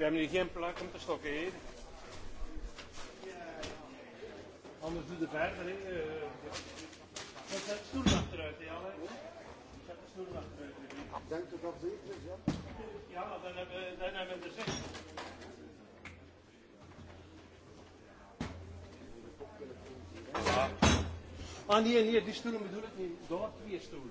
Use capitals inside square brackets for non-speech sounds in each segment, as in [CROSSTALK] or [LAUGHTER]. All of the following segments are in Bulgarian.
We hebben hier geen plak om te stokken in. Anders doe je verder. Hè. Zet de stoelen achteruit, Jan. Zet de stoel achteruit. Denk je dat zeker is, ja? Ja, dan hebben, dan hebben we er zes. Ah, nee, nee, die stoelen bedoel ik niet. Daar twee stoelen.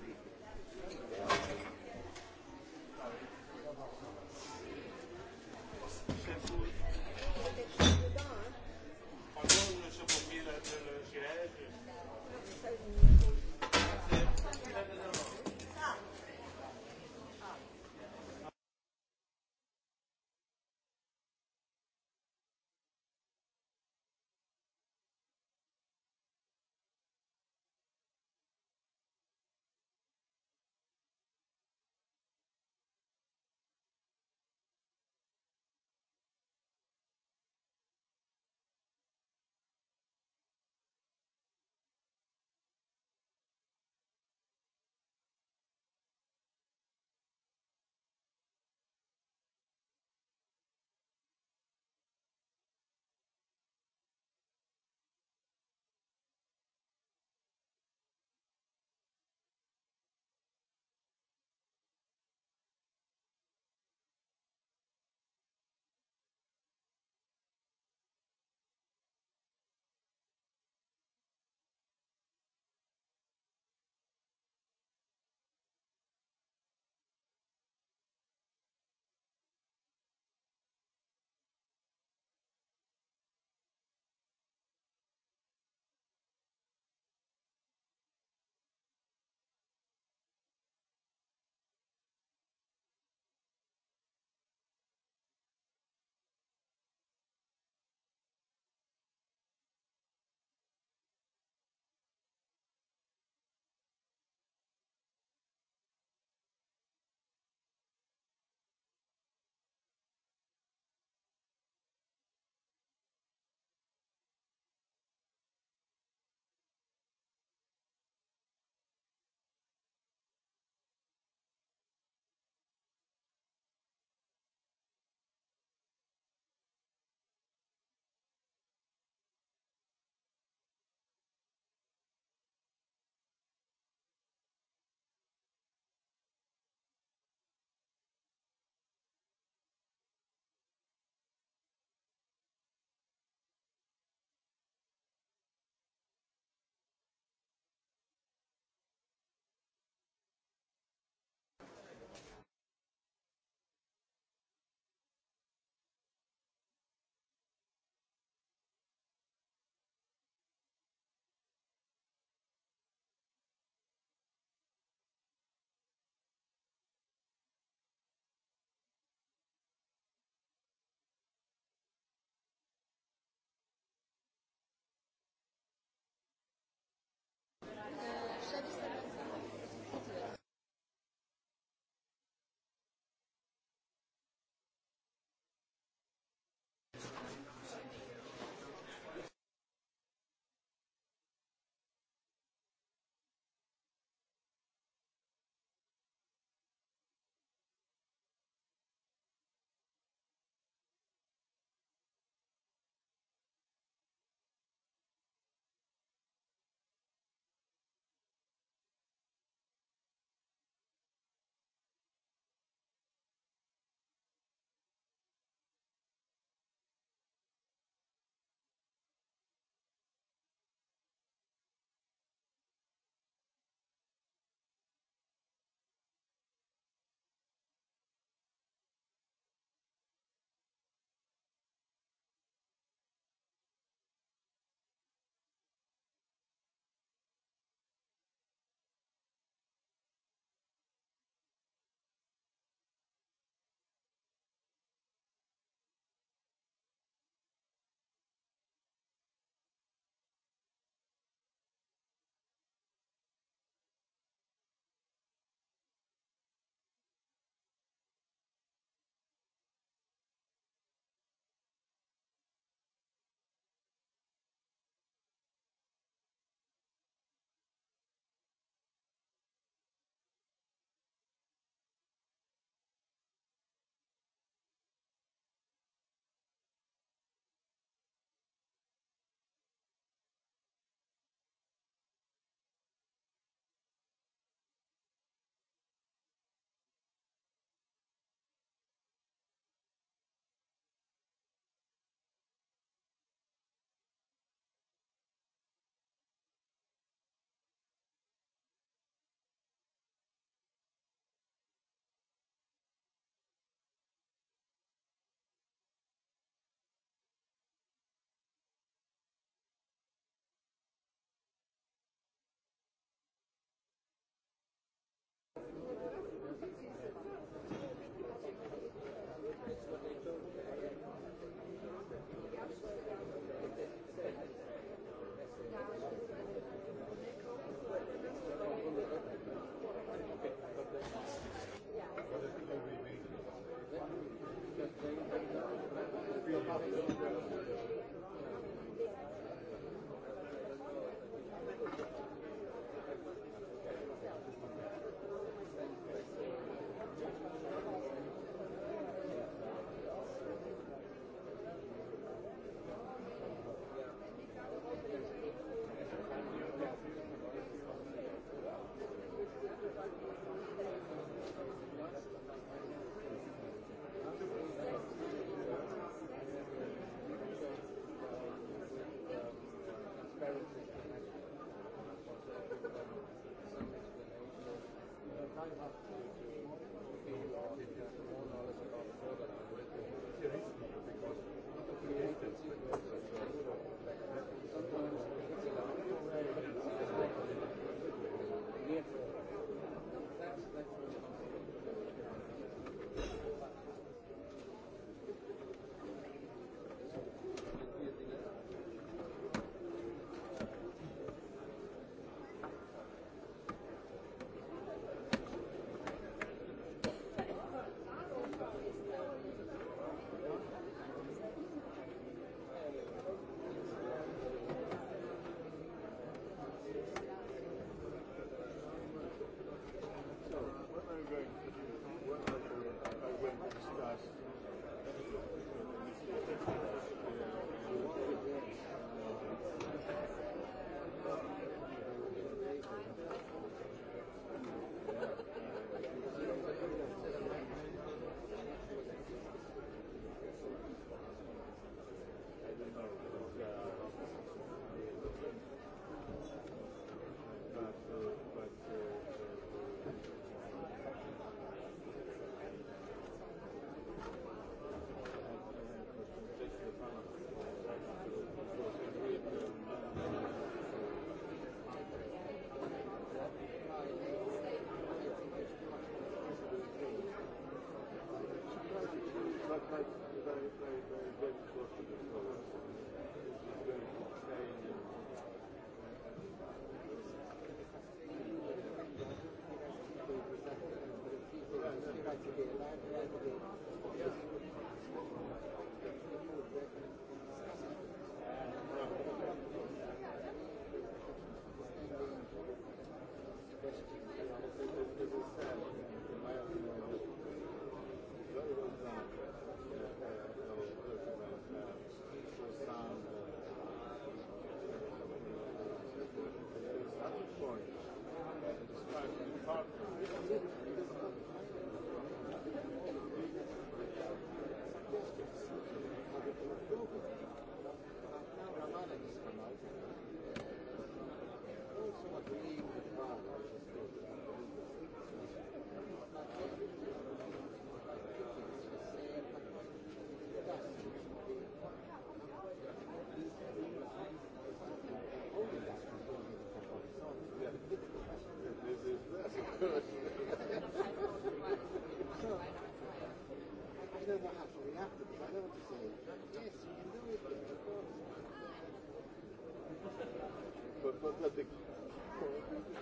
But the,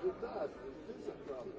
with that, this is a problem.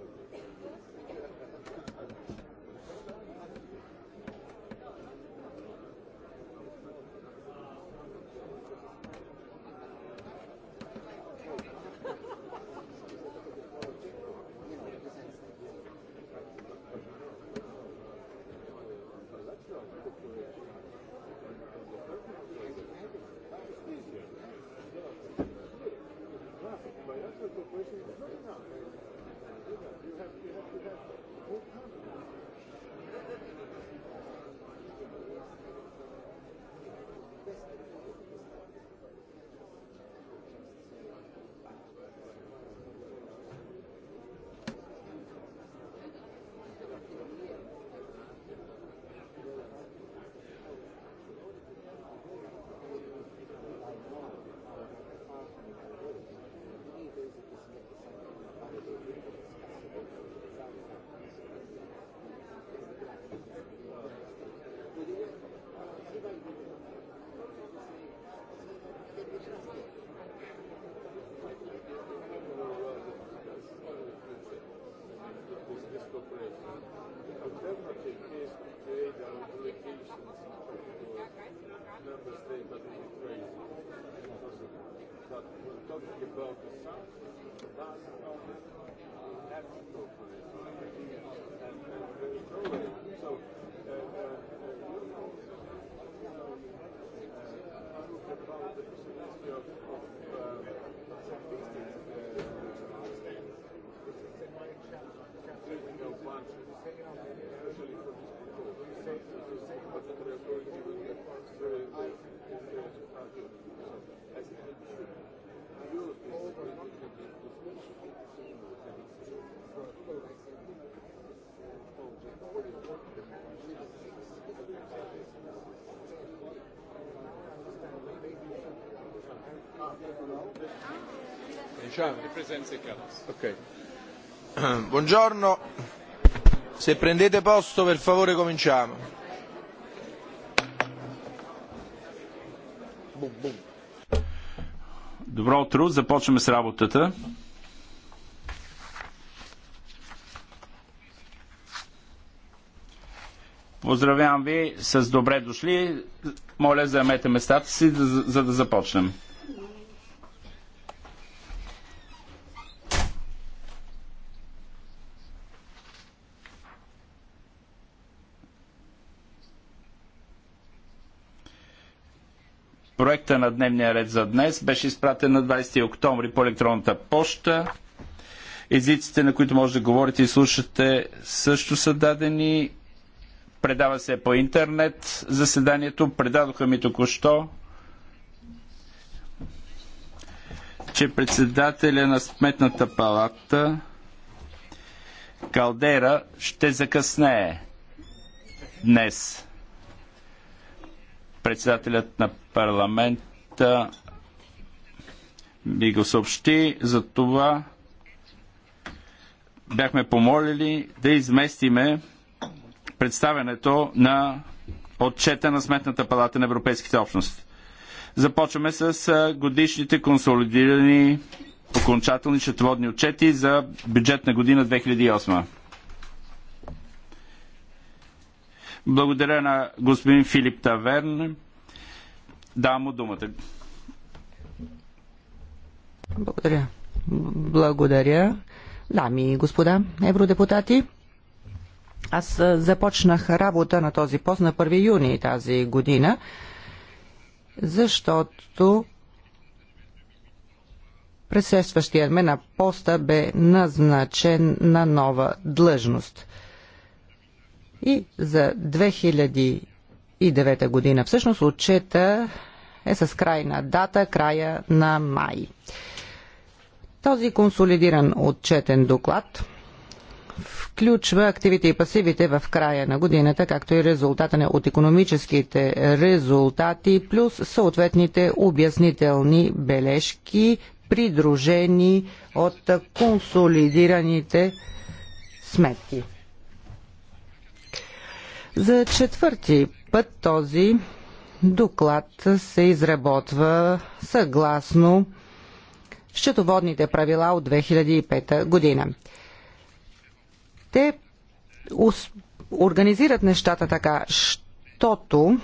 member state, but we're talking about the south, the last problem, we And, and there So, uh, uh, uh, I about the of, uh, taking Buongiorno, se prendete posto per favore cominciamo. Добро утро, започваме с работата. Поздравявам ви с добре дошли. Моля, заемете местата си, за да започнем. Проекта на дневния ред за днес беше изпратен на 20 октомври по електронната поща. Езиците, на които може да говорите и слушате, също са дадени. Предава се по интернет заседанието. Предадоха ми току-що, че председателя на Сметната палата Калдера ще закъснее днес. Председателят на парламента ми го съобщи, за това бяхме помолили да изместиме представянето на отчета на Сметната палата на Европейските общности. Започваме с годишните консолидирани окончателни четводни отчети за бюджетна година 2008. Благодаря на господин Филип Таверн. Дам му думата. Благодаря. Благодаря. Дами и господа евродепутати, аз започнах работа на този пост на 1 юни тази година, защото предшестващият ме на поста бе назначен на нова длъжност. И за 2009 година всъщност отчета е с крайна дата, края на май. Този консолидиран отчетен доклад включва активите и пасивите в края на годината, както и резултата от економическите резултати, плюс съответните обяснителни бележки, придружени от консолидираните сметки. За четвърти път този доклад се изработва съгласно счетоводните правила от 2005 година. Те организират нещата така, щото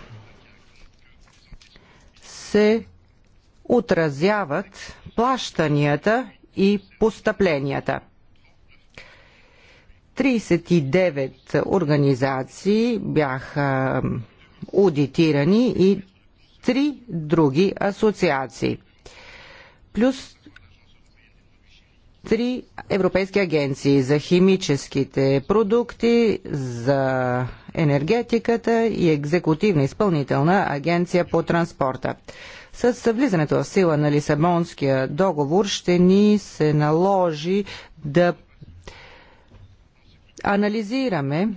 се отразяват плащанията и постъпленията – 39 организации бяха аудитирани и три други асоциации. Плюс три европейски агенции за химическите продукти, за енергетиката и екзекутивна изпълнителна агенция по транспорта. С влизането в сила на Лисабонския договор ще ни се наложи да анализираме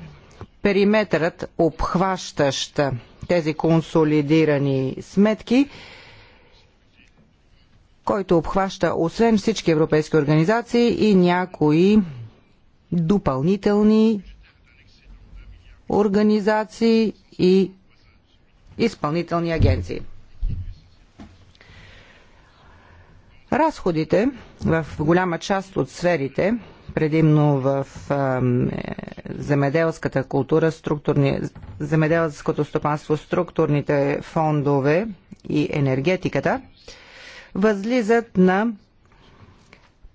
периметърът, обхващащ тези консолидирани сметки, който обхваща освен всички европейски организации и някои допълнителни организации и изпълнителни агенции. Разходите в голяма част от сферите предимно в а, е, земеделската култура, структурни, земеделското стопанство, структурните фондове и енергетиката, възлизат на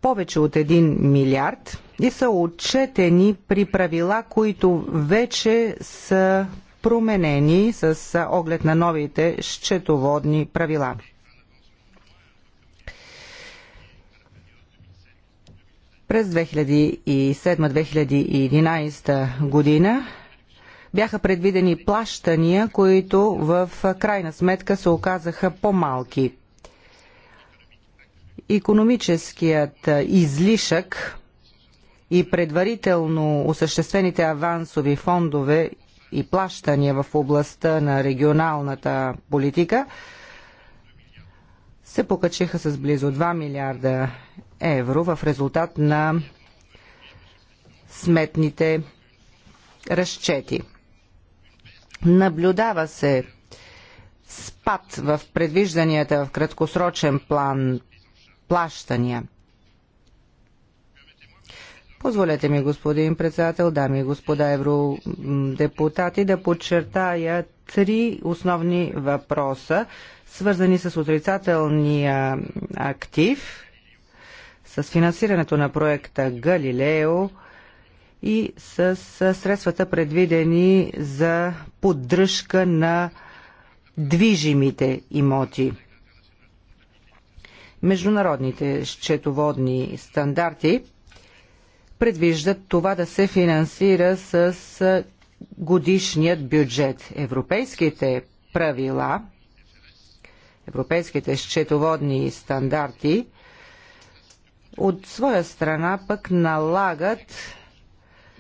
повече от 1 милиард и са отчетени при правила, които вече са променени с оглед на новите счетоводни правила. През 2007-2011 година бяха предвидени плащания, които в крайна сметка се оказаха по-малки. Економическият излишък и предварително осъществените авансови фондове и плащания в областта на регионалната политика се покачиха с близо 2 милиарда евро в резултат на сметните разчети. Наблюдава се спад в предвижданията в краткосрочен план плащания. Позволете ми, господин председател, дами и господа евродепутати, да подчертая три основни въпроса, свързани с отрицателния актив, с финансирането на проекта Галилео и с средствата предвидени за поддръжка на движимите имоти. Международните счетоводни стандарти предвиждат това да се финансира с годишният бюджет. Европейските правила, европейските счетоводни стандарти – от своя страна пък налагат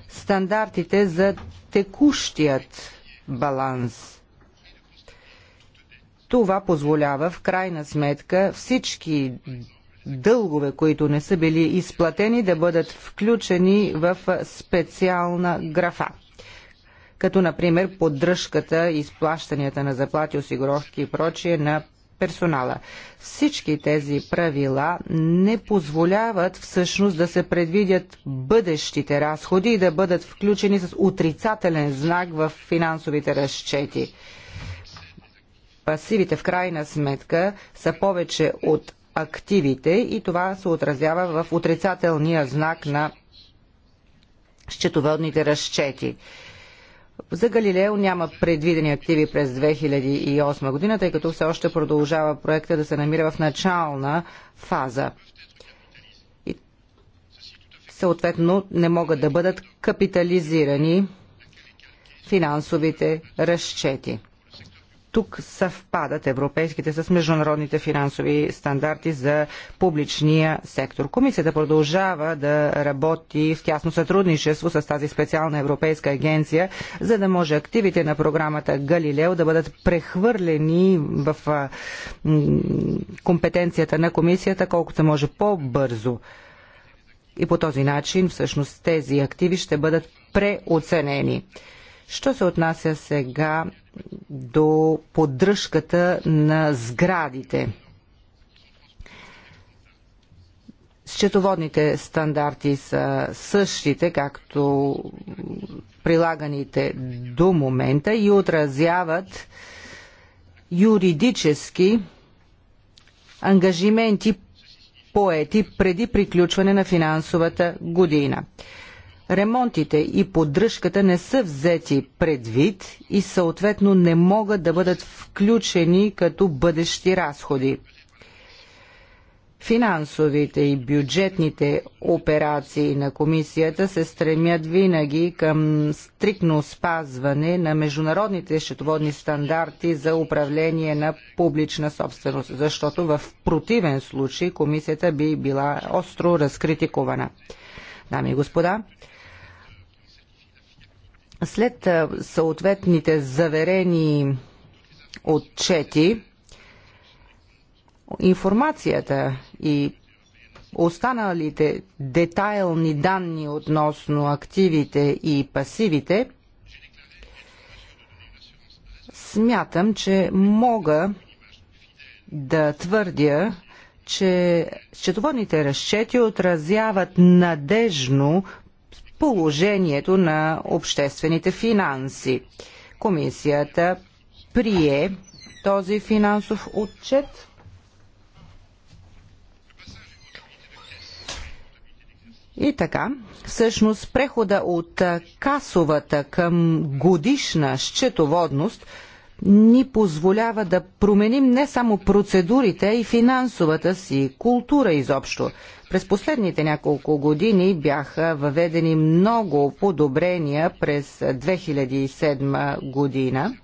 стандартите за текущият баланс. Това позволява в крайна сметка всички дългове, които не са били изплатени, да бъдат включени в специална графа. Като, например, поддръжката, изплащанията на заплати, осигуровки и прочие на персонала. Всички тези правила не позволяват всъщност да се предвидят бъдещите разходи и да бъдат включени с отрицателен знак в финансовите разчети. Пасивите в крайна сметка са повече от активите и това се отразява в отрицателния знак на счетоводните разчети. За Галилео няма предвидени активи през 2008 година, тъй като все още продължава проекта да се намира в начална фаза. И съответно не могат да бъдат капитализирани финансовите разчети тук съвпадат европейските с международните финансови стандарти за публичния сектор. Комисията продължава да работи в тясно сътрудничество с тази специална европейска агенция, за да може активите на програмата Галилео да бъдат прехвърлени в компетенцията на комисията колкото може по-бързо. И по този начин всъщност тези активи ще бъдат преоценени. Що се отнася сега до поддръжката на сградите? Счетоводните стандарти са същите, както прилаганите до момента и отразяват юридически ангажименти поети преди приключване на финансовата година ремонтите и поддръжката не са взети предвид и съответно не могат да бъдат включени като бъдещи разходи. Финансовите и бюджетните операции на комисията се стремят винаги към стрикно спазване на международните счетоводни стандарти за управление на публична собственост, защото в противен случай комисията би била остро разкритикована. Дами и господа, след съответните заверени отчети, информацията и останалите детайлни данни относно активите и пасивите, смятам, че мога да твърдя, че счетоводните разчети отразяват надежно положението на обществените финанси. Комисията прие този финансов отчет. И така, всъщност прехода от касовата към годишна счетоводност – ни позволява да променим не само процедурите, а и финансовата си култура изобщо. През последните няколко години бяха въведени много подобрения през 2007 година.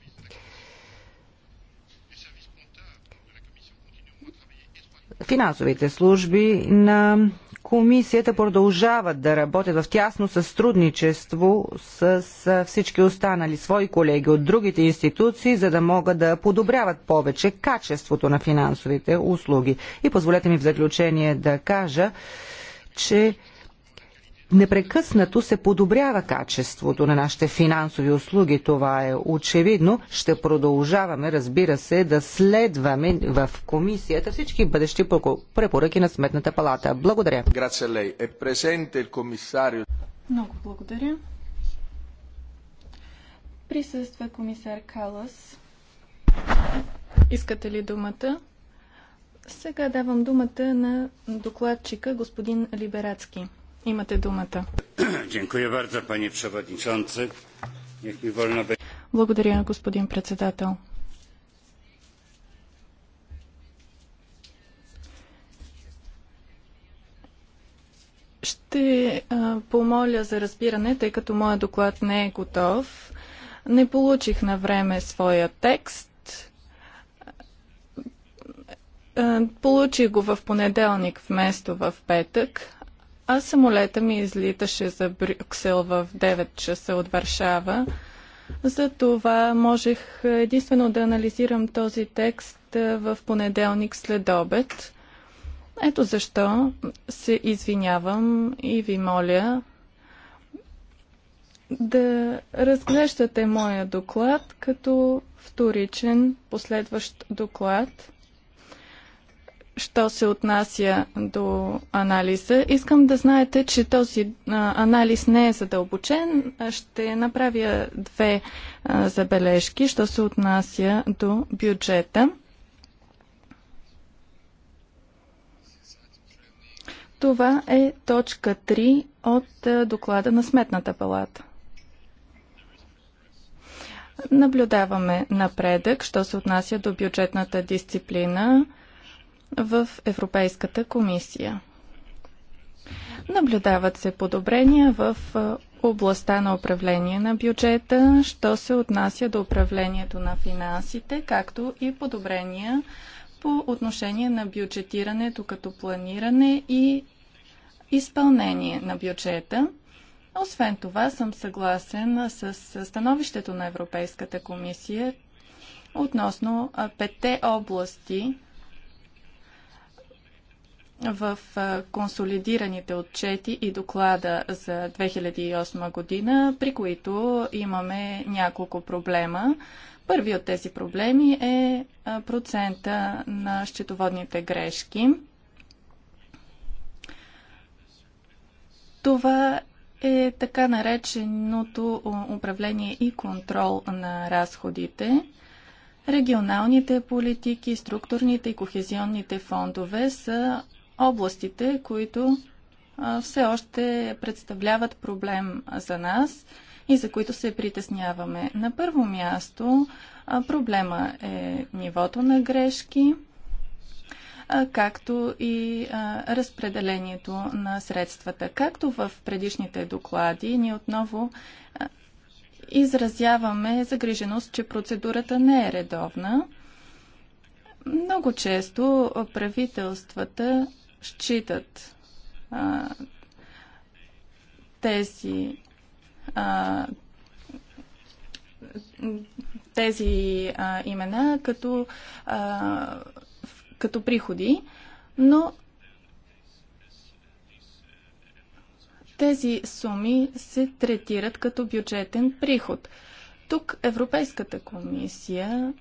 Финансовите служби на комисията продължават да работят в тясно сътрудничество с всички останали свои колеги от другите институции, за да могат да подобряват повече качеството на финансовите услуги. И позволете ми в заключение да кажа, че непрекъснато се подобрява качеството на нашите финансови услуги. Това е очевидно. Ще продължаваме, разбира се, да следваме в комисията всички бъдещи препоръки на Сметната палата. Благодаря. Много благодаря. Присъства комисар Калас. Искате ли думата? Сега давам думата на докладчика господин Либерацки. Имате думата. Благодаря, господин председател. Ще а, помоля за разбиране, тъй като моя доклад не е готов. Не получих на време своя текст. А, получих го в понеделник вместо в петък а самолета ми излиташе за Брюксел в 9 часа от Варшава. Затова можех единствено да анализирам този текст в понеделник след обед. Ето защо се извинявам и ви моля да разглеждате моя доклад като вторичен последващ доклад що се отнася до анализа, искам да знаете, че този анализ не е задълбочен. Ще направя две забележки, що се отнася до бюджета. Това е точка 3 от доклада на Сметната палата. Наблюдаваме напредък, що се отнася до бюджетната дисциплина в Европейската комисия. Наблюдават се подобрения в областта на управление на бюджета, що се отнася до управлението на финансите, както и подобрения по отношение на бюджетирането като планиране и изпълнение на бюджета. Освен това съм съгласен с становището на Европейската комисия относно петте области, в консолидираните отчети и доклада за 2008 година, при които имаме няколко проблема. Първи от тези проблеми е процента на счетоводните грешки. Това е така нареченото управление и контрол на разходите. Регионалните политики, структурните и кохезионните фондове са областите, които все още представляват проблем за нас и за които се притесняваме. На първо място проблема е нивото на грешки, както и разпределението на средствата. Както в предишните доклади, ние отново изразяваме загриженост, че процедурата не е редовна. Много често правителствата считат а, тези а, тези а, имена като, а, като приходи, но тези суми се третират като бюджетен приход. Тук Европейската комисия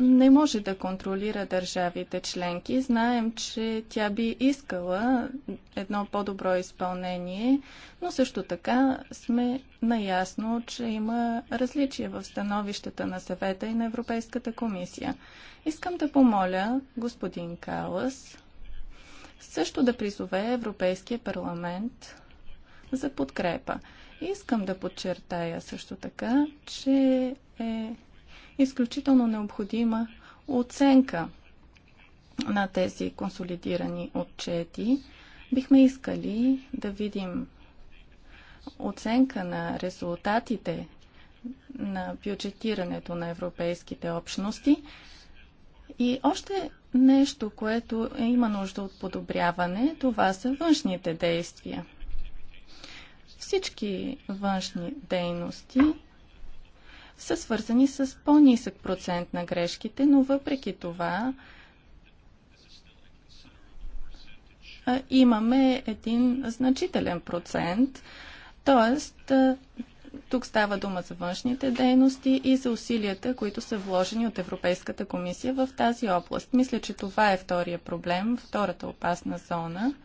не може да контролира държавите членки. Знаем, че тя би искала едно по-добро изпълнение, но също така сме наясно, че има различия в становищата на съвета и на Европейската комисия. Искам да помоля господин Калас също да призове Европейския парламент за подкрепа. Искам да подчертая също така, че е изключително необходима оценка на тези консолидирани отчети. Бихме искали да видим оценка на резултатите на бюджетирането на европейските общности. И още нещо, което има нужда от подобряване, това са външните действия. Всички външни дейности са свързани с по-нисък процент на грешките, но въпреки това имаме един значителен процент. Тоест, тук става дума за външните дейности и за усилията, които са вложени от Европейската комисия в тази област. Мисля, че това е втория проблем, втората опасна зона –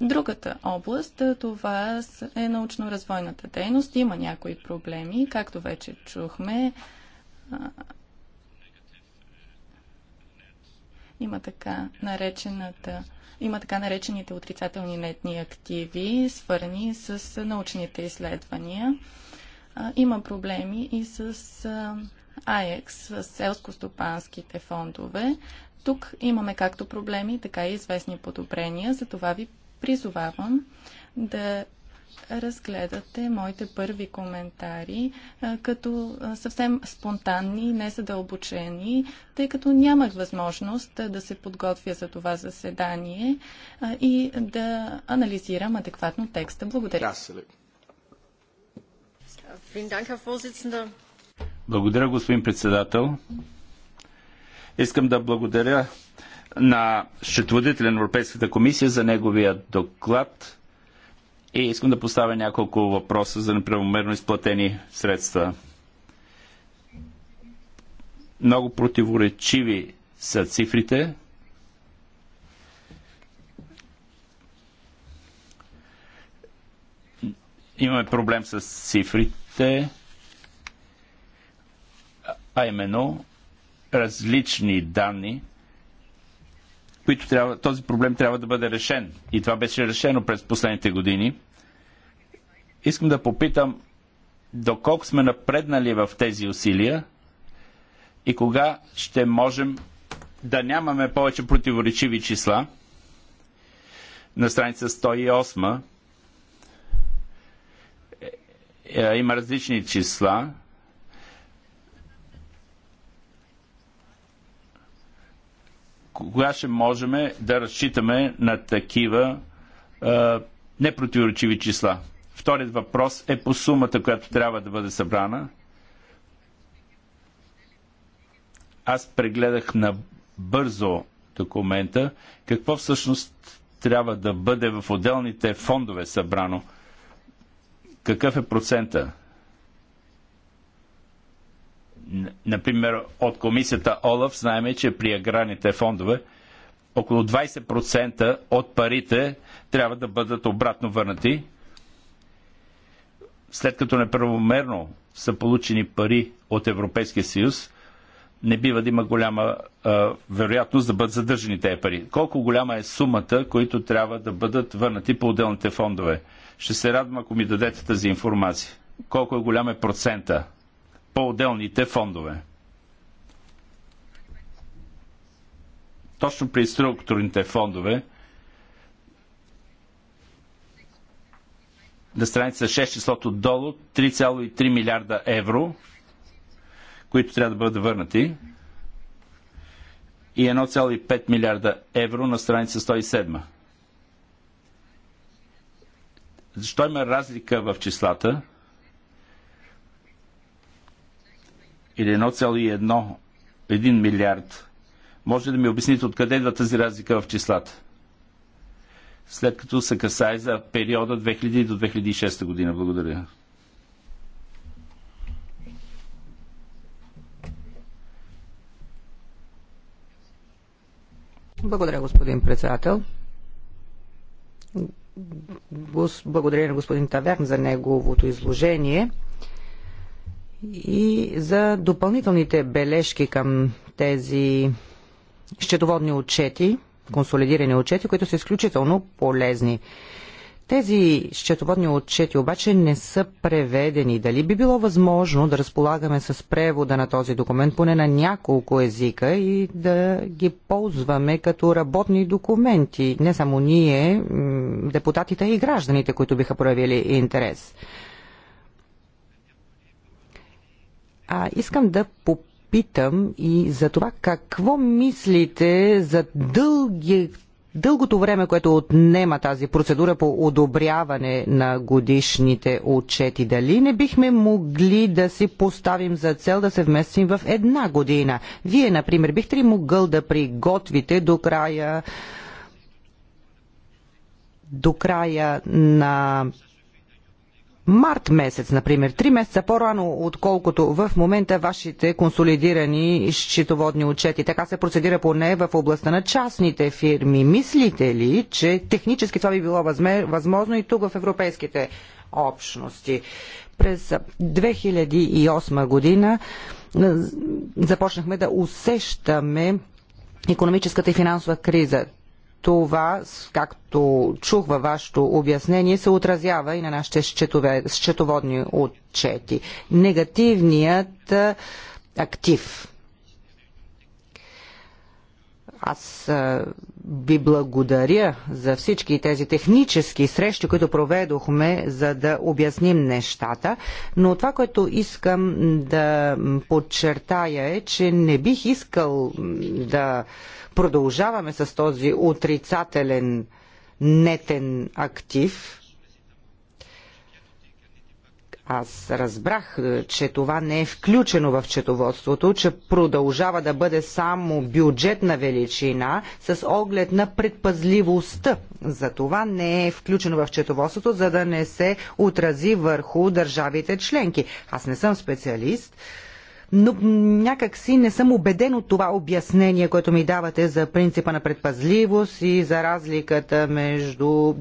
Другата област, това е научно-развойната дейност. Има някои проблеми, както вече чухме. Има така наречената има така наречените отрицателни нетни активи, свързани с научните изследвания. Има проблеми и с АЕКС, с селско-стопанските фондове. Тук имаме както проблеми, така и известни подобрения, затова ви призовавам да разгледате моите първи коментари като съвсем спонтанни, незадълбочени, тъй като нямах възможност да се подготвя за това заседание и да анализирам адекватно текста. Благодаря. Благодаря, господин председател. Искам да благодаря на счетоводителя на Европейската комисия за неговия доклад и искам да поставя няколко въпроса за неправомерно изплатени средства. Много противоречиви са цифрите. Имаме проблем с цифрите, а именно различни данни, които трябва, този проблем трябва да бъде решен. И това беше решено през последните години. Искам да попитам доколко сме напреднали в тези усилия и кога ще можем да нямаме повече противоречиви числа. На страница 108 е, е, има различни числа кога ще можем да разчитаме на такива а, непротиворечиви числа? Вторият въпрос е по сумата, която трябва да бъде събрана. Аз прегледах на бързо документа какво всъщност трябва да бъде в отделните фондове събрано. Какъв е процента? Например, от комисията ОЛАФ знаеме, че при аграрните фондове около 20% от парите трябва да бъдат обратно върнати, след като неправомерно са получени пари от Европейския съюз, не бива да има голяма а, вероятност да бъдат задържани тези пари. Колко голяма е сумата, които трябва да бъдат върнати по отделните фондове? Ще се радвам, ако ми дадете тази информация. Колко е голям е процента? по отделните фондове. Точно при структурните фондове на страница 6 числото долу 3,3 милиарда евро, които трябва да бъдат върнати и 1,5 милиарда евро на страница 107. Защо има разлика в числата? или 1,1 милиард. Може да ми обясните откъде идва тази разлика в числата? След като се касае за периода 2000 до 2006 година. Благодаря. Благодаря, господин председател. Благодаря на господин Таверн за неговото изложение и за допълнителните бележки към тези счетоводни отчети, консолидирани отчети, които са изключително полезни. Тези счетоводни отчети обаче не са преведени. Дали би било възможно да разполагаме с превода на този документ поне на няколко езика и да ги ползваме като работни документи? Не само ние, депутатите и гражданите, които биха проявили интерес. А искам да попитам и за това какво мислите за дълги дългото време, което отнема тази процедура по одобряване на годишните отчети, дали не бихме могли да си поставим за цел да се вместим в една година? Вие, например, бихте ли могъл да приготвите до края до края на март месец, например, три месеца по-рано, отколкото в момента вашите консолидирани счетоводни отчети. Така се процедира поне в областта на частните фирми. Мислите ли, че технически това би било възможно и тук в европейските общности? През 2008 година започнахме да усещаме економическата и финансова криза това, както чух във вашето обяснение, се отразява и на нашите счетове, счетоводни отчети. Негативният актив аз ви благодаря за всички тези технически срещи, които проведохме, за да обясним нещата, но това, което искам да подчертая е, че не бих искал да продължаваме с този отрицателен нетен актив, аз разбрах, че това не е включено в четоводството, че продължава да бъде само бюджетна величина с оглед на предпазливостта. За това не е включено в четоводството, за да не се отрази върху държавите членки. Аз не съм специалист, но някак си не съм убеден от това обяснение, което ми давате за принципа на предпазливост и за разликата между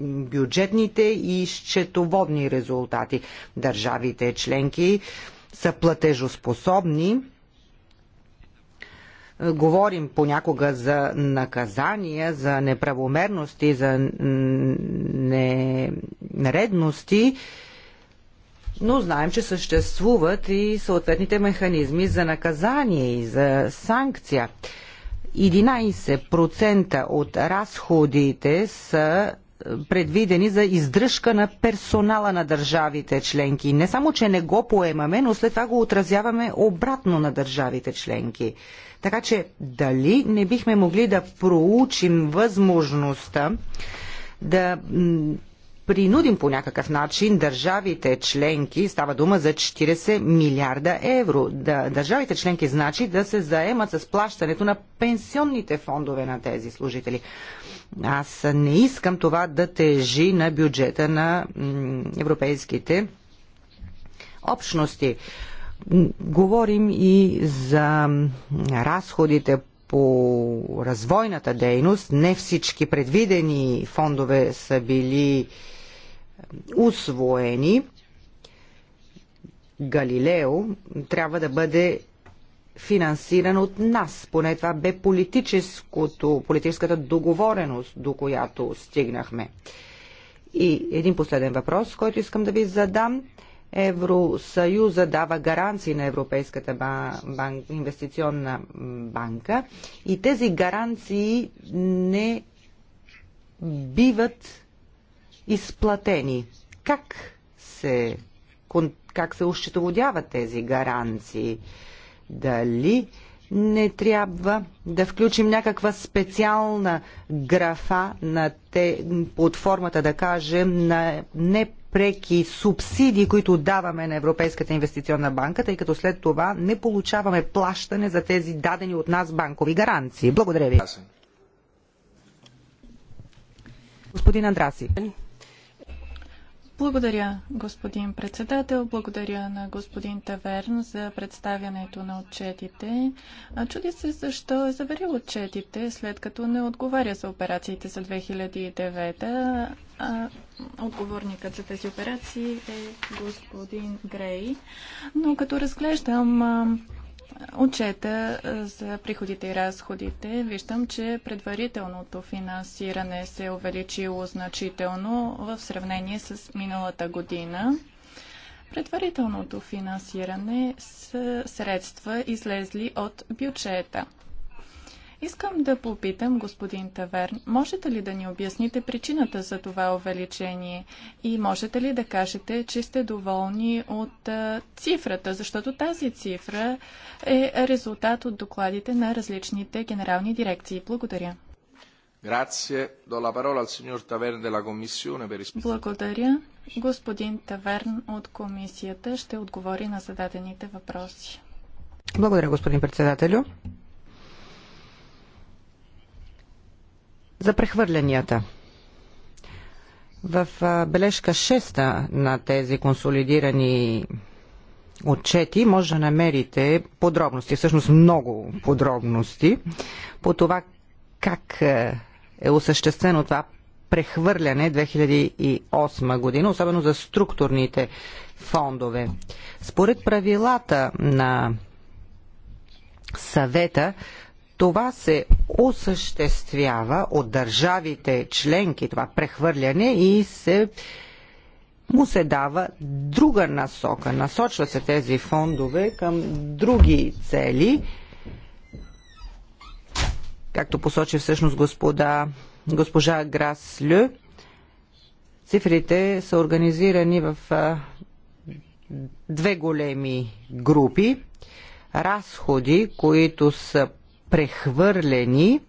бюджетните и счетоводни резултати. Държавите членки са платежоспособни, говорим понякога за наказания, за неправомерности, за нередности, но знаем, че съществуват и съответните механизми за наказание и за санкция. 11% от разходите са е, предвидени за издръжка на персонала на държавите членки. Не само, че не го поемаме, но след това го отразяваме обратно на държавите членки. Така че дали не бихме могли да проучим възможността да принудим по някакъв начин държавите членки, става дума за 40 милиарда евро, да, държавите членки значи да се заемат с плащането на пенсионните фондове на тези служители. Аз не искам това да тежи на бюджета на европейските общности. Говорим и за разходите по развойната дейност. Не всички предвидени фондове са били усвоени, Галилео трябва да бъде финансиран от нас. Поне това бе политическата договореност, до която стигнахме. И един последен въпрос, който искам да ви задам. Евросъюза дава гаранции на Европейската банк, инвестиционна банка и тези гаранции не биват изплатени. Как се, как се ущетоводяват тези гаранции? Дали не трябва да включим някаква специална графа на те, под формата, да кажем, на непреки субсидии, които даваме на Европейската инвестиционна банка, тъй като след това не получаваме плащане за тези дадени от нас банкови гаранции. Благодаря ви. Господин Андраси. Благодаря, господин председател. Благодаря на господин Таверн за представянето на отчетите. Чуди се защо е заверил отчетите, след като не отговаря за операциите за 2009. А, отговорникът за тези операции е господин Грей. Но като разглеждам Отчета за приходите и разходите. Виждам, че предварителното финансиране се е увеличило значително в сравнение с миналата година. Предварителното финансиране с средства излезли от бюджета – Искам да попитам, господин Таверн, можете ли да ни обясните причината за това увеличение и можете ли да кажете, че сте доволни от цифрата, защото тази цифра е резултат от докладите на различните генерални дирекции. Благодаря. Благодаря. Господин Таверн от комисията ще отговори на зададените въпроси. Благодаря, господин председателю. За прехвърлянията. В бележка 6 на тези консолидирани отчети може да намерите подробности, всъщност много подробности по това как е осъществено това прехвърляне 2008 година, особено за структурните фондове. Според правилата на съвета, това се осъществява от държавите членки, това прехвърляне и се му се дава друга насока. Насочва се тези фондове към други цели, както посочи всъщност господа, госпожа Граслю. Цифрите са организирани в две големи групи. Разходи, които са прехвърлени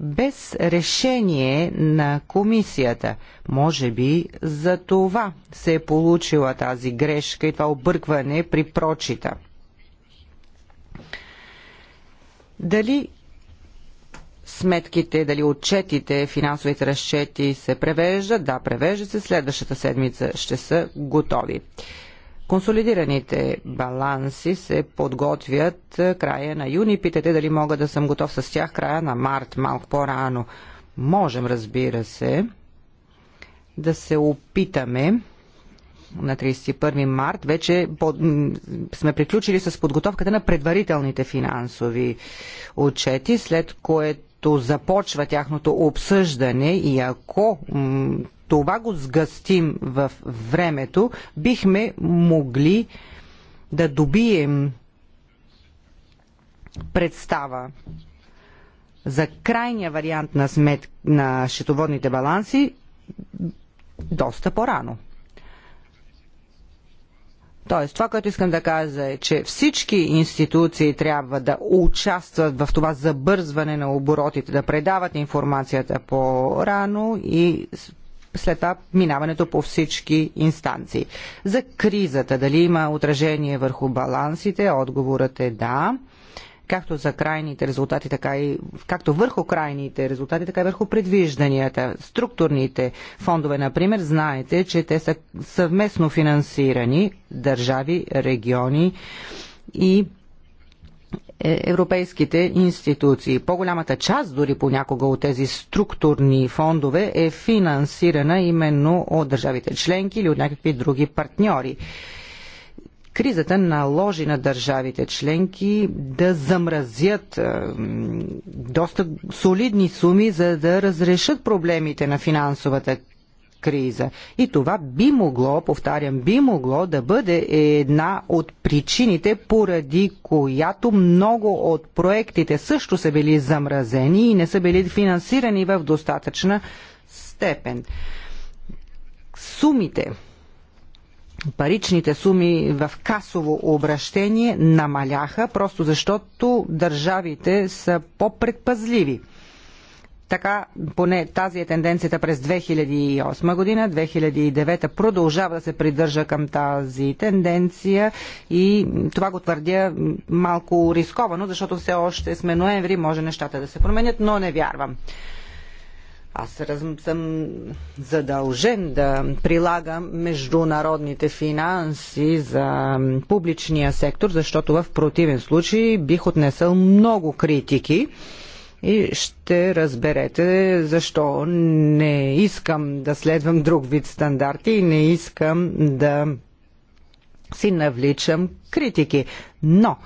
без решение на комисията. Може би за това се е получила тази грешка и това объркване при прочита. Дали сметките, дали отчетите, финансовите разчети се превеждат? Да, превеждат се. Следващата седмица ще са готови. Консолидираните баланси се подготвят края на юни. Питате дали мога да съм готов с тях края на март, малко по-рано. Можем, разбира се, да се опитаме на 31 март. Вече под, сме приключили с подготовката на предварителните финансови отчети, след което започва тяхното обсъждане и ако това го сгъстим в времето, бихме могли да добием представа за крайния вариант на, смет, на счетоводните баланси доста по-рано. Тоест, това, което искам да кажа е, че всички институции трябва да участват в това забързване на оборотите, да предават информацията по-рано и след това минаването по всички инстанции. За кризата, дали има отражение върху балансите, отговорът е да както за крайните резултати, така и както върху крайните резултати, така и върху предвижданията. Структурните фондове, например, знаете, че те са съвместно финансирани държави, региони и е, европейските институции. По-голямата част дори понякога от тези структурни фондове е финансирана именно от държавите членки или от някакви други партньори. Кризата наложи на държавите членки да замразят е, доста солидни суми, за да разрешат проблемите на финансовата криза. И това би могло, повтарям, би могло да бъде една от причините, поради която много от проектите също са били замразени и не са били финансирани в достатъчна степен. Сумите, паричните суми в касово обращение намаляха, просто защото държавите са по-предпазливи. Така, поне тази е тенденцията през 2008 година. 2009 продължава да се придържа към тази тенденция и това го твърдя малко рисковано, защото все още сме ноември, може нещата да се променят, но не вярвам. Аз съм задължен да прилагам международните финанси за публичния сектор, защото в противен случай бих отнесъл много критики и ще разберете защо не искам да следвам друг вид стандарти и не искам да си навличам критики. Но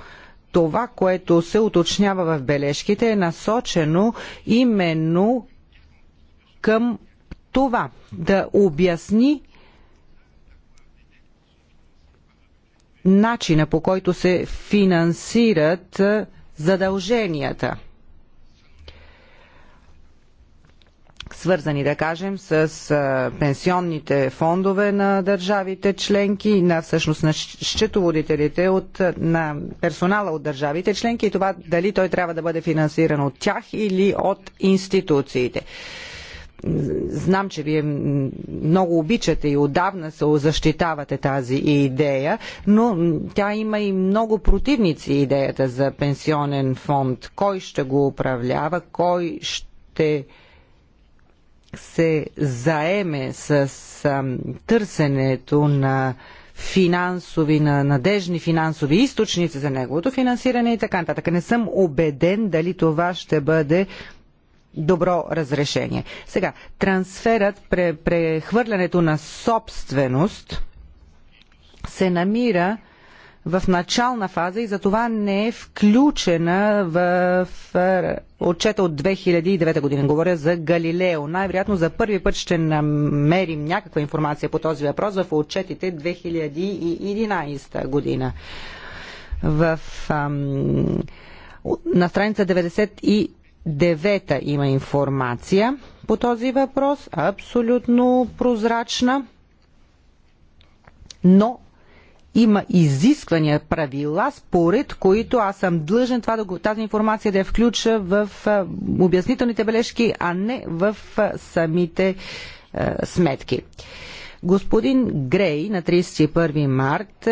това, което се уточнява в бележките е насочено именно към това да обясни начина по който се финансират задълженията – свързани, да кажем, с пенсионните фондове на държавите членки, на всъщност на счетоводителите от, на персонала от държавите членки и това дали той трябва да бъде финансиран от тях или от институциите. Знам, че вие много обичате и отдавна се защитавате тази идея, но тя има и много противници идеята за пенсионен фонд. Кой ще го управлява, кой ще се заеме с търсенето на финансови, на надежни финансови източници за неговото финансиране и така нататък. Не съм убеден дали това ще бъде добро разрешение. Сега, трансферът, прехвърлянето на собственост се намира в начална фаза и затова не е включена в отчета от 2009 година. Говоря за Галилео. Най-вероятно за първи път ще намерим някаква информация по този въпрос в отчетите 2011 година. В, ам, на страница 99 има информация по този въпрос, абсолютно прозрачна, но има изисквания, правила, според които аз съм длъжен това, тази информация да я включа в обяснителните бележки, а не в самите сметки. Господин Грей на 31 март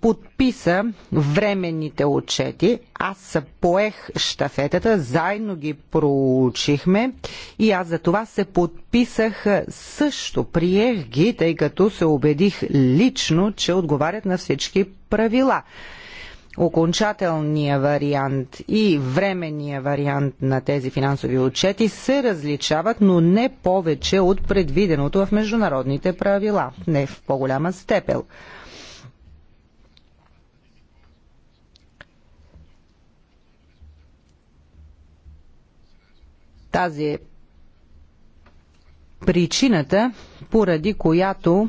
подписа временните отчети. Аз поех штафетата, заедно ги проучихме и аз за това се подписах също. Приех ги, тъй като се убедих лично, че отговарят на всички правила окончателния вариант и временния вариант на тези финансови отчети се различават, но не повече от предвиденото в международните правила, не в по-голяма степен. Тази е причината, поради която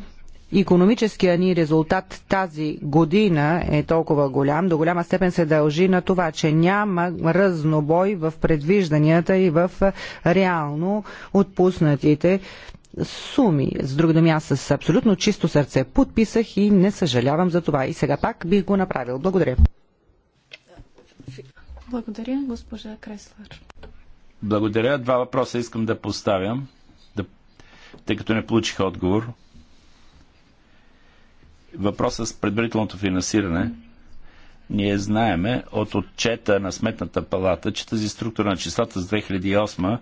Икономическия ни резултат тази година е толкова голям, до голяма степен се дължи на това, че няма разнобой в предвижданията и в реално отпуснатите суми. С друг дума, аз с абсолютно чисто сърце подписах и не съжалявам за това. И сега пак бих го направил. Благодаря. Благодаря, госпожа Креслер. Благодаря. Два въпроса искам да поставям, да... тъй като не получих отговор въпроса с предварителното финансиране, ние знаеме от отчета на Сметната палата, че тази структура на числата с 2008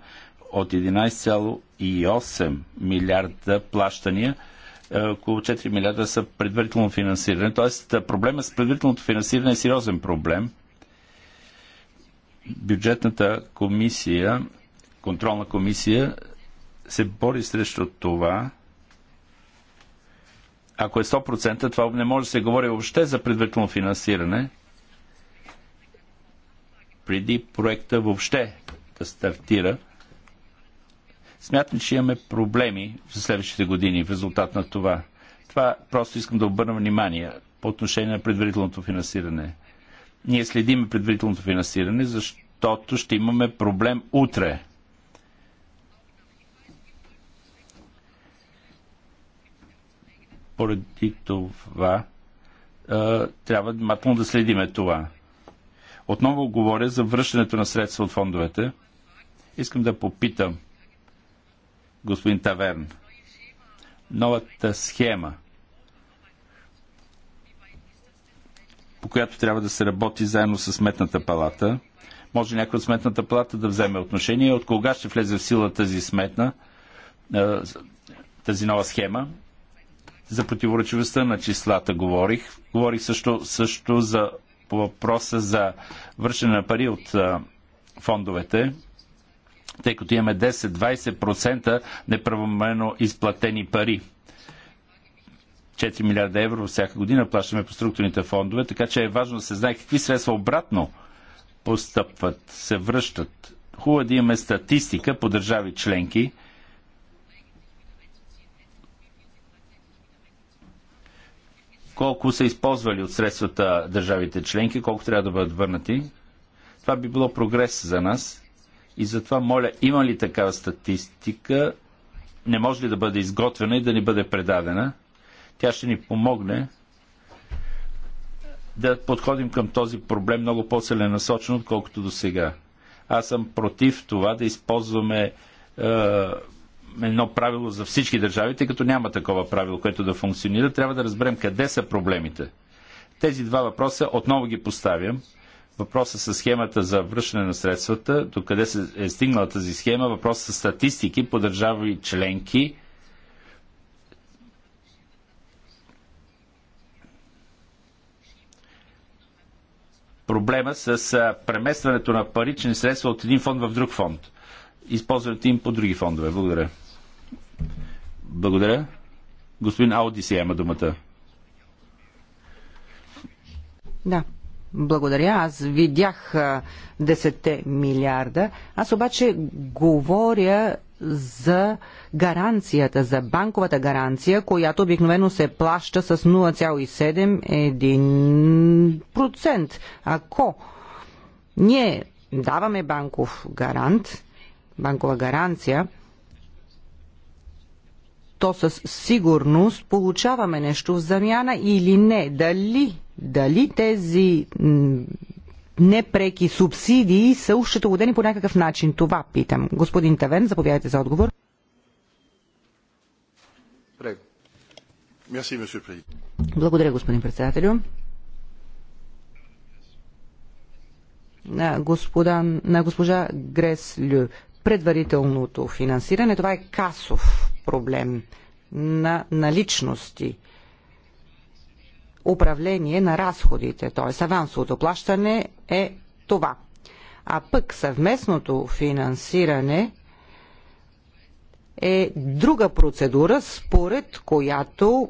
от 11,8 милиарда плащания, е, около 4 милиарда са предварително финансиране. Тоест, е, проблема с предварителното финансиране е сериозен проблем. Бюджетната комисия, контролна комисия, се бори срещу това ако е 100%, това не може да се говори въобще за предварително финансиране. Преди проекта въобще да стартира, смятам, че имаме проблеми за следващите години в резултат на това. Това просто искам да обърна внимание по отношение на предварителното финансиране. Ние следиме предварителното финансиране, защото ще имаме проблем утре – Поради това трябва внимателно да следиме това. Отново говоря за връщането на средства от фондовете. Искам да попитам господин Таверн. Новата схема, по която трябва да се работи заедно с Сметната палата. Може някой от Сметната палата да вземе отношение. От кога ще влезе в сила тази сметна, тази нова схема? За противоречивостта на числата говорих. Говорих също, също за въпроса за вършене на пари от а, фондовете, тъй като имаме 10-20% неправомерно изплатени пари. 4 милиарда евро всяка година плащаме по структурните фондове, така че е важно да се знае какви средства обратно постъпват, се връщат. Хубаво е да имаме статистика по държави членки – колко са използвали от средствата държавите членки, колко трябва да бъдат върнати. Това би било прогрес за нас. И затова, моля, има ли такава статистика? Не може ли да бъде изготвена и да ни бъде предадена? Тя ще ни помогне да подходим към този проблем много по-целенасочено, отколкото до сега. Аз съм против това да използваме е, едно правило за всички държави, тъй като няма такова правило, което да функционира. Трябва да разберем къде са проблемите. Тези два въпроса отново ги поставям. Въпроса с схемата за връщане на средствата, до къде е стигнала тази схема, Въпроса с статистики по държави членки, проблема с преместването на парични средства от един фонд в друг фонд. Използването им по други фондове. Благодаря. Благодаря. Господин Ауди си има думата. Да. Благодаря. Аз видях 10 милиарда. Аз обаче говоря за гаранцията, за банковата гаранция, която обикновено се плаща с 0,71%. Ако ние даваме банков гарант, банкова гаранция, то със сигурност получаваме нещо в замяна или не. Дали, дали тези непреки субсидии са ущетоводени по някакъв начин? Това питам. Господин Тавен, заповядайте за отговор. Благодаря, господин председателю. На, господа, на госпожа Греслю предварителното финансиране, това е касов проблем на наличности управление на разходите, т.е. авансовото плащане е това. А пък съвместното финансиране е друга процедура, според която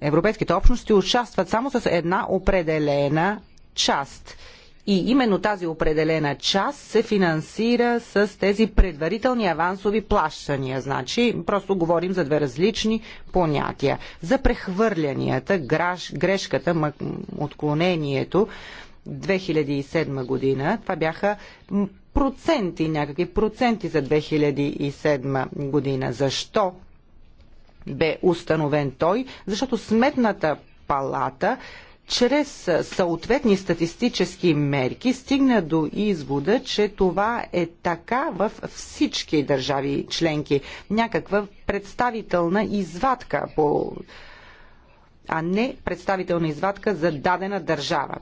европейските общности участват само с една определена част – и именно тази определена част се финансира с тези предварителни авансови плащания. Значи, просто говорим за две различни понятия. За прехвърлянията, грешката, отклонението, 2007 година. Това бяха проценти, някакви проценти за 2007 година. Защо бе установен той? Защото сметната палата чрез съответни статистически мерки стигна до извода, че това е така в всички държави членки. Някаква представителна извадка, по... а не представителна извадка за дадена държава.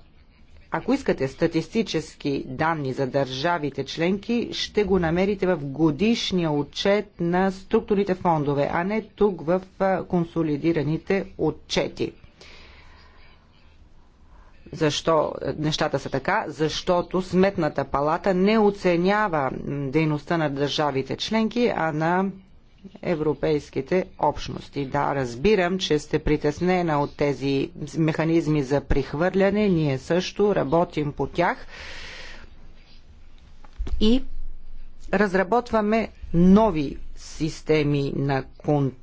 Ако искате статистически данни за държавите членки, ще го намерите в годишния отчет на структурите фондове, а не тук в консолидираните отчети. Защо нещата са така? Защото Сметната палата не оценява дейността на държавите членки, а на европейските общности. Да, разбирам, че сте притеснена от тези механизми за прихвърляне. Ние също работим по тях и разработваме нови системи на контрол.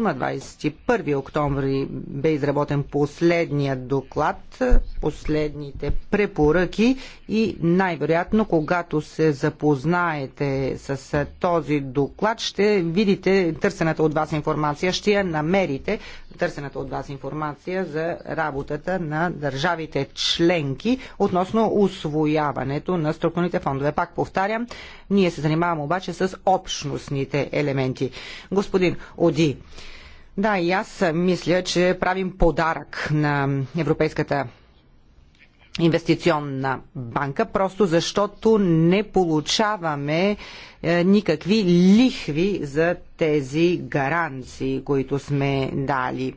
На 21 октомври бе изработен последният доклад, последните препоръки и най-вероятно, когато се запознаете с този доклад, ще видите търсената от вас информация, ще я намерите, търсената от вас информация за работата на държавите членки относно освояването на структурните фондове. Пак повтарям, ние се занимаваме обаче с общностните елементи. Господин Оди. Да, и аз мисля, че правим подарък на Европейската инвестиционна банка, просто защото не получаваме е, никакви лихви за тези гаранции, които сме дали.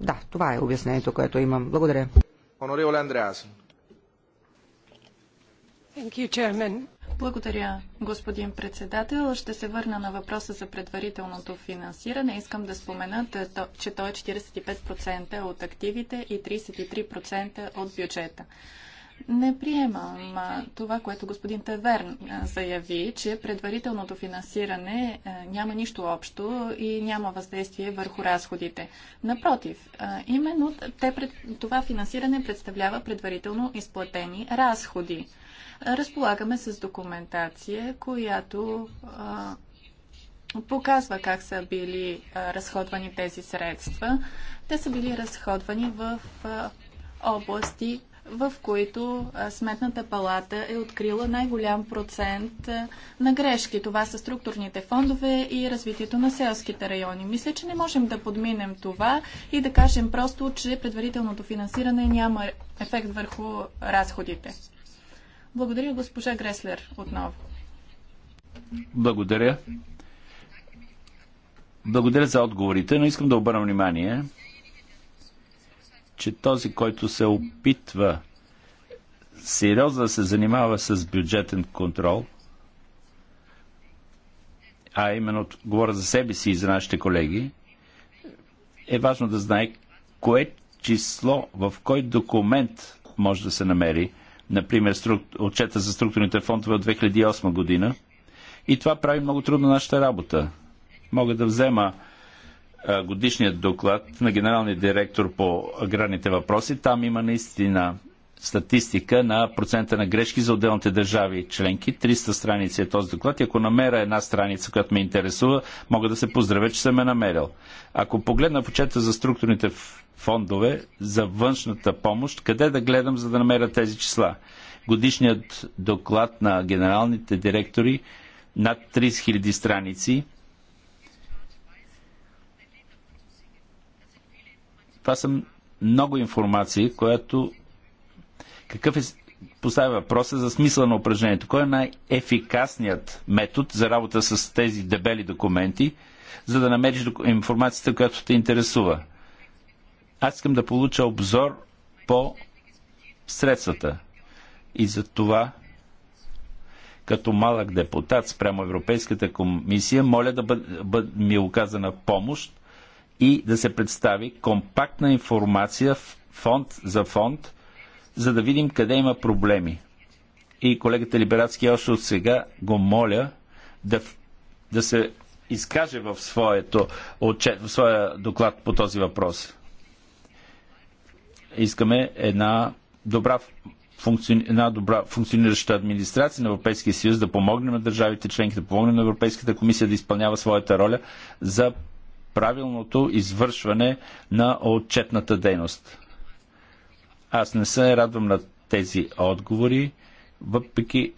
Да, това е обяснението, което имам. Благодаря. Honorevole Andreasi. Благодаря, господин председател. Ще се върна на въпроса за предварителното финансиране. Искам да спомена, че то е 45% от активите и 33% от бюджета. Не приемам това, което господин Таверн заяви, че предварителното финансиране няма нищо общо и няма въздействие върху разходите. Напротив, именно те, това финансиране представлява предварително изплатени разходи. Разполагаме с документация, която а, показва как са били а, разходвани тези средства. Те са били разходвани в а, области, в които Сметната палата е открила най-голям процент на грешки. Това са структурните фондове и развитието на селските райони. Мисля, че не можем да подминем това и да кажем просто, че предварителното финансиране няма ефект върху разходите. Благодаря госпожа Греслер отново. Благодаря. Благодаря за отговорите, но искам да обърна внимание, че този, който се опитва сериозно да се занимава с бюджетен контрол, а именно говоря за себе си и за нашите колеги, е важно да знае кое число в кой документ може да се намери – например, струк... отчета за структурните фондове от 2008 година. И това прави много трудно нашата работа. Мога да взема годишният доклад на генералния директор по аграрните въпроси. Там има наистина статистика на процента на грешки за отделните държави членки. 300 страници е този доклад и ако намеря една страница, която ме интересува, мога да се поздравя, че съм я намерил. Ако погледна в за структурните фондове, за външната помощ, къде да гледам, за да намеря тези числа? Годишният доклад на генералните директори над 30 000 страници. Това съм много информации, която какъв е поставя въпроса за смисъла на упражнението. Кой е най-ефикасният метод за работа с тези дебели документи, за да намериш информацията, която те интересува? Аз искам да получа обзор по средствата. И за това, като малък депутат спрямо Европейската комисия, моля да бъд, бъд, ми е оказана помощ и да се представи компактна информация в фонд за фонд – за да видим къде има проблеми. И колегата Либератски още от сега го моля да, да се изкаже в, своето, отчет, в своя доклад по този въпрос. Искаме една добра, функци... една добра функционираща администрация на Европейския съюз, да помогнем на държавите членки, да помогнем на Европейската комисия да изпълнява своята роля за правилното извършване на отчетната дейност. Аз не се радвам на тези отговори, въпреки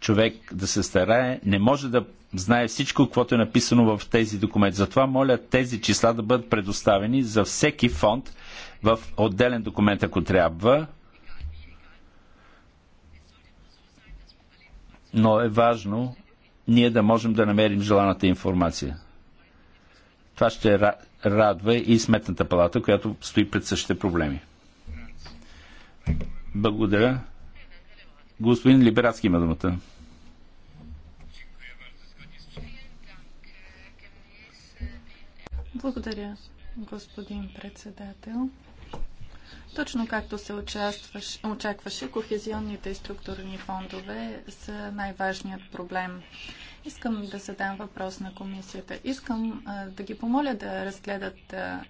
човек да се старае, не може да знае всичко, което е написано в тези документи. Затова моля тези числа да бъдат предоставени за всеки фонд в отделен документ, ако трябва. Но е важно ние да можем да намерим желаната информация. Това ще радва и сметната палата, която стои пред същите проблеми. Благодаря. Господин Либерацки има думата. Благодаря, господин председател. Точно както се очакваше, кохезионните и структурни фондове са най-важният проблем. Искам да задам въпрос на комисията. Искам а, да ги помоля да разгледат а,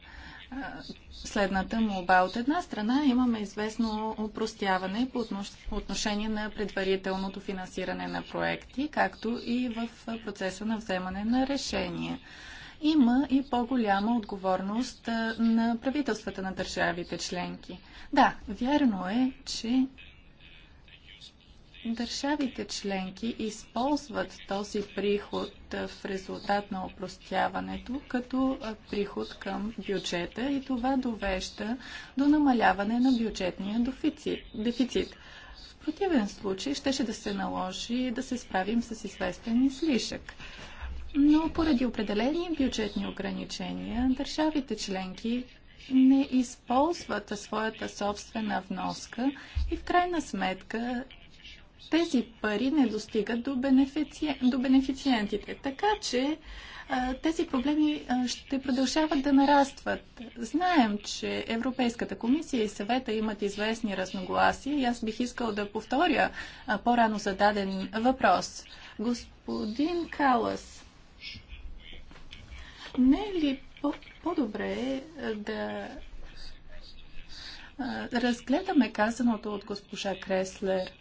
следната молба. От една страна имаме известно упростяване по отношение на предварителното финансиране на проекти, както и в процеса на вземане на решения. Има и по-голяма отговорност на правителствата на държавите членки. Да, вярно е, че Държавите членки използват този приход в резултат на опростяването като приход към бюджета и това довежда до намаляване на бюджетния дефицит. В противен случай щеше да се наложи да се справим с известен излишък. Но поради определени бюджетни ограничения, държавите членки не използват своята собствена вноска и в крайна сметка тези пари не достигат до, бенефици... до бенефициентите. Така че тези проблеми ще продължават да нарастват. Знаем, че Европейската комисия и съвета имат известни разногласия и аз бих искал да повторя по-рано зададен въпрос. Господин Калас, не е ли по-добре по да разгледаме казаното от госпожа Креслер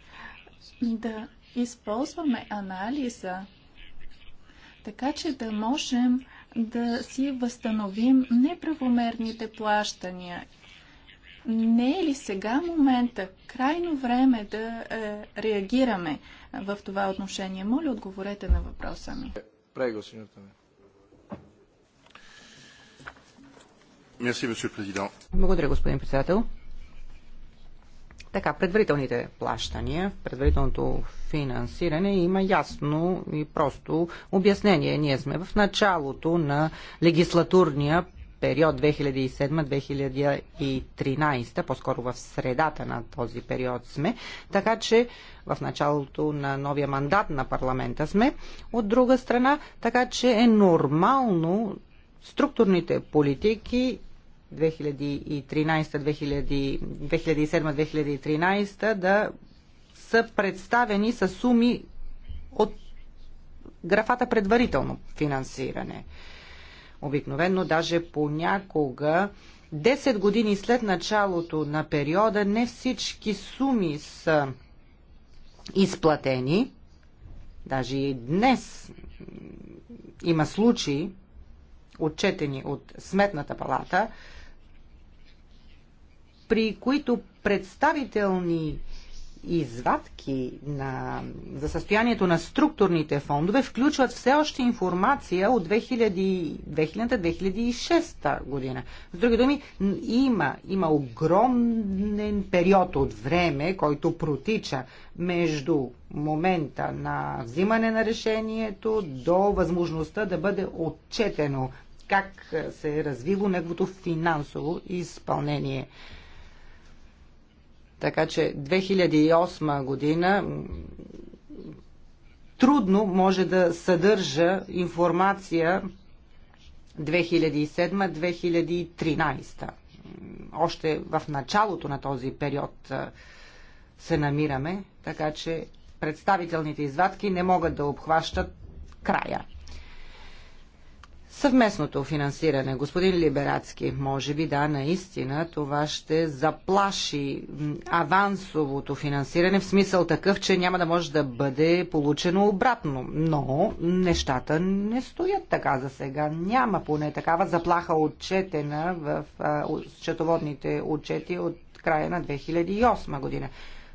да използваме анализа, така че да можем да си възстановим неправомерните плащания. Не е ли сега момента, крайно време да е, реагираме в това отношение? Моля, отговорете на въпроса ми. Благодаря, господин председател. Така, предварителните плащания, предварителното финансиране има ясно и просто обяснение. Ние сме в началото на легислатурния период 2007-2013, по-скоро в средата на този период сме, така че в началото на новия мандат на парламента сме, от друга страна, така че е нормално структурните политики 2007-2013 да са представени с суми от графата предварително финансиране. Обикновено, даже понякога, 10 години след началото на периода не всички суми са изплатени. Даже и днес има случаи, отчетени от Сметната палата, при които представителни извадки на, за състоянието на структурните фондове включват все още информация от 2000-2006 година. С други думи, има, има огромен период от време, който протича между момента на взимане на решението до възможността да бъде отчетено как се е развило неговото финансово изпълнение. Така че 2008 година трудно може да съдържа информация 2007-2013. Още в началото на този период се намираме, така че представителните извадки не могат да обхващат края. Съвместното финансиране, господин Либерацки, може би да, наистина това ще заплаши авансовото финансиране в смисъл такъв, че няма да може да бъде получено обратно. Но нещата не стоят така за сега. Няма поне такава заплаха отчетена в счетоводните отчети от края на 2008 година.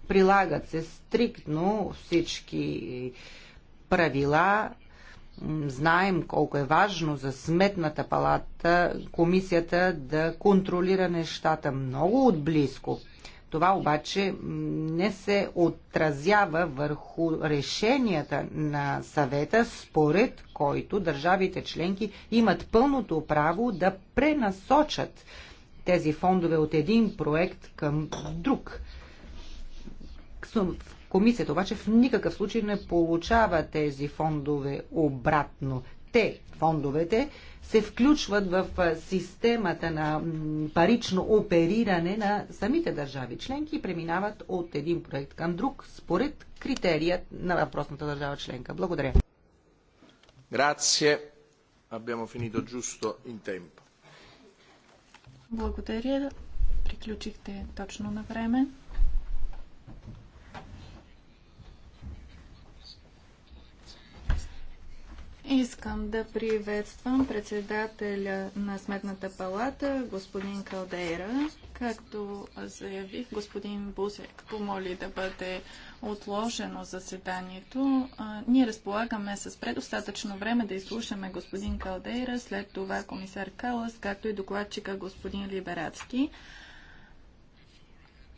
Прилагат се стриктно всички правила знаем колко е важно за сметната палата комисията да контролира нещата много отблизко. Това обаче не се отразява върху решенията на съвета, според който държавите членки имат пълното право да пренасочат тези фондове от един проект към друг. В Комисията обаче в никакъв случай не получава тези фондове обратно. Те, фондовете, се включват в системата на парично опериране на самите държави членки и преминават от един проект към друг според критерият на въпросната държава членка. Благодаря. Благодаря. Приключихте точно на време. Искам да приветствам председателя на Сметната палата, господин Калдейра. Както заявих, господин Бузек помоли да бъде отложено заседанието. ние разполагаме с предостатъчно време да изслушаме господин Калдейра, след това комисар Калас, както и докладчика господин Либерацки.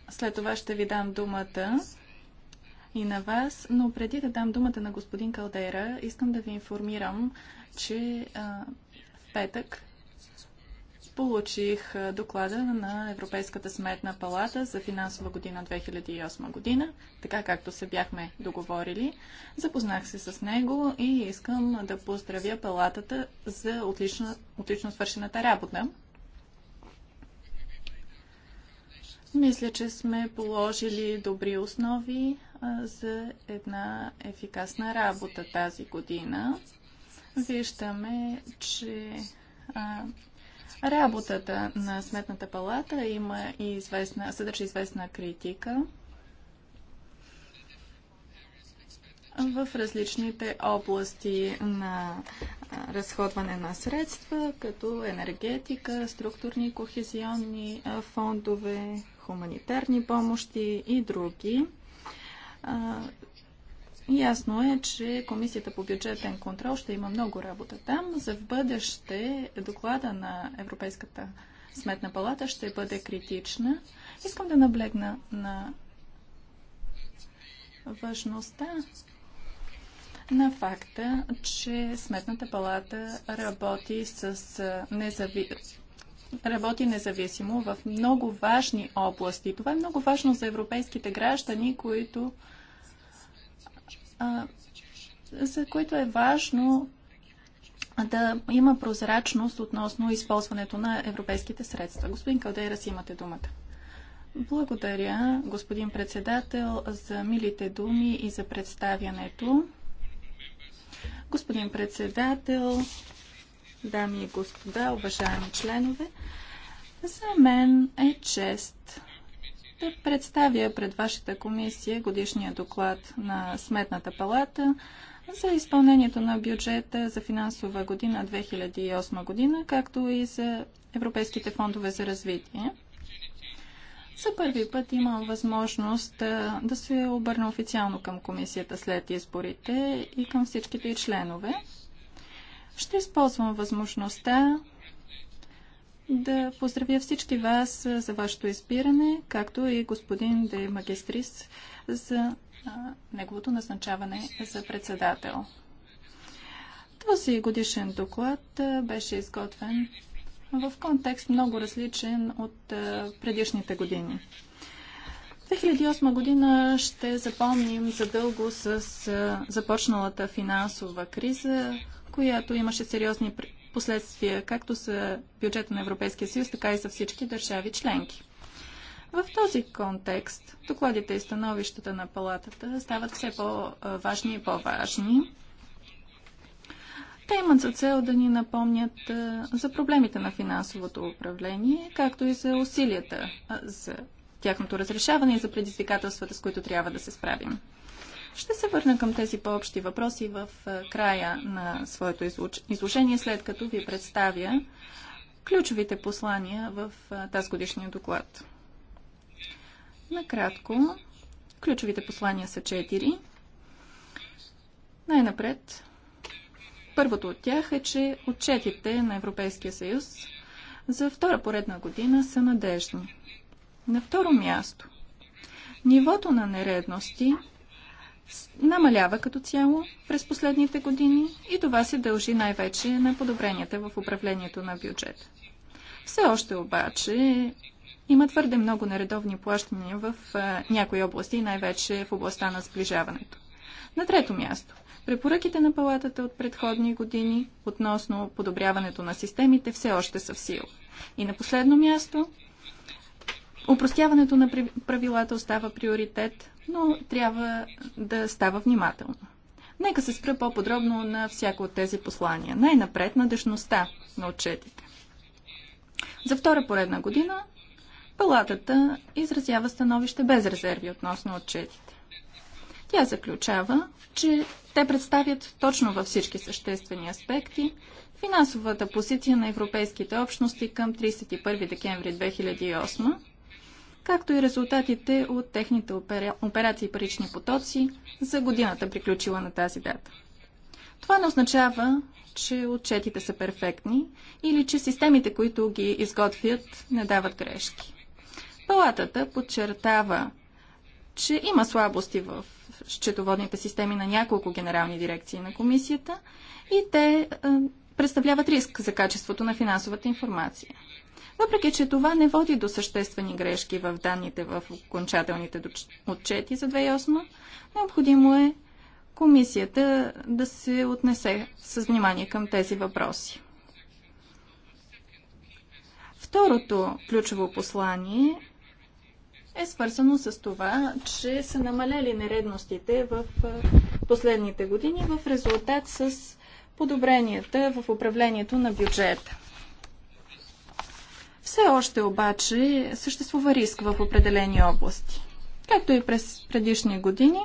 След това ще ви дам думата и на вас, но преди да дам думата на господин Калдера, искам да ви информирам, че а, в петък получих доклада на Европейската сметна палата за финансова година 2008 година, така както се бяхме договорили. Запознах се с него и искам да поздравя палатата за отлично, отлично свършената работа. Мисля, че сме положили добри основи за една ефикасна работа тази година. Виждаме, че а, работата на Сметната палата има и известна, съдържа известна критика в различните области на разходване на средства, като енергетика, структурни и кохезионни фондове, хуманитарни помощи и други ясно е, че Комисията по бюджетен контрол ще има много работа там. За в бъдеще доклада на Европейската сметна палата ще бъде критична. Искам да наблегна на важността на факта, че Сметната палата работи, с незави... работи независимо в много важни области. Това е много важно за европейските граждани, които за които е важно да има прозрачност относно използването на европейските средства. Господин Калдейрас, имате думата. Благодаря, господин председател, за милите думи и за представянето. Господин председател, дами и господа, уважаеми членове, за мен е чест да представя пред вашата комисия годишния доклад на Сметната палата за изпълнението на бюджета за финансова година 2008 година, както и за европейските фондове за развитие. За първи път имам възможност да, се обърна официално към комисията след изборите и към всичките членове. Ще използвам възможността да поздравя всички вас за вашето избиране, както и господин Де Магистрис за неговото назначаване за председател. Този годишен доклад беше изготвен в контекст много различен от предишните години. 2008 година ще запомним задълго с започналата финансова криза, която имаше сериозни последствия както за бюджета на Европейския съюз, така и за всички държави членки. В този контекст докладите и становищата на палатата стават все по-важни и по-важни. Те имат за цел да ни напомнят за проблемите на финансовото управление, както и за усилията за тяхното разрешаване и за предизвикателствата, с които трябва да се справим. Ще се върна към тези по-общи въпроси в е, края на своето изложение, след като ви представя ключовите послания в е, тази годишния доклад. Накратко, ключовите послания са четири. Най-напред, първото от тях е, че отчетите на Европейския съюз за втора поредна година са надежни. На второ място, нивото на нередности намалява като цяло през последните години и това се дължи най-вече на подобренията в управлението на бюджет. Все още обаче има твърде много нередовни плащания в някои области, най-вече в областта на сближаването. На трето място. Препоръките на палатата от предходни години относно подобряването на системите все още са в сила. И на последно място, Упростяването на правилата остава приоритет, но трябва да става внимателно. Нека се спра по-подробно на всяко от тези послания. Най-напред на дъжността на отчетите. За втора поредна година Палатата изразява становище без резерви относно отчетите. Тя заключава, че те представят точно във всички съществени аспекти финансовата позиция на европейските общности към 31 декември 2008 както и резултатите от техните опера... операции парични потоци за годината приключила на тази дата. Това не означава, че отчетите са перфектни или че системите, които ги изготвят, не дават грешки. Палатата подчертава, че има слабости в счетоводните системи на няколко генерални дирекции на комисията и те представляват риск за качеството на финансовата информация. Въпреки, че това не води до съществени грешки в данните в окончателните отчети за 2008, необходимо е комисията да се отнесе с внимание към тези въпроси. Второто ключово послание е свързано с това, че са намалели нередностите в последните години в резултат с подобренията в управлението на бюджета. Все още обаче съществува риск в определени области. Както и през предишни години,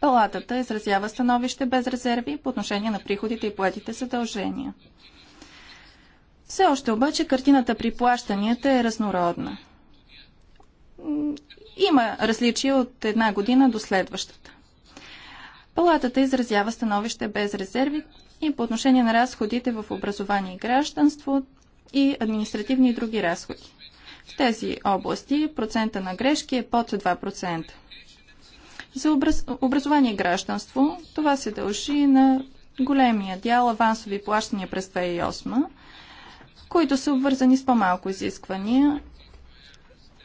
Палатата изразява становище без резерви по отношение на приходите и платите задължения. Все още обаче картината при плащанията е разнородна. Има различия от една година до следващата. Палатата изразява становище без резерви и по отношение на разходите в образование и гражданство и административни и други разходи. В тези области процента на грешки е под 2%. За образ... образование и гражданство това се дължи на големия дял авансови плащания през 2008, които са обвързани с по-малко изисквания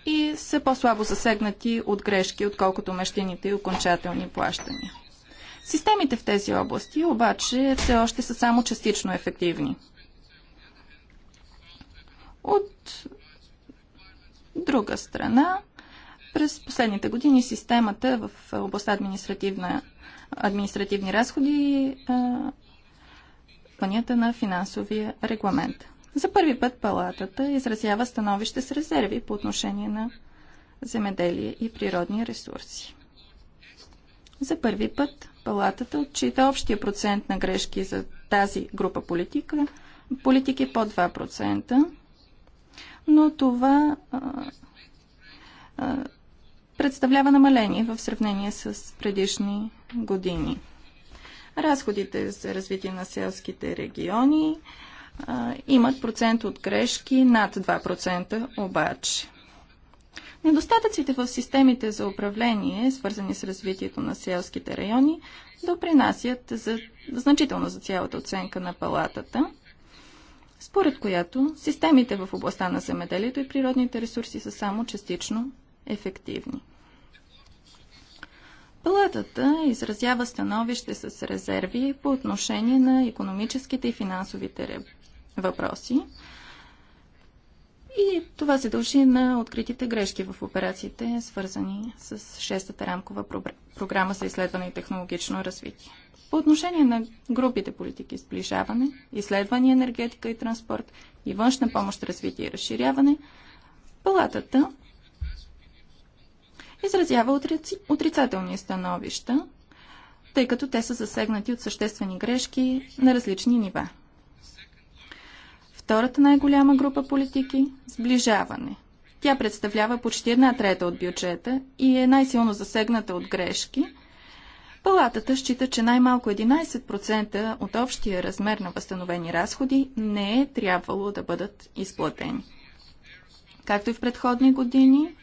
и са по-слабо засегнати от грешки, отколкото мещините и окончателни плащания. Системите в тези области обаче все още са само частично ефективни. От друга страна, през последните години системата в областта административна, административни разходи планията на финансовия регламент. За първи път палатата изразява становище с резерви по отношение на земеделие и природни ресурси. За първи път палатата отчита общия процент на грешки за тази група политика, политики по 2%, но това представлява намаление в сравнение с предишни години. Разходите за развитие на селските региони имат процент от грешки над 2% обаче. Недостатъците в системите за управление, свързани с развитието на селските райони, допринасят за, значително за цялата оценка на палатата – според която системите в областта на земеделието и природните ресурси са само частично ефективни. Палатата изразява становище с резерви по отношение на економическите и финансовите въпроси, и това се дължи на откритите грешки в операциите, свързани с шестата рамкова програма за изследване и технологично развитие. По отношение на групите политики сближаване, изследване, енергетика и транспорт и външна помощ, развитие и разширяване, палатата изразява отрици... отрицателни становища, тъй като те са засегнати от съществени грешки на различни нива. Втората най-голяма група политики – сближаване. Тя представлява почти една трета от бюджета и е най-силно засегната от грешки. Палатата счита, че най-малко 11% от общия размер на възстановени разходи не е трябвало да бъдат изплатени. Както и в предходни години,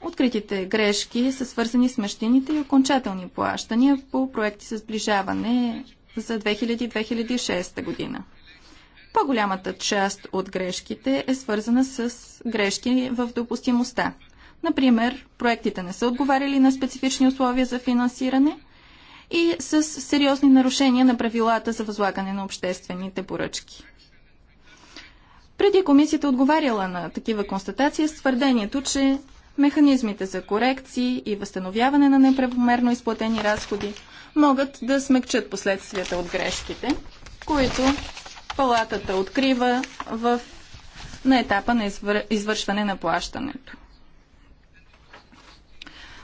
Откритите грешки са свързани с мъщините и окончателни плащания по проекти за сближаване за 2000-2006 година. По-голямата част от грешките е свързана с грешки в допустимостта. Например, проектите не са отговаряли на специфични условия за финансиране и с сериозни нарушения на правилата за възлагане на обществените поръчки. Преди комисията отговаряла на такива констатации с твърдението, че механизмите за корекции и възстановяване на неправомерно изплатени разходи могат да смекчат последствията от грешките, които палатата открива в, на етапа на извър... извършване на плащането.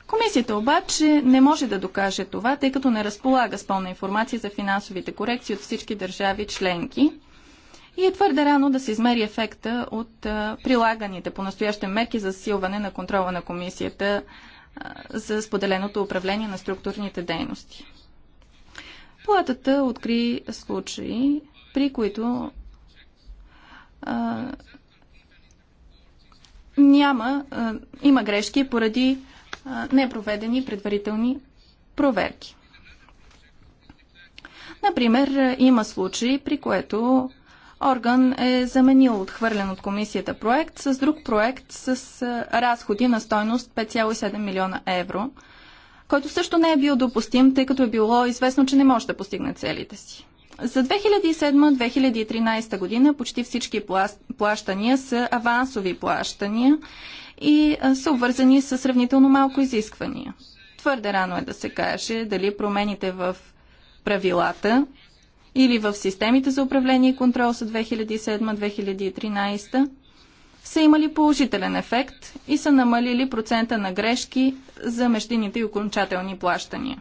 Комисията обаче не може да докаже това, тъй като не разполага с пълна информация за финансовите корекции от всички държави членки и е твърде рано да се измери ефекта от а, прилаганите по настоящем мерки за засилване на контрола на комисията а, за споделеното управление на структурните дейности. Платата откри случаи при които а, няма, а, има грешки поради а, непроведени предварителни проверки. Например, има случаи, при което орган е заменил отхвърлен от комисията проект с друг проект с разходи на стойност 5,7 милиона евро, който също не е бил допустим, тъй като е било известно, че не може да постигне целите си. За 2007-2013 година почти всички плащания са авансови плащания и са обвързани с сравнително малко изисквания. Твърде рано е да се каже дали промените в правилата или в системите за управление и контрол за 2007-2013 са имали положителен ефект и са намалили процента на грешки за междинните и окончателни плащания.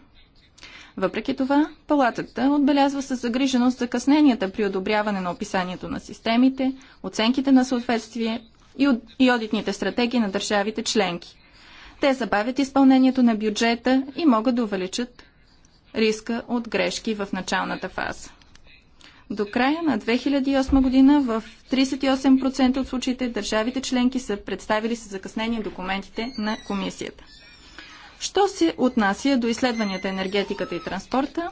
Въпреки това, палатата отбелязва със загриженост закъсненията при одобряване на описанието на системите, оценките на съответствие и, и одитните стратегии на държавите членки. Те забавят изпълнението на бюджета и могат да увеличат риска от грешки в началната фаза. До края на 2008 година в 38% от случаите държавите членки са представили с закъснение документите на комисията. Що се отнася до изследванията енергетиката и транспорта,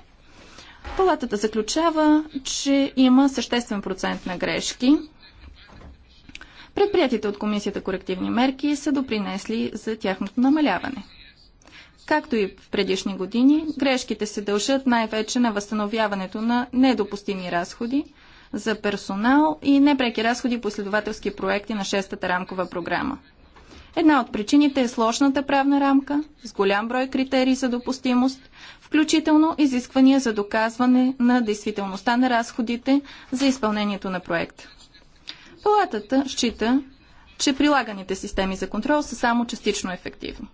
палатата заключава, че има съществен процент на грешки. Предприятите от комисията корективни мерки са допринесли за тяхното намаляване. Както и в предишни години, грешките се дължат най-вече на възстановяването на недопустими разходи за персонал и непреки разходи по следователски проекти на шестата рамкова програма. Една от причините е сложната правна рамка с голям брой критерии за допустимост, включително изисквания за доказване на действителността на разходите за изпълнението на проекта. Палатата счита, че прилаганите системи за контрол са само частично ефективни.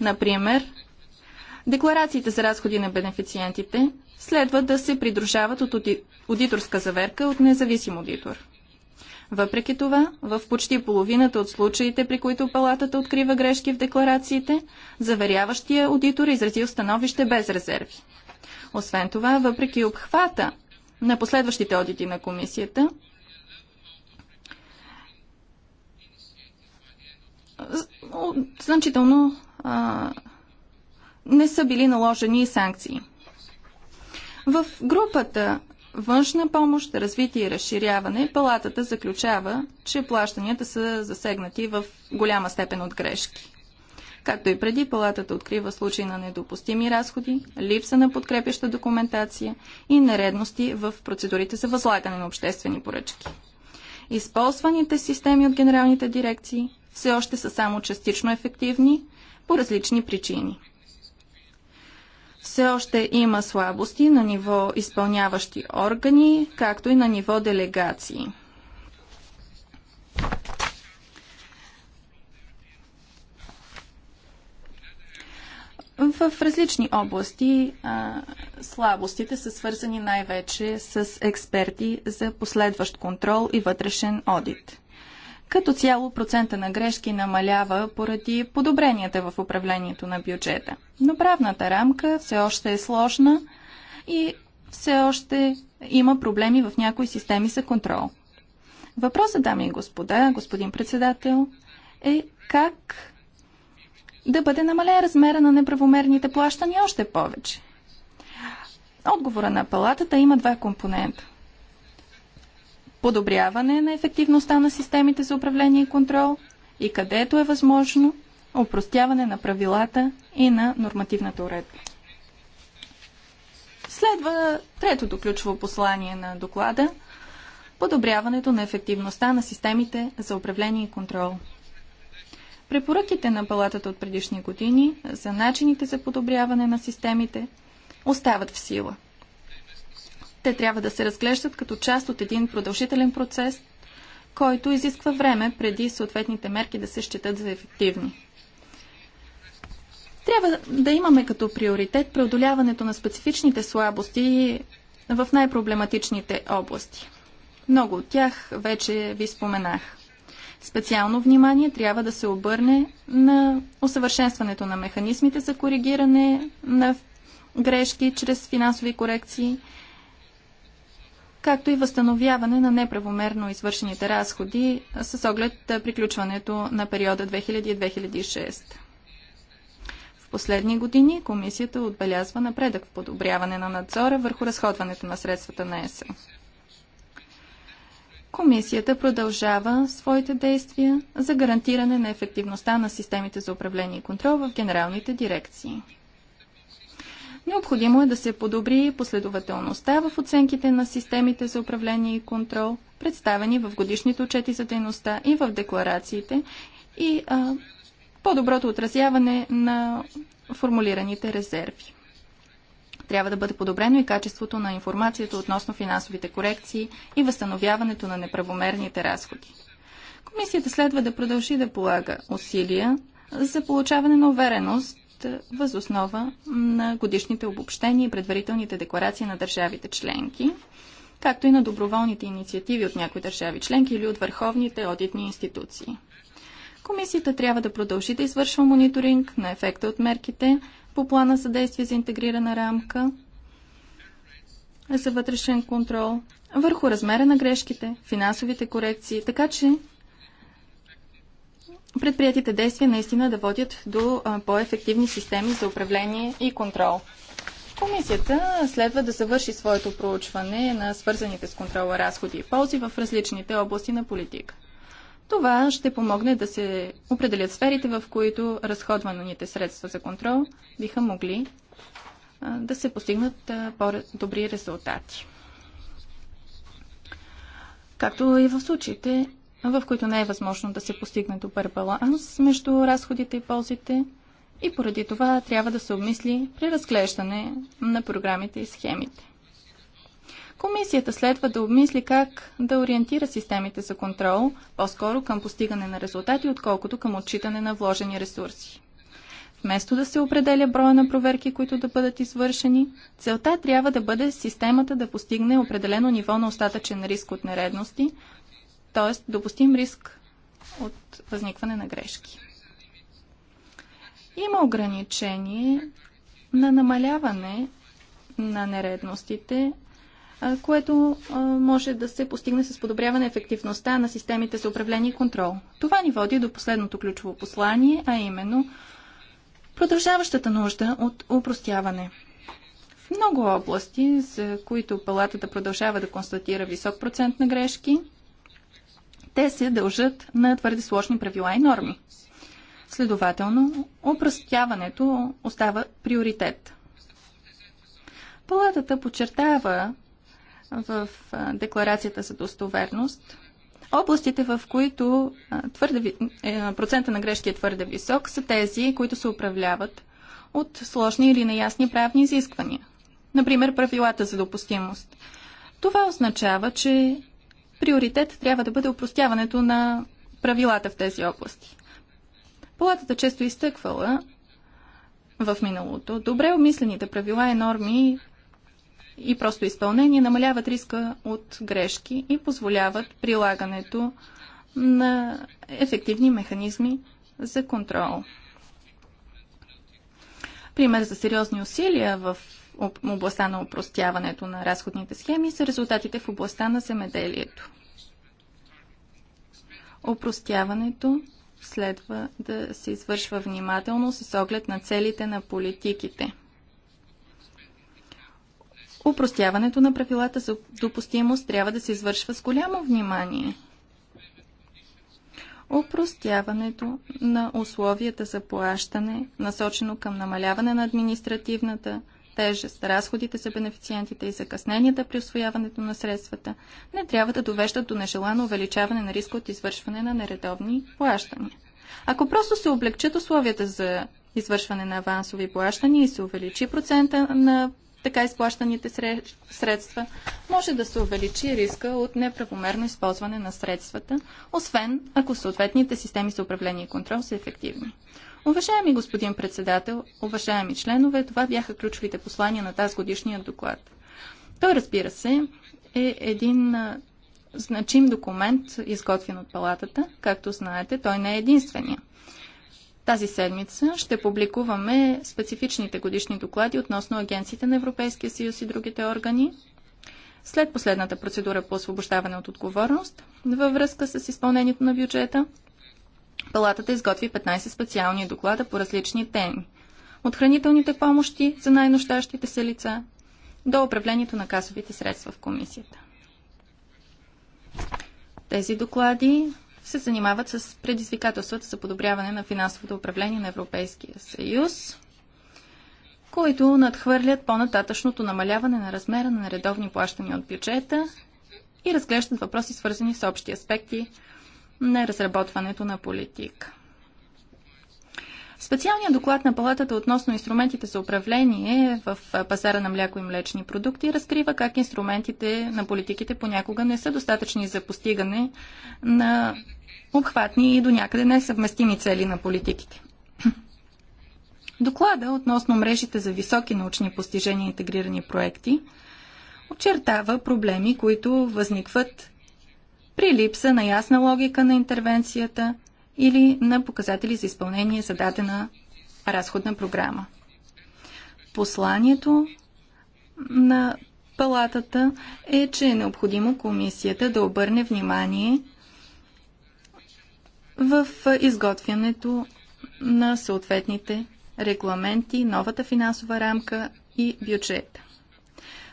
Например, декларациите за разходи на бенефициентите следва да се придружават от аудиторска заверка от независим аудитор. Въпреки това, в почти половината от случаите, при които палатата открива грешки в декларациите, заверяващия аудитор изразил становище без резерви. Освен това, въпреки обхвата на последващите одити на комисията, значително а, не са били наложени санкции. В групата външна помощ, развитие и разширяване, палатата заключава, че плащанията са засегнати в голяма степен от грешки. Както и преди, палатата открива случаи на недопустими разходи, липса на подкрепяща документация и нередности в процедурите за възлагане на обществени поръчки. Използваните системи от генералните дирекции все още са само частично ефективни по различни причини – все още има слабости на ниво изпълняващи органи, както и на ниво делегации. В различни области а, слабостите са свързани най-вече с експерти за последващ контрол и вътрешен одит. Като цяло процента на грешки намалява поради подобренията в управлението на бюджета. Но правната рамка все още е сложна и все още има проблеми в някои системи за контрол. Въпросът, дами и господа, господин председател, е как да бъде намален размера на неправомерните плащания още повече. Отговора на палатата има два компонента подобряване на ефективността на системите за управление и контрол и където е възможно упростяване на правилата и на нормативната уредба. Следва третото ключово послание на доклада – подобряването на ефективността на системите за управление и контрол. Препоръките на палатата от предишни години за начините за подобряване на системите остават в сила – те трябва да се разглеждат като част от един продължителен процес, който изисква време преди съответните мерки да се считат за ефективни. Трябва да имаме като приоритет преодоляването на специфичните слабости в най-проблематичните области. Много от тях вече ви споменах. Специално внимание трябва да се обърне на усъвършенстването на механизмите за коригиране на грешки чрез финансови корекции както и възстановяване на неправомерно извършените разходи с оглед приключването на периода 2000-2006. В последни години комисията отбелязва напредък в подобряване на надзора върху разходването на средствата на ЕСЕ. Комисията продължава своите действия за гарантиране на ефективността на системите за управление и контрол в генералните дирекции. Необходимо е да се подобри последователността в оценките на системите за управление и контрол, представени в годишните отчети за дейността и в декларациите и по-доброто отразяване на формулираните резерви. Трябва да бъде подобрено и качеството на информацията относно финансовите корекции и възстановяването на неправомерните разходи. Комисията следва да продължи да полага усилия за получаване на увереност възоснова на годишните обобщения и предварителните декларации на държавите членки, както и на доброволните инициативи от някои държави членки или от върховните одитни институции. Комисията трябва да продължи да извършва мониторинг на ефекта от мерките по плана съдействие за интегрирана рамка за вътрешен контрол върху размера на грешките, финансовите корекции, така че предприятите действия наистина да водят до по-ефективни системи за управление и контрол. Комисията следва да завърши своето проучване на свързаните с контрола разходи и ползи в различните области на политика. Това ще помогне да се определят сферите, в които разходваните средства за контрол биха могли да се постигнат по-добри резултати. Както и в случаите в които не е възможно да се постигне добър баланс между разходите и ползите и поради това трябва да се обмисли при разглеждане на програмите и схемите. Комисията следва да обмисли как да ориентира системите за контрол по-скоро към постигане на резултати, отколкото към отчитане на вложени ресурси. Вместо да се определя броя на проверки, които да бъдат извършени, целта трябва да бъде системата да постигне определено ниво на остатъчен риск от нередности, т.е. допустим риск от възникване на грешки. Има ограничение на намаляване на нередностите, което може да се постигне с подобряване ефективността на системите за управление и контрол. Това ни води до последното ключово послание, а именно продължаващата нужда от упростяване. В много области, за които палатата продължава да констатира висок процент на грешки, те се дължат на твърде сложни правила и норми. Следователно, упростяването остава приоритет. Палатата подчертава в декларацията за достоверност областите, в които твърде, е, процента на грешки е твърде висок, са тези, които се управляват от сложни или неясни правни изисквания. Например, правилата за допустимост. Това означава, че приоритет трябва да бъде упростяването на правилата в тези области. Палатата често изтъквала в миналото. Добре обмислените правила и норми и просто изпълнение намаляват риска от грешки и позволяват прилагането на ефективни механизми за контрол. Пример за сериозни усилия в областта на упростяването на разходните схеми са резултатите в областта на земеделието. Опростяването следва да се извършва внимателно с оглед на целите на политиките. Упростяването на правилата за допустимост трябва да се извършва с голямо внимание. Опростяването на условията за плащане, насочено към намаляване на административната тежест, разходите за бенефициентите и закъсненията при освояването на средствата не трябва да довеждат до нежелано увеличаване на риска от извършване на нередовни плащания. Ако просто се облегчат условията за извършване на авансови плащания и се увеличи процента на така изплащаните средства, може да се увеличи риска от неправомерно използване на средствата, освен ако съответните системи за управление и контрол са ефективни. Уважаеми господин председател, уважаеми членове, това бяха ключовите послания на тази годишния доклад. Той, разбира се, е един значим документ, изготвен от палатата. Както знаете, той не е единствения. Тази седмица ще публикуваме специфичните годишни доклади относно агенциите на Европейския съюз и другите органи, след последната процедура по освобождаване от отговорност във връзка с изпълнението на бюджета – Палатата изготви 15 специални доклада по различни теми. От хранителните помощи за най-нощащите се лица до управлението на касовите средства в комисията. Тези доклади се занимават с предизвикателствата за подобряване на финансовото управление на Европейския съюз, които надхвърлят по-нататъчното намаляване на размера на редовни плащания от бюджета и разглеждат въпроси, свързани с общи аспекти на разработването на политика. Специалният доклад на палатата относно инструментите за управление в пазара на мляко и млечни продукти разкрива как инструментите на политиките понякога не са достатъчни за постигане на обхватни и до някъде несъвместими цели на политиките. Доклада относно мрежите за високи научни постижения и интегрирани проекти очертава проблеми, които възникват при липса на ясна логика на интервенцията или на показатели за изпълнение за дадена разходна програма. Посланието на палатата е, че е необходимо комисията да обърне внимание в изготвянето на съответните регламенти, новата финансова рамка и бюджета.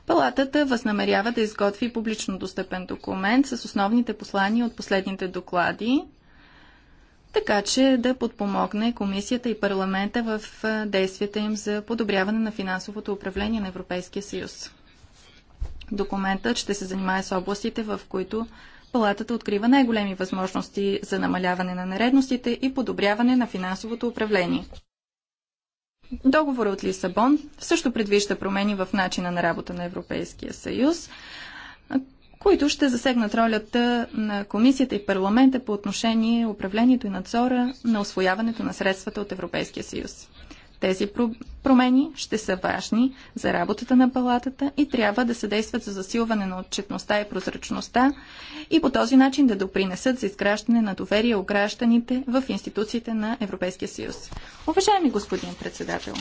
Палатата възнамерява да изготви публично достъпен документ с основните послания от последните доклади, така че да подпомогне комисията и парламента в действията им за подобряване на финансовото управление на Европейския съюз. Документът ще се занимае с областите, в които Палатата открива най-големи възможности за намаляване на нередностите и подобряване на финансовото управление. Договора от Лисабон също предвижда промени в начина на работа на Европейския съюз, които ще засегнат ролята на комисията и парламента по отношение управлението и надзора на освояването на средствата от Европейския съюз. Тези промени ще са важни за работата на палатата и трябва да се действат за засилване на отчетността и прозрачността и по този начин да допринесат за изграждане на доверие у гражданите в институциите на Европейския съюз. Уважаеми господин председател,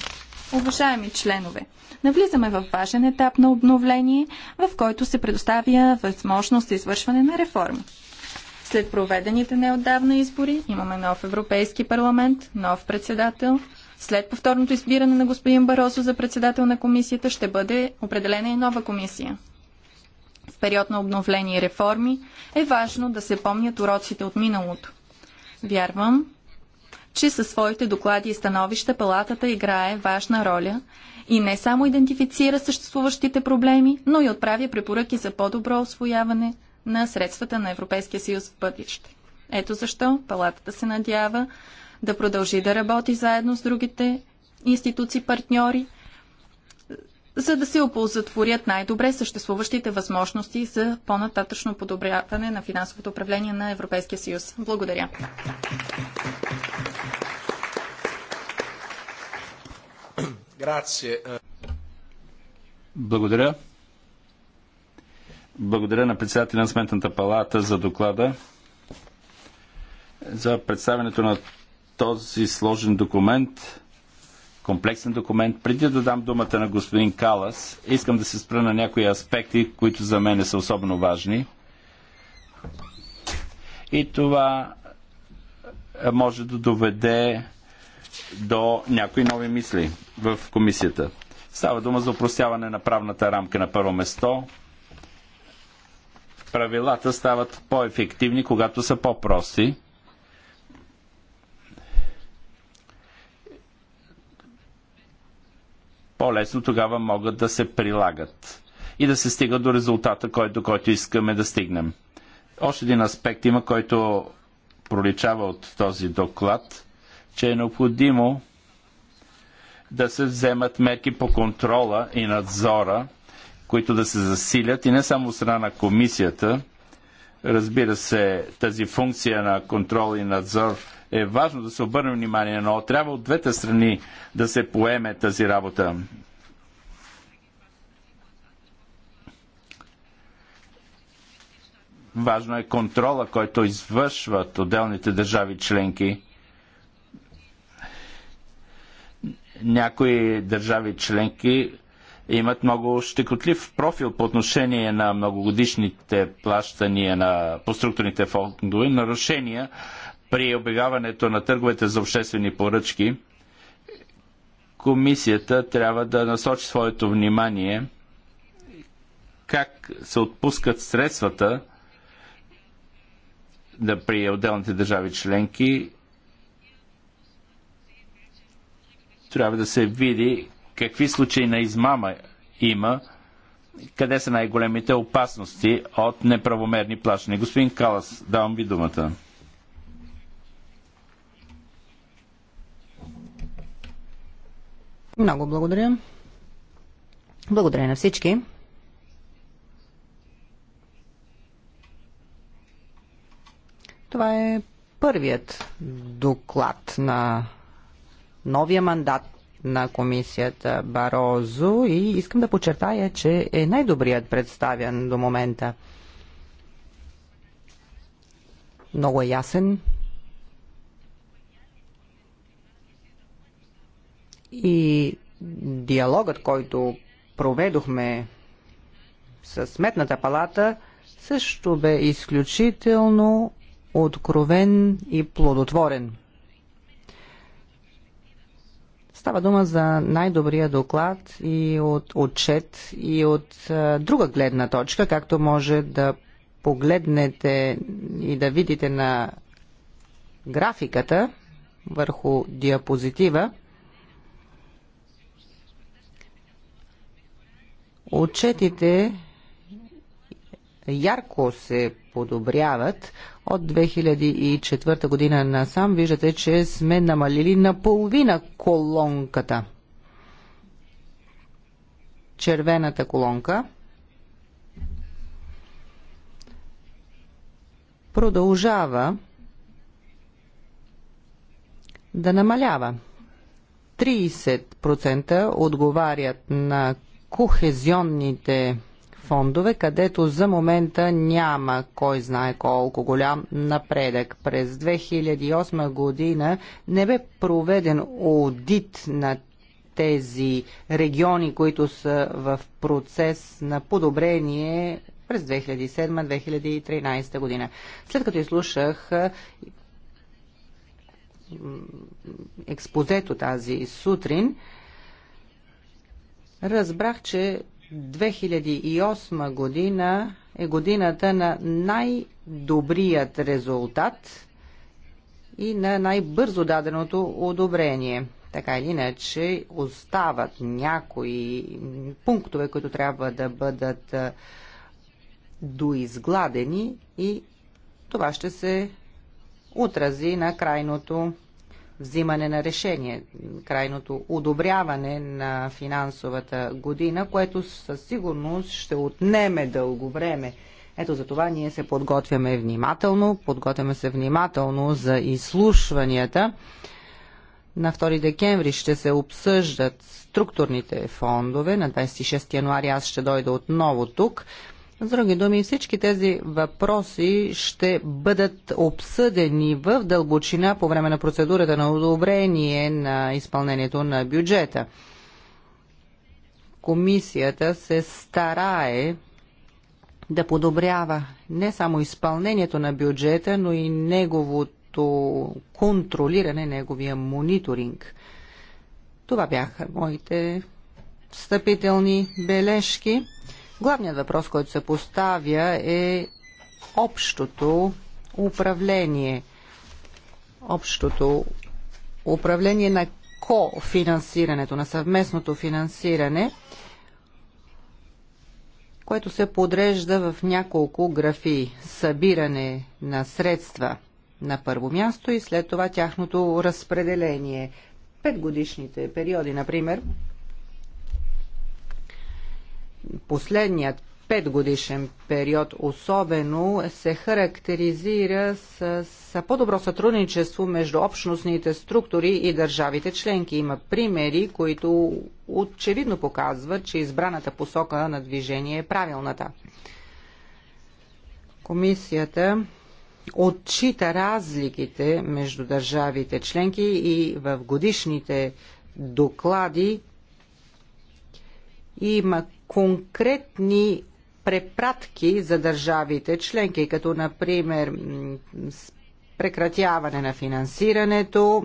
уважаеми членове, навлизаме в важен етап на обновление, в който се предоставя възможност за извършване на реформи. След проведените неотдавна избори имаме нов Европейски парламент, нов председател, след повторното избиране на господин Баросо за председател на комисията ще бъде определена и нова комисия. В период на обновление и реформи е важно да се помнят уроците от миналото. Вярвам, че със своите доклади и становища палатата играе важна роля и не само идентифицира съществуващите проблеми, но и отправя препоръки за по-добро освояване на средствата на Европейския съюз в бъдеще. Ето защо палатата се надява да продължи да работи заедно с другите институции партньори, за да се оползотворят най-добре съществуващите възможности за по-нататъчно подобряване на финансовото управление на Европейския съюз. Благодаря. Благодаря. Благодаря на председателя на Сметната палата за доклада за представянето на този сложен документ, комплексен документ. Преди да дам думата на господин Калас, искам да се спра на някои аспекти, които за мен са особено важни. И това е, може да доведе до някои нови мисли в комисията. Става дума за упростяване на правната рамка на първо место. Правилата стават по-ефективни, когато са по-прости по-лесно тогава могат да се прилагат и да се стига до резултата, който, който искаме да стигнем. Още един аспект има, който проличава от този доклад, че е необходимо да се вземат мерки по контрола и надзора, които да се засилят и не само от страна на комисията. Разбира се, тази функция на контрол и надзор е важно да се обърне внимание, но трябва от двете страни да се поеме тази работа. Важно е контрола, който извършват отделните държави членки. Някои държави членки имат много щекотлив профил по отношение на многогодишните плащания на, по структурните фондове, нарушения при обявяването на търговете за обществени поръчки, комисията трябва да насочи своето внимание как се отпускат средствата да при отделните държави членки. Трябва да се види какви случаи на измама има, къде са най-големите опасности от неправомерни плащания. Господин Калас, давам ви думата. Много благодаря. Благодаря на всички. Това е първият доклад на новия мандат на комисията Барозо и искам да подчертая, че е най-добрият представен до момента. Много е ясен, И диалогът, който проведохме с Сметната палата, също бе изключително откровен и плодотворен. Става дума за най-добрия доклад и от отчет и от а, друга гледна точка, както може да погледнете и да видите на графиката върху диапозитива. Отчетите ярко се подобряват. От 2004 година насам виждате, че сме намалили наполовина колонката. Червената колонка продължава да намалява. 30% отговарят на кохезионните фондове, където за момента няма кой знае колко голям напредък. През 2008 година не бе проведен аудит на тези региони, които са в процес на подобрение през 2007-2013 година. След като изслушах експозето тази сутрин, разбрах, че 2008 година е годината на най-добрият резултат и на най-бързо даденото одобрение. Така или иначе остават някои пунктове, които трябва да бъдат доизгладени и това ще се отрази на крайното взимане на решение, крайното одобряване на финансовата година, което със сигурност ще отнеме дълго време. Ето за това ние се подготвяме внимателно, подготвяме се внимателно за изслушванията. На 2 декември ще се обсъждат структурните фондове. На 26 януари аз ще дойда отново тук. С други думи, всички тези въпроси ще бъдат обсъдени в дълбочина по време на процедурата на одобрение на изпълнението на бюджета. Комисията се старае да подобрява не само изпълнението на бюджета, но и неговото контролиране, неговия мониторинг. Това бяха моите встъпителни бележки. Главният въпрос, който се поставя е общото управление. Общото управление на кофинансирането, на съвместното финансиране, което се подрежда в няколко графи. Събиране на средства на първо място и след това тяхното разпределение. Петгодишните периоди, например, последният петгодишен период особено се характеризира с, с по-добро сътрудничество между общностните структури и държавите членки. Има примери, които очевидно показват, че избраната посока на движение е правилната. Комисията отчита разликите между държавите членки и в годишните доклади има конкретни препратки за държавите членки, като например прекратяване на финансирането,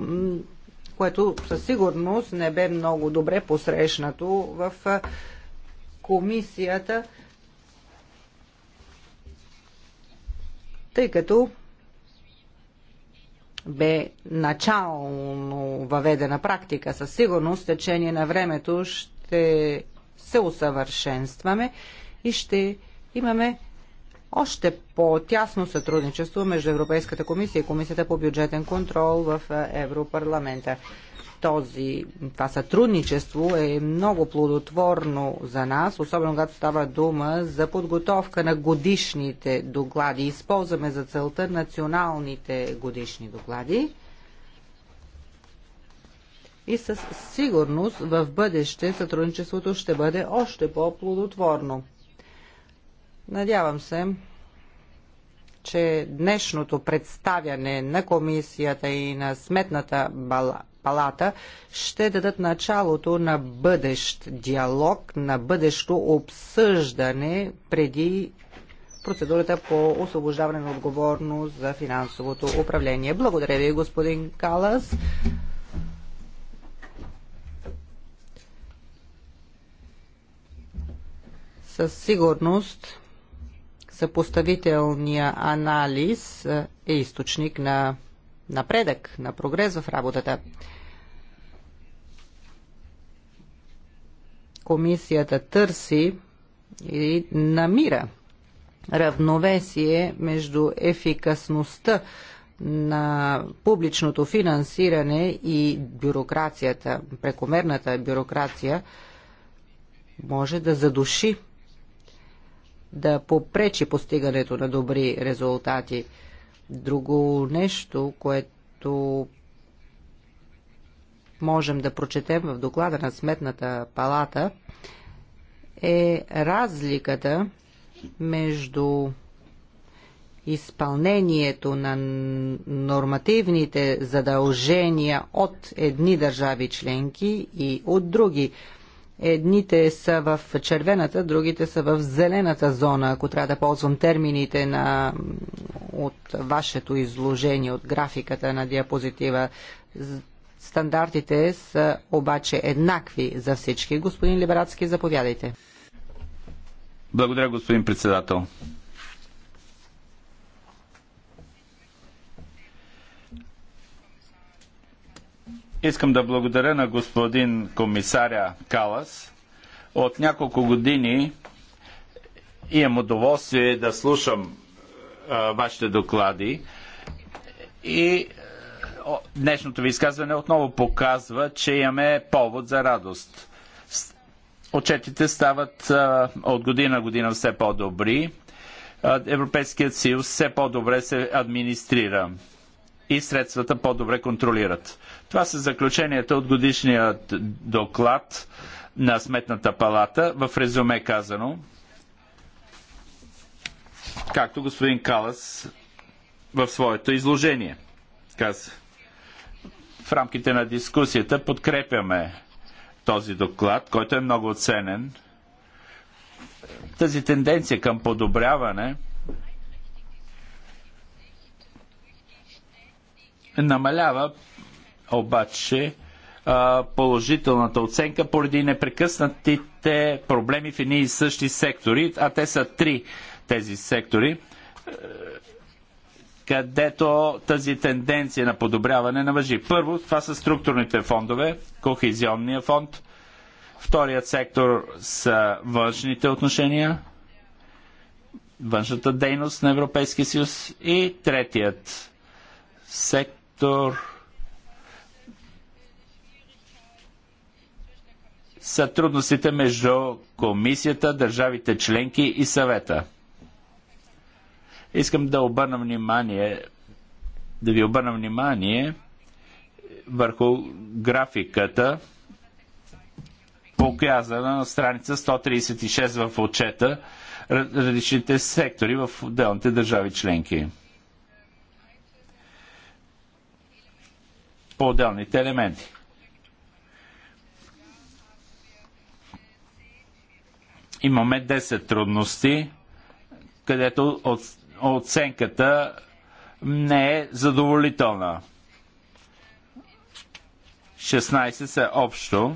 което със сигурност не бе много добре посрещнато в комисията, тъй като бе начално въведена практика. Със сигурност течение на времето ще се усъвършенстваме и ще имаме още по-тясно сътрудничество между Европейската комисия и Комисията по бюджетен контрол в Европарламента. Този, това сътрудничество е много плодотворно за нас, особено когато става дума за подготовка на годишните доклади. Използваме за целта националните годишни доклади и със сигурност в бъдеще сътрудничеството ще бъде още по-плодотворно. Надявам се, че днешното представяне на комисията и на сметната палата ще дадат началото на бъдещ диалог, на бъдещо обсъждане преди процедурата по освобождаване на отговорност за финансовото управление. Благодаря ви, господин Калас. Със сигурност съпоставителния анализ е източник на напредък, на прогрес в работата. Комисията търси и намира равновесие между ефикасността на публичното финансиране и бюрокрацията, прекомерната бюрокрация, може да задуши да попречи постигането на добри резултати. Друго нещо, което можем да прочетем в доклада на Сметната палата, е разликата между изпълнението на нормативните задължения от едни държави членки и от други. Едните са в червената, другите са в зелената зона, ако трябва да ползвам термините на, от вашето изложение, от графиката на диапозитива. Стандартите са обаче еднакви за всички. Господин Либерацки, заповядайте. Благодаря, господин председател. Искам да благодаря на господин комисаря Калас. От няколко години имам удоволствие да слушам а, вашите доклади и о, днешното ви изказване отново показва, че имаме повод за радост. Отчетите стават а, от година година все по-добри. Европейският съюз все по-добре се администрира и средствата по-добре контролират. Това са заключенията от годишният доклад на Сметната палата. В резюме казано, както господин Калас в своето изложение каза. В рамките на дискусията подкрепяме този доклад, който е много оценен. Тази тенденция към подобряване – Намалява обаче положителната оценка поради непрекъснатите проблеми в едни и същи сектори, а те са три тези сектори, където тази тенденция на подобряване навъжи. Първо, това са структурните фондове, кохезионния фонд. Вторият сектор са външните отношения, външната дейност на Европейския съюз. И третият сектор Dr. са трудностите между комисията, държавите членки и съвета. Искам да обърна внимание, да ви обърна внимание върху графиката, показана на страница 136 в отчета различните сектори в отделните държави членки. по отделните елементи. Имаме 10 трудности, където оценката не е задоволителна. 16 са общо.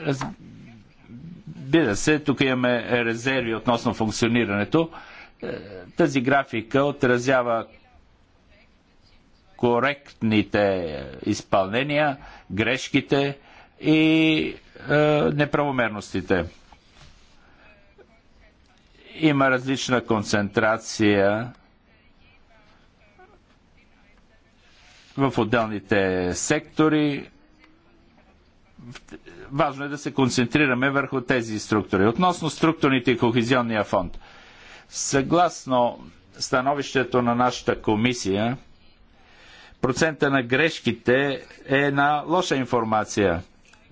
Разбира се, тук имаме резерви относно функционирането. Е, тази графика отразява коректните изпълнения, грешките и е, неправомерностите. Има различна концентрация в отделните сектори. Важно е да се концентрираме върху тези структури. Относно структурните и кохезионния фонд. Съгласно становището на нашата комисия, процента на грешките е на лоша информация.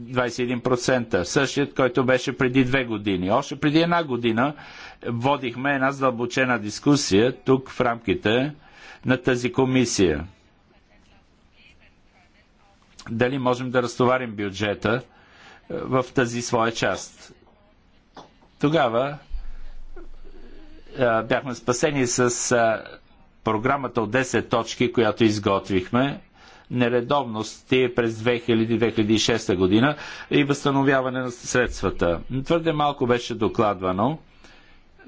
21%. Същият, който беше преди две години. Още преди една година водихме една задълбочена дискусия тук в рамките на тази комисия. Дали можем да разтоварим бюджета е, в тази своя част? Тогава е, бяхме спасени с е, програмата от 10 точки, която изготвихме, нередовности през 2000-2006 година и възстановяване на средствата. Твърде малко беше докладвано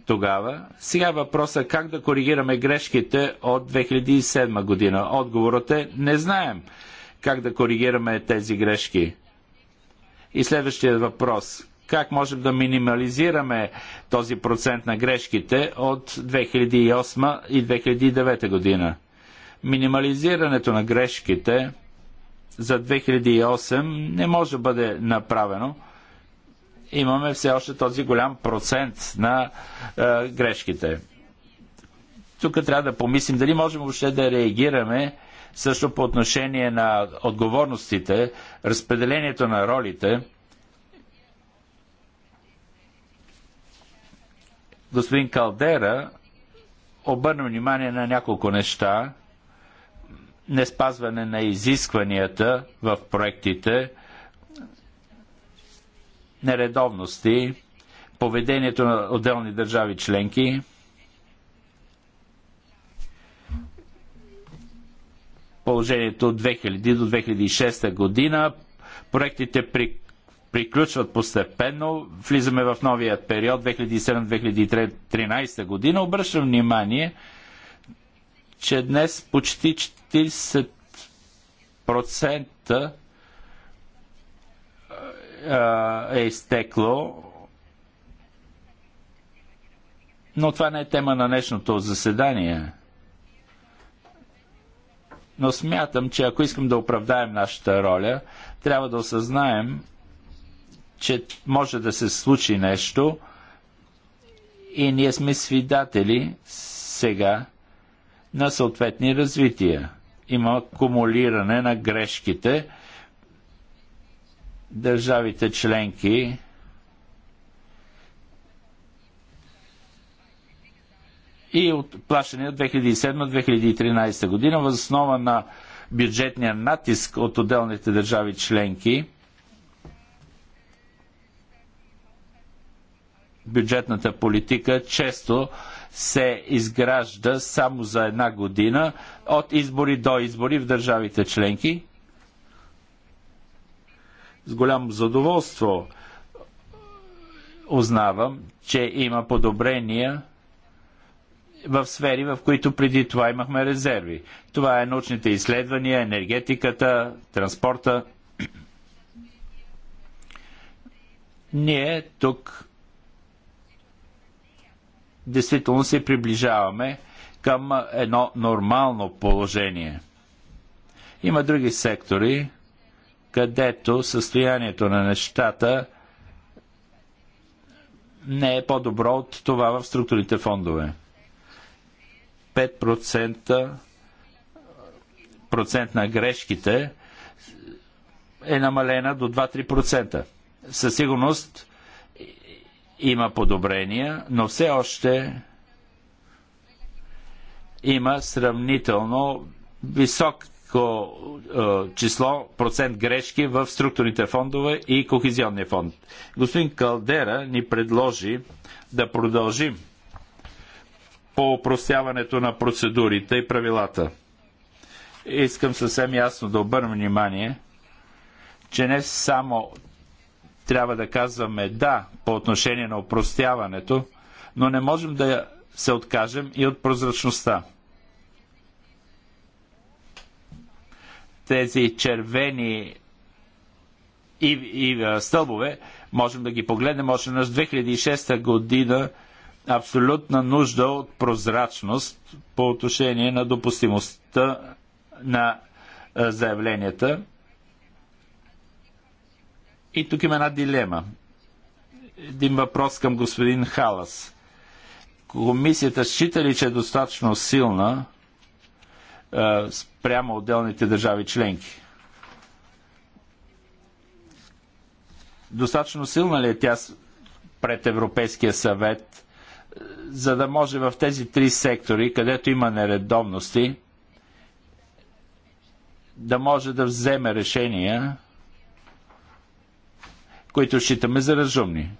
тогава. Сега въпросът е как да коригираме грешките от 2007 година. Отговорът е не знаем как да коригираме тези грешки. И следващия въпрос как можем да минимализираме този процент на грешките от 2008 и 2009 година. Минимализирането на грешките за 2008 не може да бъде направено. Имаме все още този голям процент на е, грешките. Тук трябва да помислим дали можем въобще да реагираме също по отношение на отговорностите, разпределението на ролите – господин Калдера обърна внимание на няколко неща. Не спазване на изискванията в проектите, нередовности, поведението на отделни държави членки, положението от 2000 до 2006 година, проектите при приключват постепенно. Влизаме в новия период 2007-2013 година. Обръщам внимание, че днес почти 40% е изтекло. Но това не е тема на днешното заседание. Но смятам, че ако искам да оправдаем нашата роля, трябва да осъзнаем, че може да се случи нещо и ние сме свидатели сега на съответни развития. Има кумулиране на грешките. Държавите членки и от плащане от 2007-2013 година, възоснова на бюджетния натиск от отделните държави членки – бюджетната политика често се изгражда само за една година от избори до избори в държавите членки. С голямо задоволство узнавам, че има подобрения в сфери, в които преди това имахме резерви. Това е научните изследвания, енергетиката, транспорта. Ние тук действително се приближаваме към едно нормално положение. Има други сектори, където състоянието на нещата не е по-добро от това в структурните фондове. 5% процент на грешките е намалена до 2-3%. Със сигурност има подобрения, но все още има сравнително високо е, число, процент грешки в структурните фондове и кохезионния фонд. Господин Калдера ни предложи да продължим по упростяването на процедурите и правилата. Искам съвсем ясно да обърна внимание, че не само трябва да казваме да по отношение на опростяването, но не можем да се откажем и от прозрачността. Тези червени и, и стълбове, можем да ги погледнем още на 2006 година абсолютна нужда от прозрачност по отношение на допустимостта на заявленията и тук има една дилема. Един въпрос към господин Халас. Комисията счита ли, че е достатъчно силна е, спрямо отделните държави членки? Достатъчно силна ли е тя пред Европейския съвет, за да може в тези три сектори, където има нередовности, да може да вземе решения които считаме за разумни.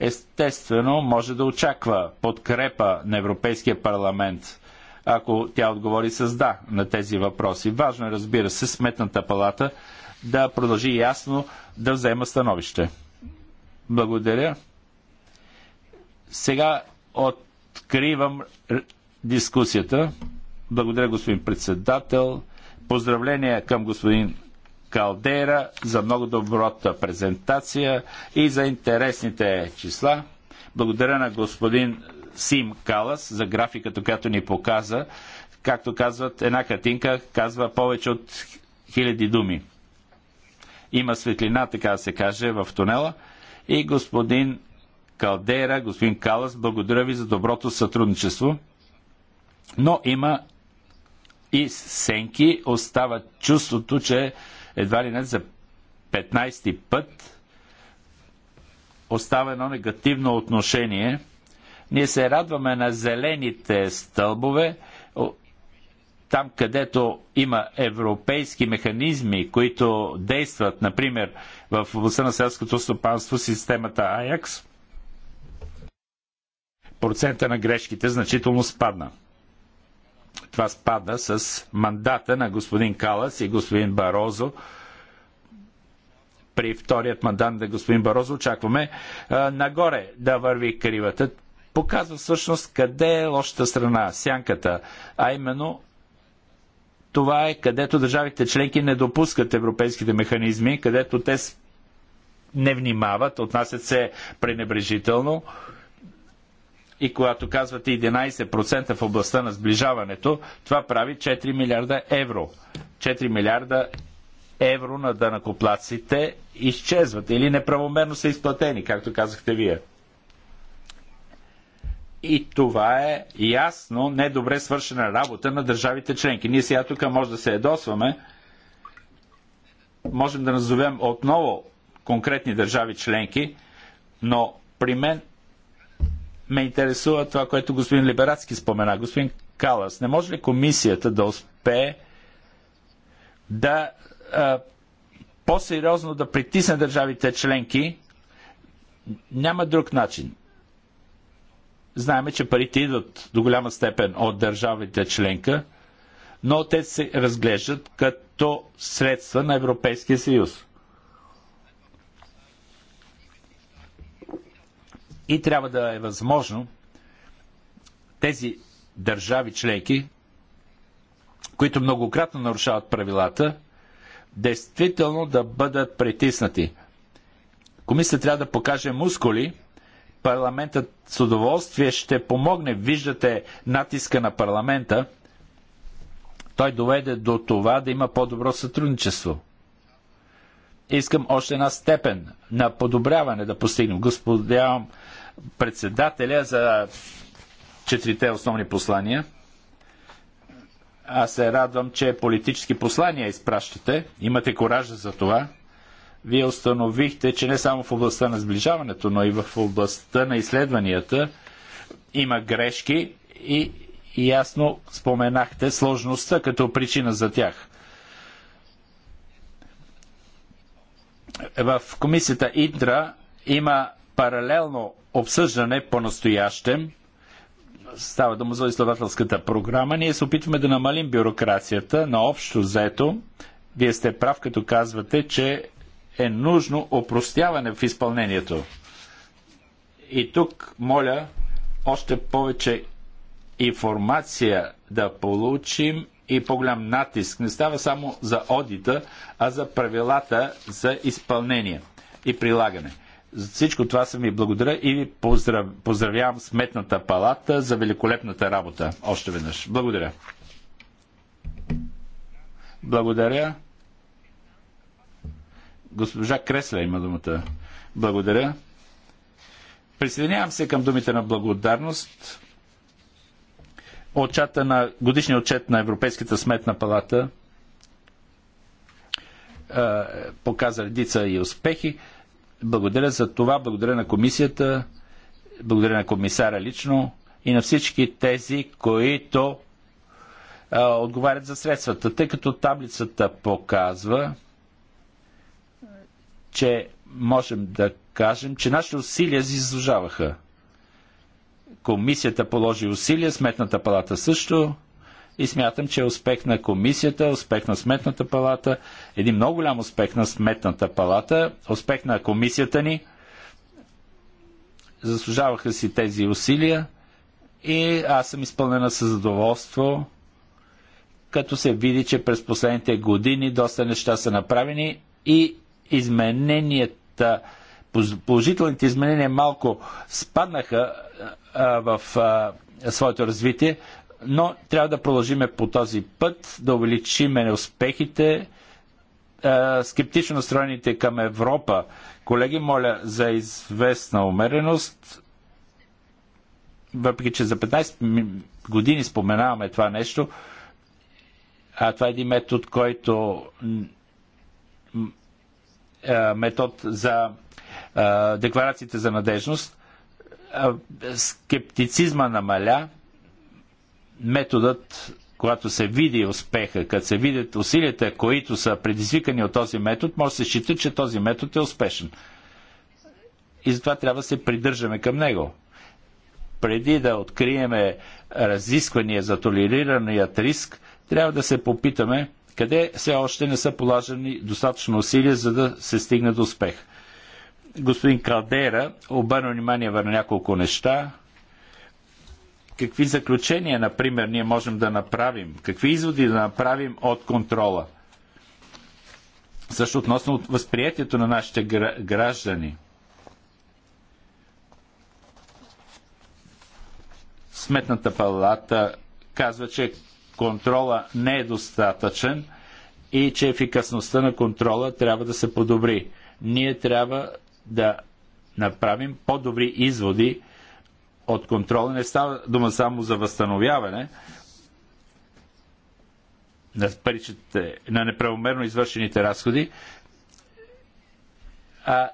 Естествено, може да очаква подкрепа на Европейския парламент, ако тя отговори с да на тези въпроси. Важно е, разбира се, Сметната палата да продължи ясно да взема становище. Благодаря. Сега откривам дискусията. Благодаря, господин председател. Поздравления към господин Калдера за много добрата презентация и за интересните числа. Благодаря на господин Сим Калас за графиката, която ни показа. Както казват, една картинка казва повече от хиляди думи. Има светлина, така да се каже, в тунела. И господин Калдера, господин Калас, благодаря ви за доброто сътрудничество. Но има и сенки, остава чувството, че едва ли не за 15 ти път остава едно негативно отношение. Ние се радваме на зелените стълбове, там където има европейски механизми, които действат, например в областта на селското стопанство, системата АЯКС, процента на грешките значително спадна това спада с мандата на господин Калас и господин Барозо. При вторият мандат на господин Барозо очакваме а, нагоре да върви кривата. Показва всъщност къде е лошата страна, сянката, а именно това е където държавите членки не допускат европейските механизми, където те не внимават, отнасят се пренебрежително и когато казвате 11% в областта на сближаването, това прави 4 милиарда евро. 4 милиарда евро на данакоплаците изчезват или неправомерно са изплатени, както казахте вие. И това е ясно недобре свършена работа на държавите членки. Ние сега тук може да се едосваме, можем да назовем отново конкретни държави членки, но при мен ме интересува това, което господин Либерацки спомена. Господин Калас, не може ли комисията да успее да по-сериозно да притисне държавите членки? Няма друг начин. Знаеме, че парите идват до голяма степен от държавите членка, но те се разглеждат като средства на Европейския съюз. И трябва да е възможно тези държави членки, които многократно нарушават правилата, действително да бъдат притиснати. Комисията трябва да покаже мускули. Парламентът с удоволствие ще помогне. Виждате натиска на парламента. Той доведе до това да има по-добро сътрудничество искам още една степен на подобряване да постигнем. Господявам председателя за четирите основни послания. Аз се радвам, че политически послания изпращате. Имате коража за това. Вие установихте, че не само в областта на сближаването, но и в областта на изследванията има грешки и ясно споменахте сложността като причина за тях. в комисията ИДРА има паралелно обсъждане по-настоящем. Става дума за изследователската програма. Ние се опитваме да намалим бюрокрацията на общо взето. Вие сте прав, като казвате, че е нужно опростяване в изпълнението. И тук моля още повече информация да получим и по-голям натиск. Не става само за одита, а за правилата за изпълнение и прилагане. За всичко това съм ви благодаря и ви поздрав... поздравявам Сметната палата за великолепната работа. Още веднъж. Благодаря. Благодаря. Госпожа Кресля има думата. Благодаря. Присъединявам се към думите на благодарност отчета на, годишния отчет на Европейската сметна палата е, показа редица и успехи. Благодаря за това, благодаря на комисията, благодаря на комисара лично и на всички тези, които е, отговарят за средствата, тъй като таблицата показва, че можем да кажем, че нашите усилия си заслужаваха. Комисията положи усилия, Сметната палата също. И смятам, че успех на комисията, успех на Сметната палата, един много голям успех на Сметната палата, успех на комисията ни. Заслужаваха си тези усилия и аз съм изпълнена с задоволство, като се види, че през последните години доста неща са направени и измененията, положителните изменения малко спаднаха в своето развитие, но трябва да продължиме по този път, да увеличиме неуспехите, скептично настроените към Европа. Колеги, моля за известна умереност, въпреки че за 15 години споменаваме това нещо, а това е един метод, който метод за декларациите за надежност, скептицизма намаля, методът, когато се види успеха, като се видят усилията, които са предизвикани от този метод, може да се счита, че този метод е успешен. И затова трябва да се придържаме към него. Преди да откриеме разисквания за толерираният риск, трябва да се попитаме къде все още не са положени достатъчно усилия, за да се стигне до успех господин Калдера обърна внимание върху няколко неща. Какви заключения, например, ние можем да направим? Какви изводи да направим от контрола? Също относно от възприятието на нашите граждани. Сметната палата казва, че контрола не е достатъчен и че ефикасността на контрола трябва да се подобри. Ние трябва да направим по-добри изводи от контрола. Не става дума само за възстановяване на паричите, на неправомерно извършените разходи, а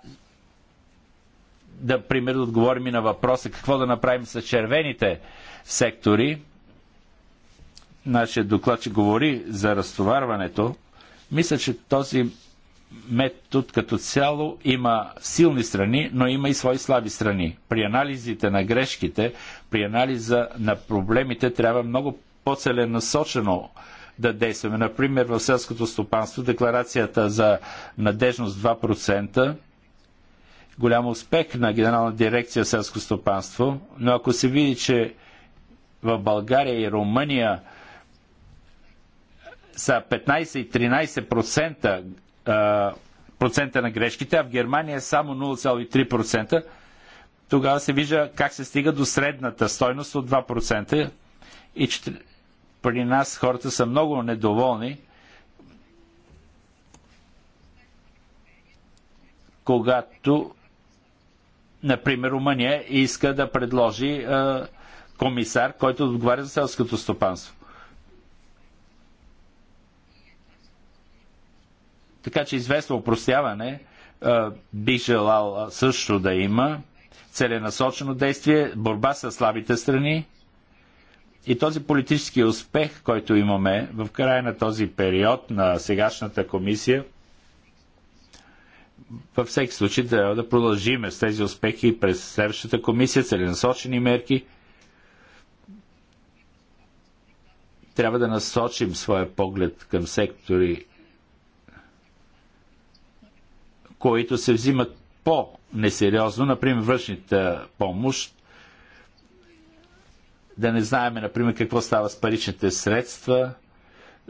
да, примерно, отговорим и на въпроса какво да направим с червените сектори. Нашия доклад ще говори за разтоварването. Мисля, че този метод като цяло има силни страни, но има и свои слаби страни. При анализите на грешките, при анализа на проблемите трябва много по-целенасочено да действаме. Например, в селското стопанство декларацията за надежност 2% голям успех на Генерална дирекция селско стопанство, но ако се види, че в България и Румъния са 15 и 13% процента на грешките, а в Германия е само 0,3%, тогава се вижда как се стига до средната стойност от 2%. И че при нас хората са много недоволни, когато, например, Румъния иска да предложи комисар, който отговаря за селското стопанство. Така че известно упростяване е, бих желал също да има целенасочено действие, борба с слабите страни и този политически успех, който имаме в края на този период на сегашната комисия, във всеки случай трябва да продължим с тези успехи през следващата комисия, целенасочени мерки. Трябва да насочим своя поглед към сектори, които се взимат по-несериозно, например външната помощ, да не знаеме, например, какво става с паричните средства,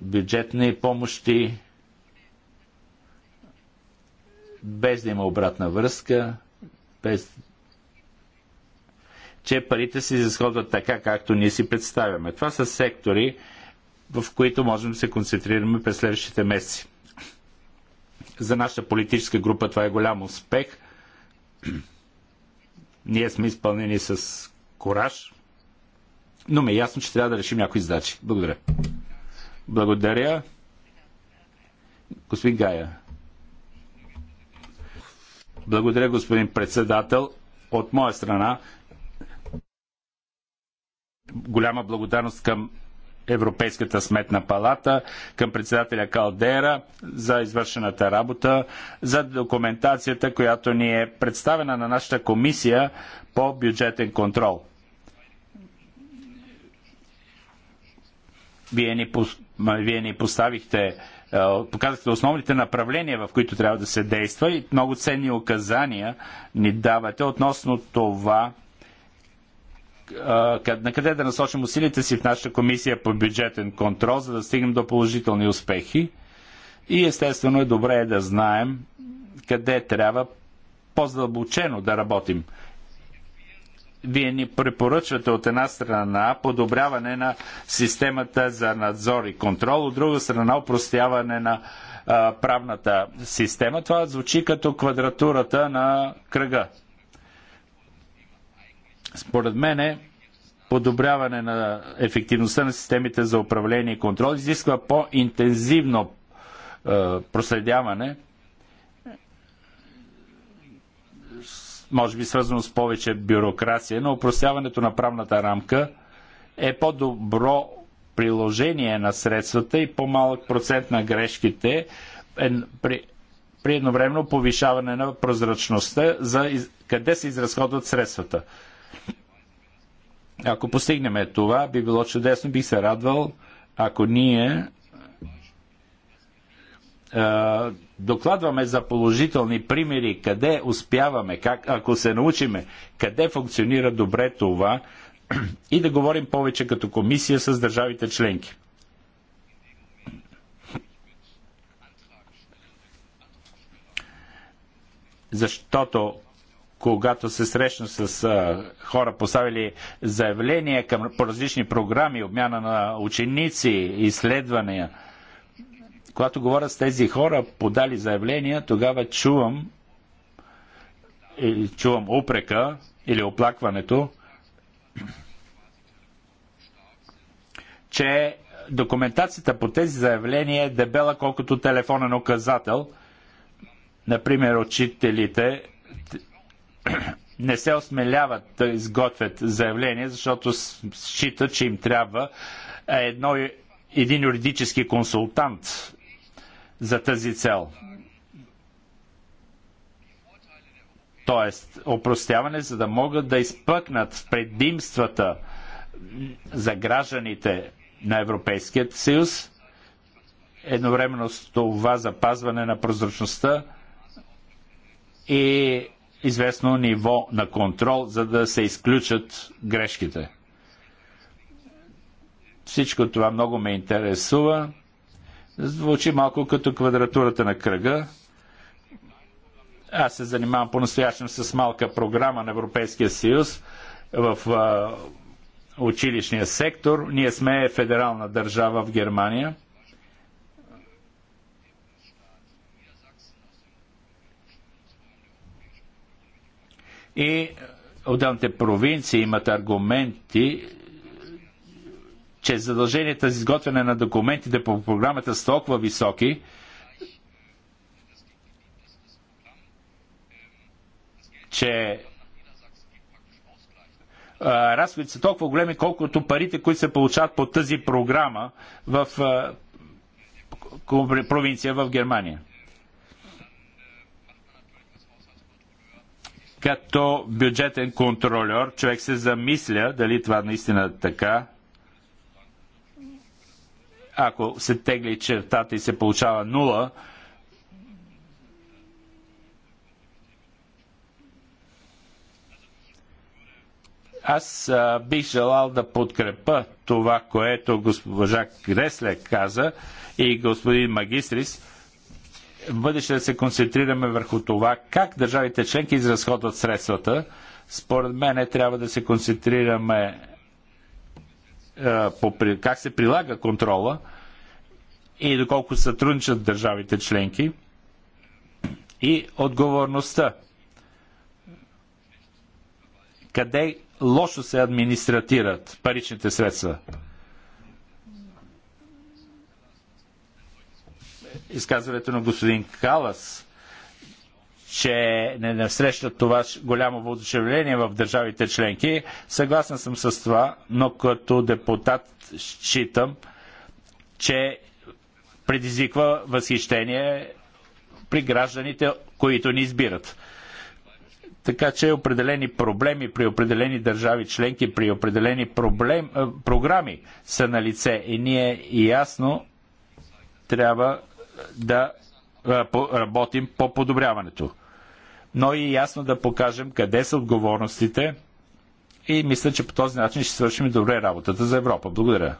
бюджетни помощи, без да има обратна връзка, без че парите се изразходват така, както ние си представяме. Това са сектори, в които можем да се концентрираме през следващите месеци. За нашата политическа група това е голям успех. [CLEARS THROAT] Ние сме изпълнени с кораж, но ме е ясно, че трябва да решим някои задачи. Благодаря. Благодаря. Господин Гая. Благодаря, господин председател. От моя страна голяма благодарност към Европейската сметна палата, към председателя Калдера за извършената работа, за документацията, която ни е представена на нашата комисия по бюджетен контрол. Вие ни, вие ни поставихте, показахте основните направления, в които трябва да се действа и много ценни указания ни давате относно това, на къде да насочим усилите си в нашата комисия по бюджетен контрол, за да стигнем до положителни успехи. И естествено е добре да знаем къде трябва по-задълбочено да работим. Вие ни препоръчвате от една страна подобряване на системата за надзор и контрол, от друга страна упростяване на а, правната система. Това звучи като квадратурата на кръга. Според мен подобряване на ефективността на системите за управление и контрол изисква по-интензивно е, проследяване, може би свързано с повече бюрокрация, но упростяването на правната рамка е по-добро приложение на средствата и по-малък процент на грешките е, при, при едновременно повишаване на прозрачността за из, къде се изразходват средствата. Ако постигнем това, би било чудесно, бих се радвал, ако ние а, докладваме за положителни примери, къде успяваме, как, ако се научиме къде функционира добре това [CLEARS THROAT] и да говорим повече като комисия с държавите членки. Защото когато се срещна с а, хора, поставили заявления към по различни програми, обмяна на ученици, изследвания, когато говоря с тези хора, подали заявления, тогава чувам, или чувам упрека или оплакването, че документацията по тези заявления е дебела колкото телефонен указател. Например, учителите [CLEARS THROAT] не се осмеляват да изготвят заявление, защото считат, че им трябва е, едно, един юридически консултант за тази цел. Тоест, опростяване, за да могат да изпъкнат в предимствата за гражданите на Европейският съюз, едновременно с това запазване на прозрачността и известно ниво на контрол, за да се изключат грешките. Всичко това много ме интересува. Звучи малко като квадратурата на кръга. Аз се занимавам по-настоящем с малка програма на Европейския съюз в а, училищния сектор. Ние сме федерална държава в Германия – И отделните провинции имат аргументи, че задълженията за изготвяне на документите по програмата са толкова високи, че разходите са толкова големи, колкото парите, които се получават по тази програма в провинция в Германия. Като бюджетен контролер човек се замисля дали това наистина е така. Ако се тегли чертата и се получава нула, Аз а, бих желал да подкрепа това, което госпожа Гресле каза и господин Магистрис бъдеще да се концентрираме върху това как държавите членки изразходват средствата. Според мен е, трябва да се концентрираме е, по, как се прилага контрола и доколко сътрудничат държавите членки и отговорността. Къде лошо се администратират паричните средства? изказването на господин Калас, че не насрещат това голямо воодушевление в държавите членки. Съгласен съм с това, но като депутат считам, че предизвиква възхищение при гражданите, които ни избират. Така че определени проблеми при определени държави членки, при определени проблем, е, програми са на лице и ние ясно трябва да работим по подобряването. Но и ясно да покажем къде са отговорностите и мисля, че по този начин ще свършим добре работата за Европа. Благодаря.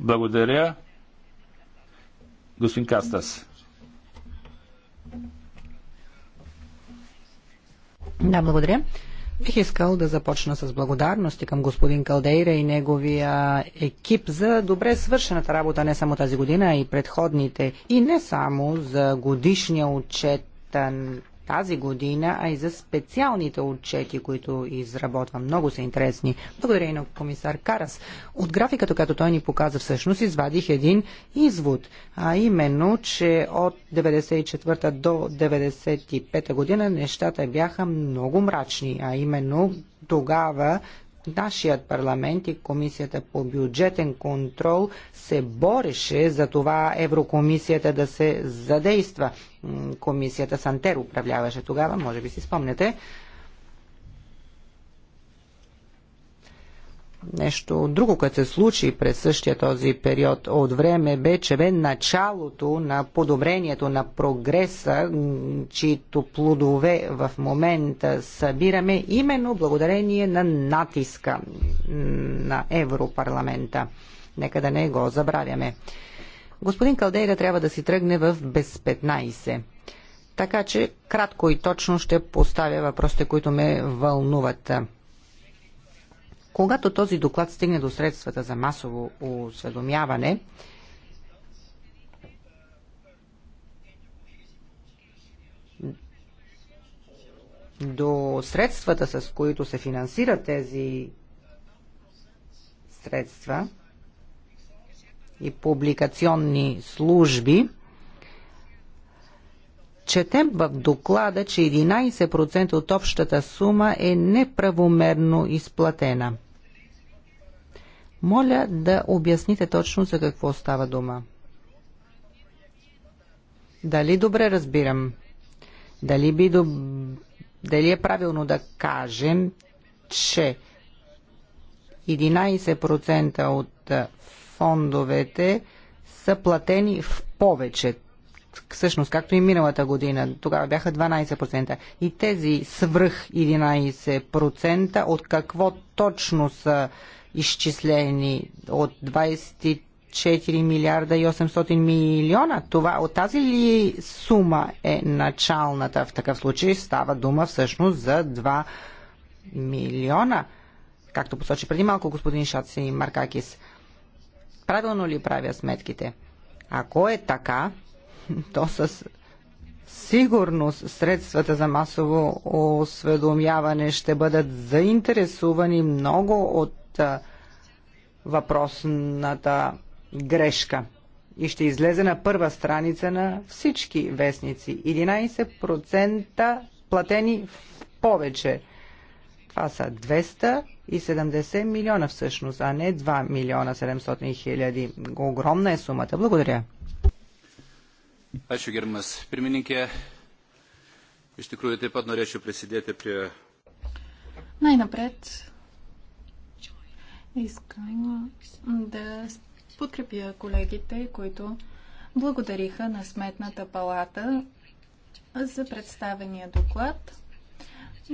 Благодаря. Господин Кастас. Да, благодаря. Бих искал да започна с благодарности към господин Калдейра и неговия екип за добре свършената работа не само тази година, а и предходните. И не само за годишния отчет тази година, а и за специалните отчети, които изработва. Много са интересни. Благодаря и на комисар Карас. От графиката, като той ни показа всъщност, извадих един извод, а именно, че от 1994 до 1995 година нещата бяха много мрачни, а именно тогава нашият парламент и комисията по бюджетен контрол се бореше за това Еврокомисията да се задейства. Комисията Сантер управляваше тогава, може би си спомняте. Нещо друго, което се случи през същия този период от време, бе, че бе началото на подобрението на прогреса, чието плодове в момента събираме, именно благодарение на натиска на Европарламента. Нека да не го забравяме. Господин Калдейра трябва да си тръгне в без 15. Така че кратко и точно ще поставя въпросите, които ме вълнуват. Когато този доклад стигне до средствата за масово осведомяване, до средствата, с които се финансират тези средства и публикационни служби, четем в доклада, че 11% от общата сума е неправомерно изплатена. Моля да обясните точно за какво става дума. Дали добре разбирам? Дали, би доб... Дали е правилно да кажем, че 11% от фондовете са платени в повече, всъщност както и миналата година, тогава бяха 12%. И тези свръх 11% от какво точно са изчислени от 24 милиарда и 800 милиона. Това от тази ли сума е началната? В такъв случай става дума всъщност за 2 милиона. Както посочи преди малко господин и Маркакис. Правилно ли правя сметките? Ако е така, [LAUGHS] то с сигурност средствата за масово осведомяване ще бъдат заинтересувани много от въпросната грешка и ще излезе на първа страница на всички вестници. 11% платени в повече. Това са 270 милиона всъщност, а не 2 милиона 700 хиляди. Огромна е сумата. Благодаря. Iš tikrųjų taip pat norėčiau prisidėti prie. Най-напред искам да подкрепя колегите, които благодариха на Сметната палата за представения доклад.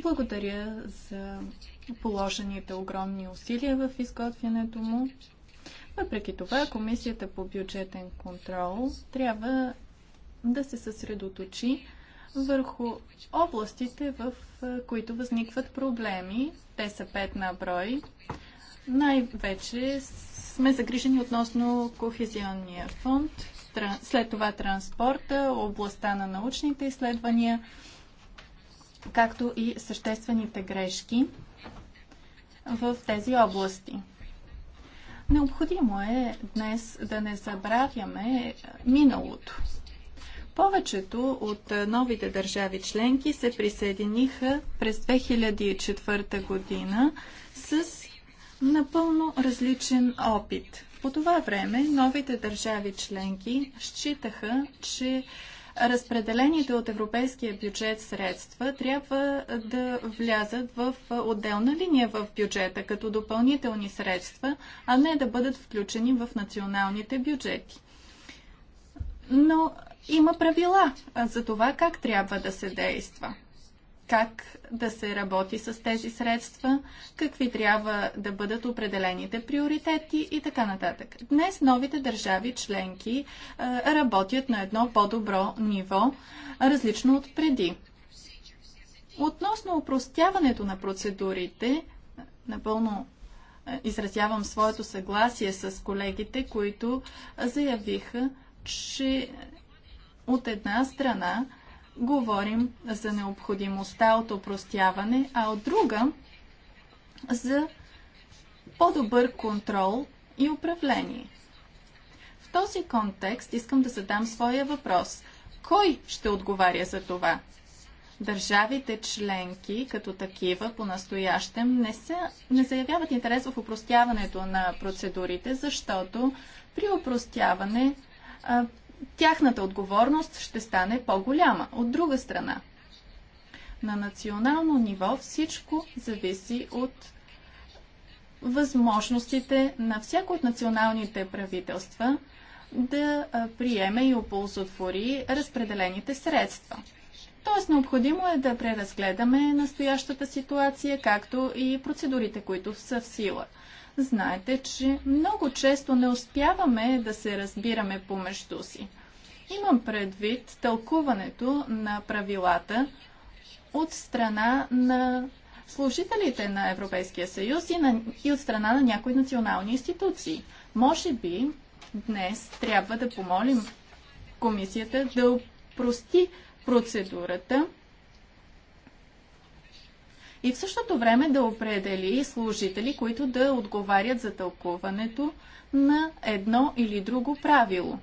Благодаря за положените огромни усилия в изготвянето му. Въпреки това, Комисията по бюджетен контрол трябва да се съсредоточи върху областите, в които възникват проблеми. Те са пет на брой. Най-вече сме загрижени относно Кохезионния фонд, след това транспорта, областта на научните изследвания, както и съществените грешки в тези области. Необходимо е днес да не забравяме миналото. Повечето от новите държави членки се присъединиха през 2004 година с напълно различен опит. По това време новите държави членки считаха, че разпределените от европейския бюджет средства трябва да влязат в отделна линия в бюджета като допълнителни средства, а не да бъдат включени в националните бюджети. Но има правила за това как трябва да се действа, как да се работи с тези средства, какви трябва да бъдат определените приоритети и така нататък. Днес новите държави членки е, работят на едно по-добро ниво, различно от преди. Относно упростяването на процедурите, напълно е, изразявам своето съгласие с колегите, които е, заявиха, че от една страна говорим за необходимостта от опростяване, а от друга за по-добър контрол и управление. В този контекст искам да задам своя въпрос. Кой ще отговаря за това? Държавите членки като такива по-настоящем не, са, не заявяват интерес в опростяването на процедурите, защото при опростяване а, тяхната отговорност ще стане по-голяма. От друга страна, на национално ниво всичко зависи от възможностите на всяко от националните правителства да приеме и оползотвори разпределените средства. Тоест, необходимо е да преразгледаме настоящата ситуация, както и процедурите, които са в сила знаете, че много често не успяваме да се разбираме помежду си. Имам предвид тълкуването на правилата от страна на служителите на Европейския съюз и, на, и от страна на някои национални институции. Може би днес трябва да помолим комисията да прости процедурата и в същото време да определи служители, които да отговарят за тълкуването на едно или друго правило.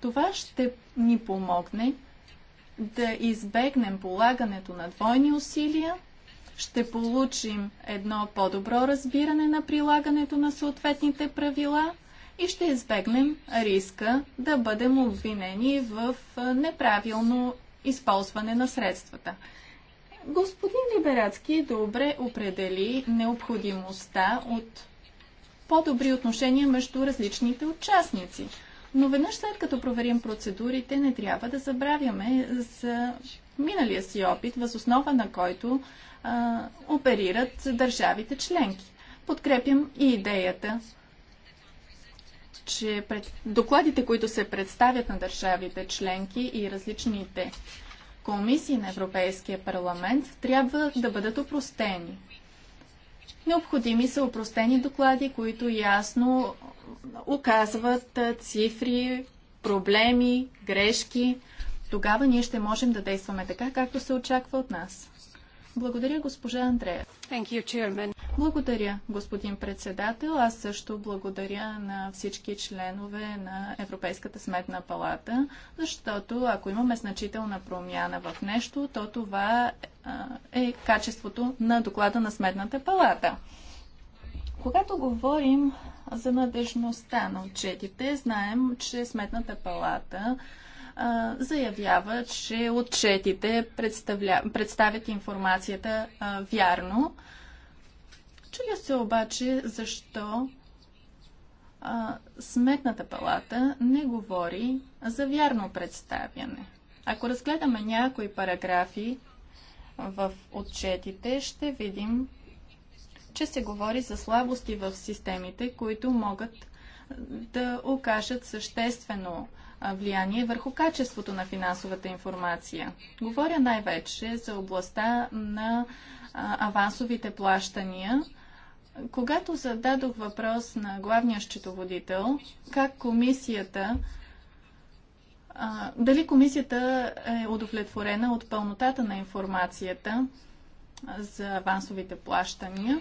Това ще ни помогне да избегнем полагането на двойни усилия, ще получим едно по-добро разбиране на прилагането на съответните правила и ще избегнем риска да бъдем обвинени в неправилно използване на средствата. Господин Либерацки добре определи необходимостта от по-добри отношения между различните участници. Но веднъж след като проверим процедурите, не трябва да забравяме за миналия си опит, възоснова на който а, оперират държавите членки. Подкрепям и идеята, че пред... докладите, които се представят на държавите членки и различните комисии на Европейския парламент трябва да бъдат опростени. Необходими са опростени доклади, които ясно оказват цифри, проблеми, грешки. Тогава ние ще можем да действаме така, както се очаква от нас. Благодаря, госпожа Андрея. You, благодаря, господин председател. Аз също благодаря на всички членове на Европейската сметна палата, защото ако имаме значителна промяна в нещо, то това е качеството на доклада на Сметната палата. Когато говорим за надежността на отчетите, знаем, че Сметната палата заявява, че отчетите представят информацията а, вярно. Чудя се обаче защо а, Сметната палата не говори за вярно представяне. Ако разгледаме някои параграфи в отчетите, ще видим, че се говори за слабости в системите, които могат да окажат съществено влияние върху качеството на финансовата информация. Говоря най-вече за областта на авансовите плащания. Когато зададох въпрос на главния счетоводител, как комисията дали комисията е удовлетворена от пълнотата на информацията за авансовите плащания.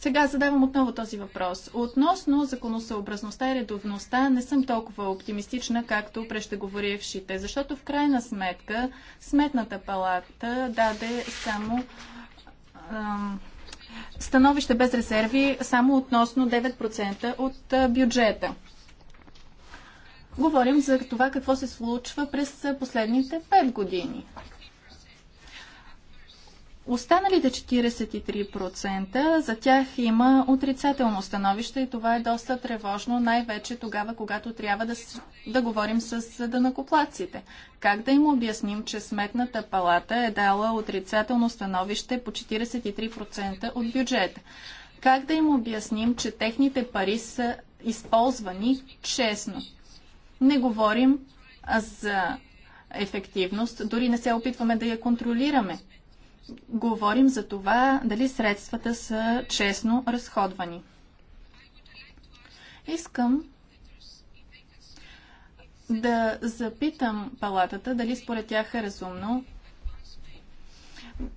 Сега задавам отново този въпрос. Относно законосъобразността и редовността не съм толкова оптимистична, както прещеговорившите, защото в крайна сметка Сметната палата даде само ам, становище без резерви само относно 9% от бюджета. Говорим за това какво се случва през последните 5 години. Останалите 43% за тях има отрицателно становище и това е доста тревожно, най-вече тогава, когато трябва да, да говорим с дънакоплаците. Как да им обясним, че Сметната палата е дала отрицателно становище по 43% от бюджета? Как да им обясним, че техните пари са използвани честно? Не говорим за ефективност, дори не се опитваме да я контролираме говорим за това дали средствата са честно разходвани. Искам да запитам палатата дали според тях е разумно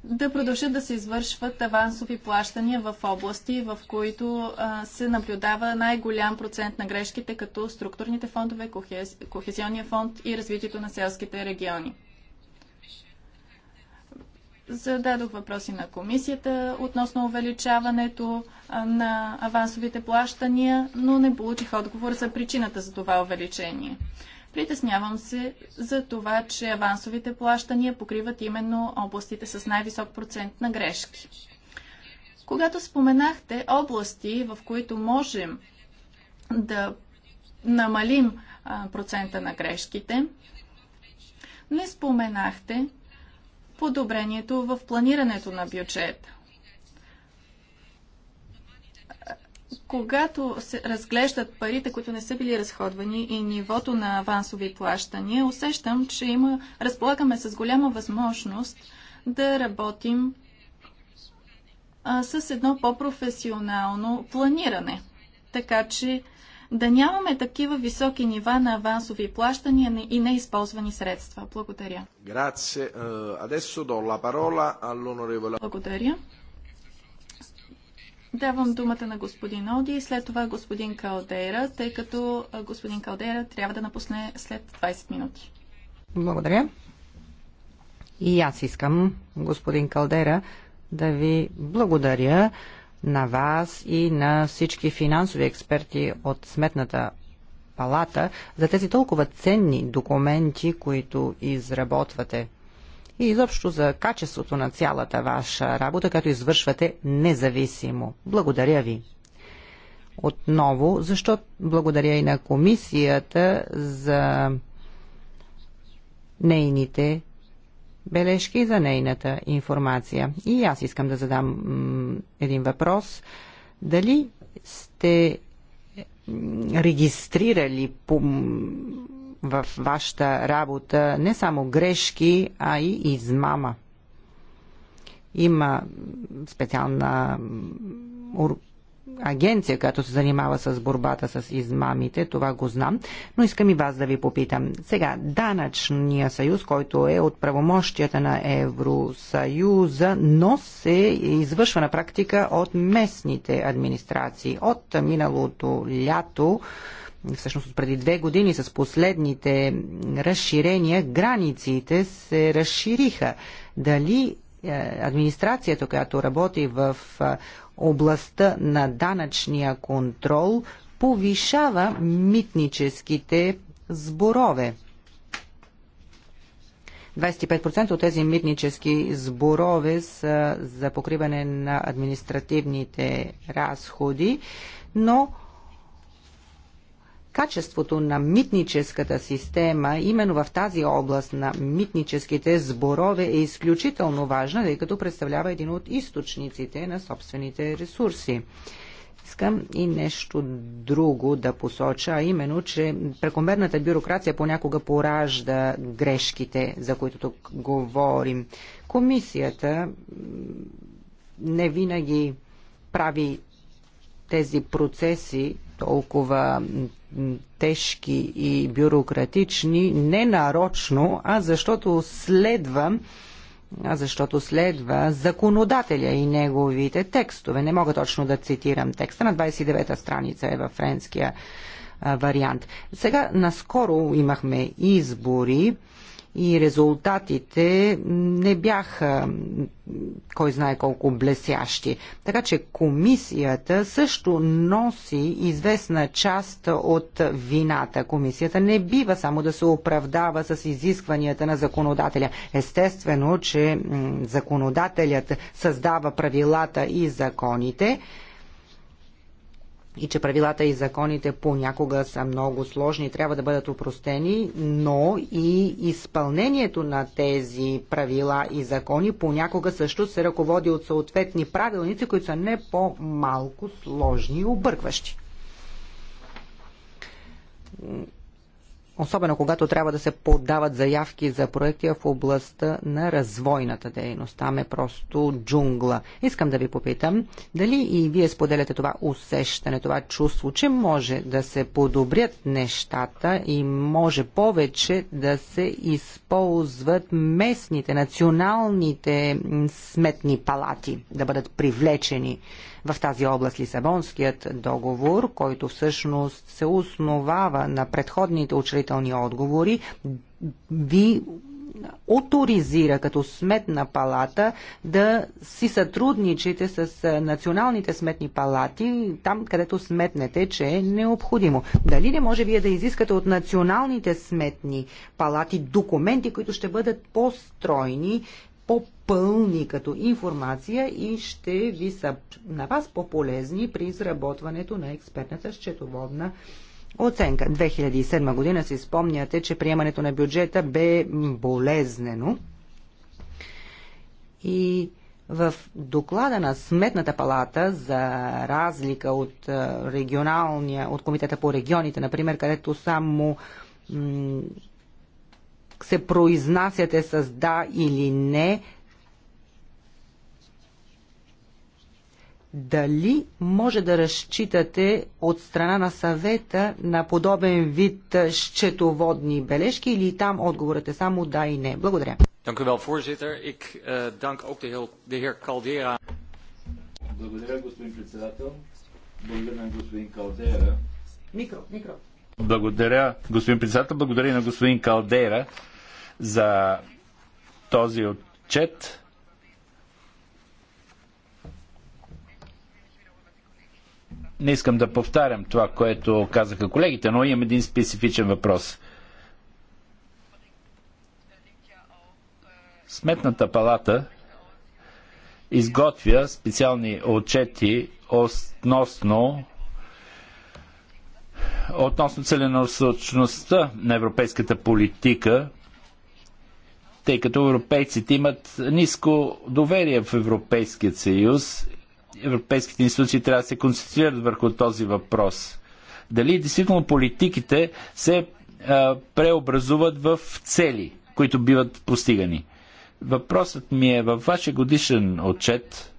да продължат да се извършват авансови плащания в области, в които а, се наблюдава най-голям процент на грешките, като структурните фондове, кохез... кохезионния фонд и развитието на селските региони. Зададох въпроси на комисията относно увеличаването на авансовите плащания, но не получих отговор за причината за това увеличение. Притеснявам се за това, че авансовите плащания покриват именно областите с най-висок процент на грешки. Когато споменахте области, в които можем да намалим процента на грешките, не споменахте подобрението в планирането на бюджета. Когато се разглеждат парите, които не са били разходвани и нивото на авансови плащания, усещам, че има, разполагаме с голяма възможност да работим а, с едно по-професионално планиране. Така че да нямаме такива високи нива на авансови плащания и неизползвани средства. Благодаря. Е, благодаря. Давам думата на господин Оди и след това господин Калдейра, тъй като е, господин Калдера трябва да напусне след 20 минути. Благодаря. И аз искам, господин Калдера, да ви благодаря на вас и на всички финансови експерти от Сметната палата за тези толкова ценни документи, които изработвате и изобщо за качеството на цялата ваша работа, като извършвате независимо. Благодаря ви! Отново, защото благодаря и на комисията за нейните бележки за нейната информация. И аз искам да задам един въпрос. Дали сте регистрирали по, в вашата работа не само грешки, а и измама? Има специална агенция, която се занимава с борбата с измамите, това го знам, но искам и вас да ви попитам. Сега, данъчния съюз, който е от правомощията на Евросъюза, но се извършва на практика от местните администрации. От миналото лято всъщност от преди две години с последните разширения границите се разшириха. Дали е, администрацията, която работи в е, областта на данъчния контрол повишава митническите сборове. 25% от тези митнически сборове са за покриване на административните разходи, но качеството на митническата система, именно в тази област на митническите сборове е изключително важна, тъй като представлява един от източниците на собствените ресурси. Искам и нещо друго да посоча, а именно, че прекомерната бюрокрация понякога поражда грешките, за които тук говорим. Комисията не винаги прави тези процеси толкова тежки и бюрократични, не нарочно, а защото следва а защото следва законодателя и неговите текстове. Не мога точно да цитирам текста. На 29-та страница е във френския а, вариант. Сега наскоро имахме избори и резултатите не бяха кой знае колко блесящи. Така че комисията също носи известна част от вината. Комисията не бива само да се оправдава с изискванията на законодателя. Естествено, че законодателят създава правилата и законите, и че правилата и законите понякога са много сложни, и трябва да бъдат упростени, но и изпълнението на тези правила и закони понякога също се ръководи от съответни правилници, които са не по-малко сложни и объркващи особено когато трябва да се подават заявки за проекти в областта на развойната дейност. Там е просто джунгла. Искам да ви попитам, дали и вие споделяте това усещане, това чувство, че може да се подобрят нещата и може повече да се използват местните, националните сметни палати, да бъдат привлечени в тази област Лисабонският договор, който всъщност се основава на предходните учредителни отговори, ви авторизира като сметна палата да си сътрудничите с националните сметни палати там, където сметнете, че е необходимо. Дали не може вие да изискате от националните сметни палати документи, които ще бъдат по-стройни, по пълни като информация и ще ви са на вас по-полезни при изработването на експертната счетоводна оценка. 2007 година си спомняте, че приемането на бюджета бе болезнено и в доклада на Сметната палата, за разлика от регионалния, от Комитета по регионите, например, където само се произнасяте с да или не, дали може да разчитате от страна на съвета на подобен вид счетоводни бележки или там отговорът е само да и не? Благодаря. Благодаря, господин председател. Благодаря на господин Калдера. Микро, микро. Благодаря, господин председател. Благодаря и на господин Калдера за този отчет Не искам да повтарям това, което казаха колегите, но имам един специфичен въпрос. Сметната палата изготвя специални отчети относно относно целенасочността на европейската политика, тъй като европейците имат ниско доверие в Европейския съюз европейските институции трябва да се концентрират върху този въпрос. Дали действително политиките се а, преобразуват в цели, които биват постигани. Въпросът ми е във вашия годишен отчет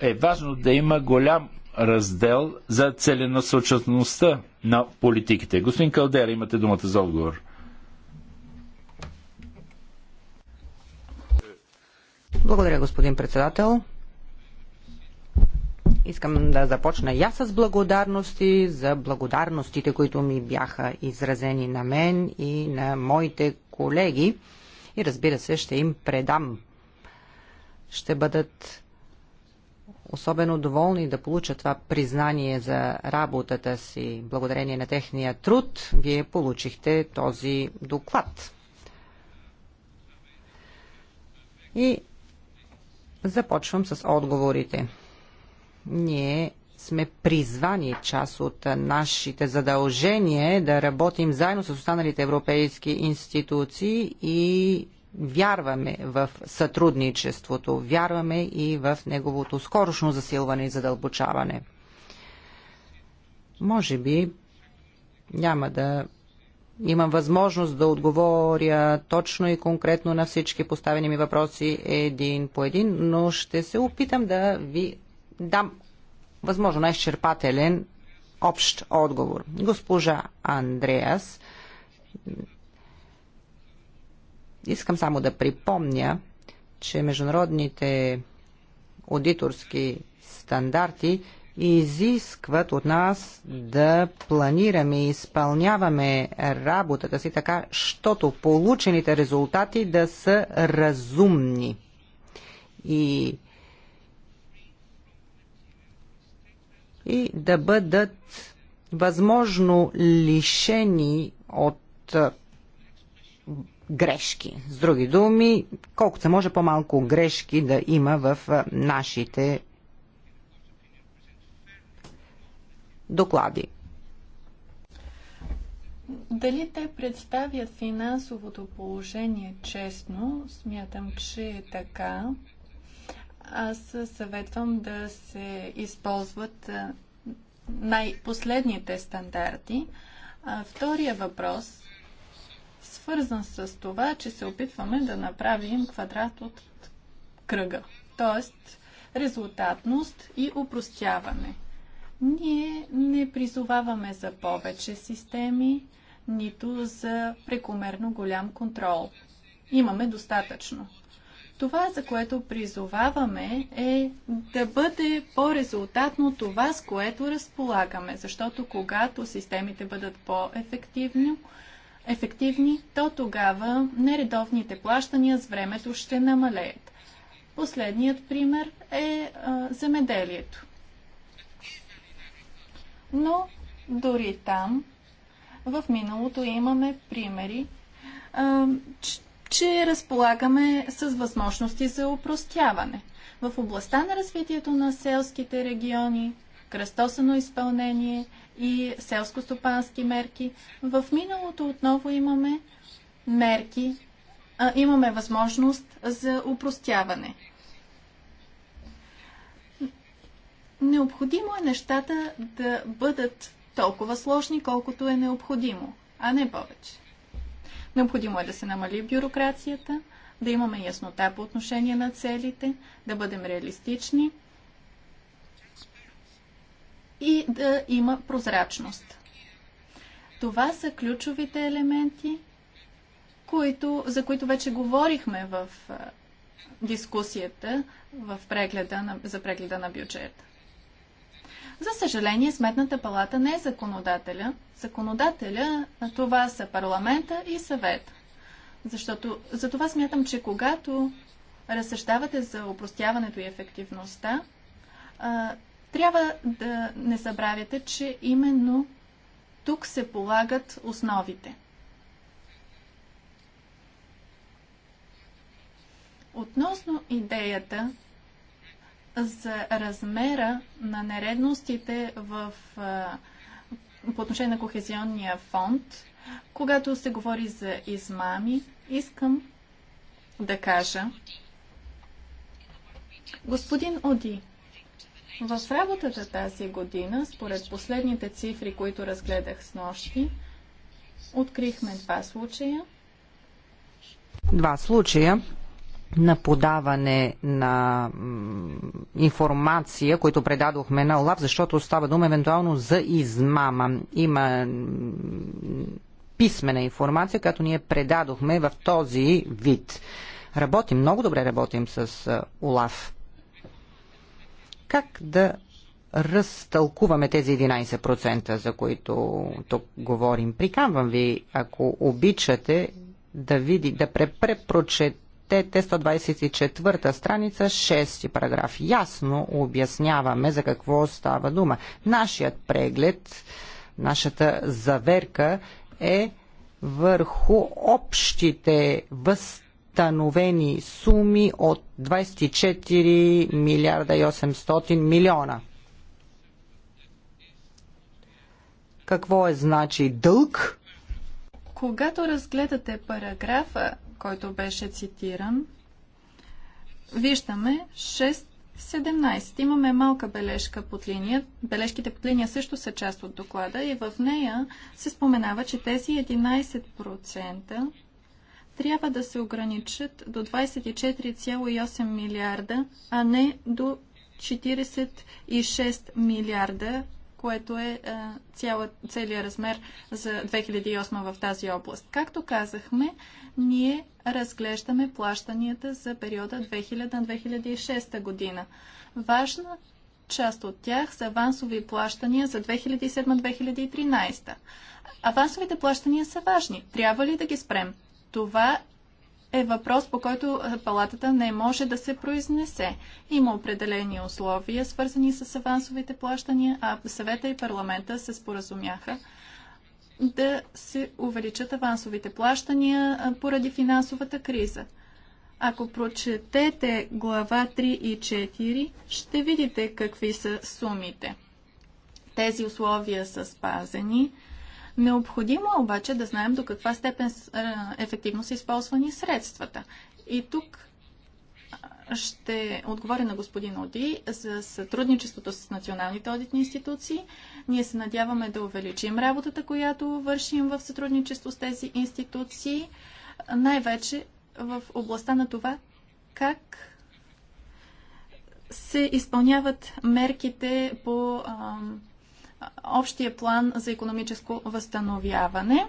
е важно да има голям раздел за целенасочеността на политиките. Господин Калдера, имате думата за отговор. Благодаря, господин председател. Искам да започна я с благодарности за благодарностите, които ми бяха изразени на мен и на моите колеги. И разбира се, ще им предам. Ще бъдат особено доволни да получат това признание за работата си. Благодарение на техния труд, вие получихте този доклад. И Започвам с отговорите. Ние сме призвани част от нашите задължения е да работим заедно с останалите европейски институции и вярваме в сътрудничеството, вярваме и в неговото скорошно засилване и задълбочаване. Може би няма да имам възможност да отговоря точно и конкретно на всички поставени ми въпроси един по един, но ще се опитам да ви дам възможно най-изчерпателен общ отговор. Госпожа Андреас, искам само да припомня, че международните аудиторски стандарти – изискват от нас да планираме и изпълняваме работата си така, щото получените резултати да са разумни. И и да бъдат възможно лишени от грешки. С други думи, колкото се може по-малко грешки да има в нашите доклади. Дали те представят финансовото положение честно, смятам, че е така. Аз съветвам да се използват най-последните стандарти. А, втория въпрос, свързан с това, че се опитваме да направим квадрат от кръга, т.е. резултатност и упростяване. Ние не призоваваме за повече системи, нито за прекомерно голям контрол. Имаме достатъчно. Това, за което призоваваме, е да бъде по-резултатно това, с което разполагаме, защото когато системите бъдат по-ефективни, ефективни, то тогава нередовните плащания с времето ще намалеят. Последният пример е а, земеделието но дори там в миналото имаме примери, че разполагаме с възможности за упростяване. В областта на развитието на селските региони, кръстосано изпълнение и селско-стопански мерки, в миналото отново имаме мерки, имаме възможност за упростяване. Необходимо е нещата да бъдат толкова сложни, колкото е необходимо, а не повече. Необходимо е да се намали бюрокрацията, да имаме яснота по отношение на целите, да бъдем реалистични и да има прозрачност. Това са ключовите елементи, които, за които вече говорихме в дискусията в прегледа на, за прегледа на бюджета. За съжаление, Сметната палата не е законодателя. Законодателя на това са парламента и съвет. Защото, за това смятам, че когато разсъждавате за упростяването и ефективността, трябва да не забравяте, че именно тук се полагат основите. Относно идеята за размера на нередностите в, по отношение на Кохезионния фонд, когато се говори за измами, искам да кажа, господин Оди, в работата тази година, според последните цифри, които разгледах с нощи, открихме два случая. Два случая на подаване на информация, които предадохме на ОЛАВ, защото става дума евентуално за измама. Има писмена информация, която ние предадохме в този вид. Работим, много добре работим с е, ОЛАВ. Как да разтълкуваме тези 11%, за които тук говорим? Приканвам ви, ако обичате, да види, да препрочете. ТТ 124 страница 6 параграф. Ясно обясняваме за какво става дума. Нашият преглед, нашата заверка е върху общите възстановени суми от 24 милиарда и 800 милиона. Какво е значи дълг? Когато разгледате параграфа, който беше цитиран, виждаме 6.17. Имаме малка бележка под линия. Бележките под линия също са част от доклада и в нея се споменава, че тези 11% трябва да се ограничат до 24,8 милиарда, а не до 46 милиарда, което е, е цяла, целият размер за 2008 в тази област. Както казахме, ние разглеждаме плащанията за периода 2000-2006 година. Важна част от тях са авансови плащания за 2007-2013. Авансовите плащания са важни. Трябва ли да ги спрем? Това е въпрос, по който е, палатата не може да се произнесе. Има определени условия, свързани с авансовите плащания, а съвета и парламента се споразумяха да се увеличат авансовите плащания е, поради финансовата криза. Ако прочетете глава 3 и 4, ще видите какви са сумите. Тези условия са спазени Необходимо е обаче да знаем до каква степен ефективно са използвани средствата. И тук ще отговоря на господин Оди за сътрудничеството с националните одитни институции. Ние се надяваме да увеличим работата, която вършим в сътрудничество с тези институции, най-вече в областта на това как се изпълняват мерките по а, общия план за економическо възстановяване,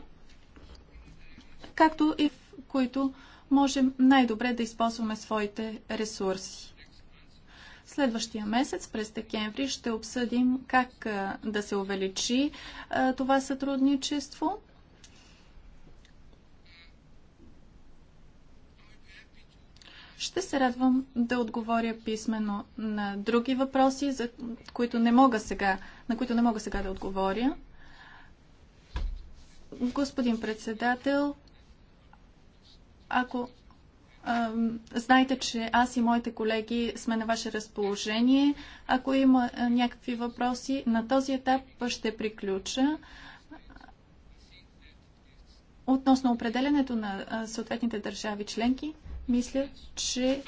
както и в които можем най-добре да използваме своите ресурси. Следващия месец, през декември, ще обсъдим как да се увеличи това сътрудничество – Ще се радвам да отговоря писменно на други въпроси, за които не мога сега, на които не мога сега да отговоря. Господин председател, ако Знаете, че аз и моите колеги сме на ваше разположение. Ако има някакви въпроси, на този етап ще приключа. Относно определенето на съответните държави членки, мисля, че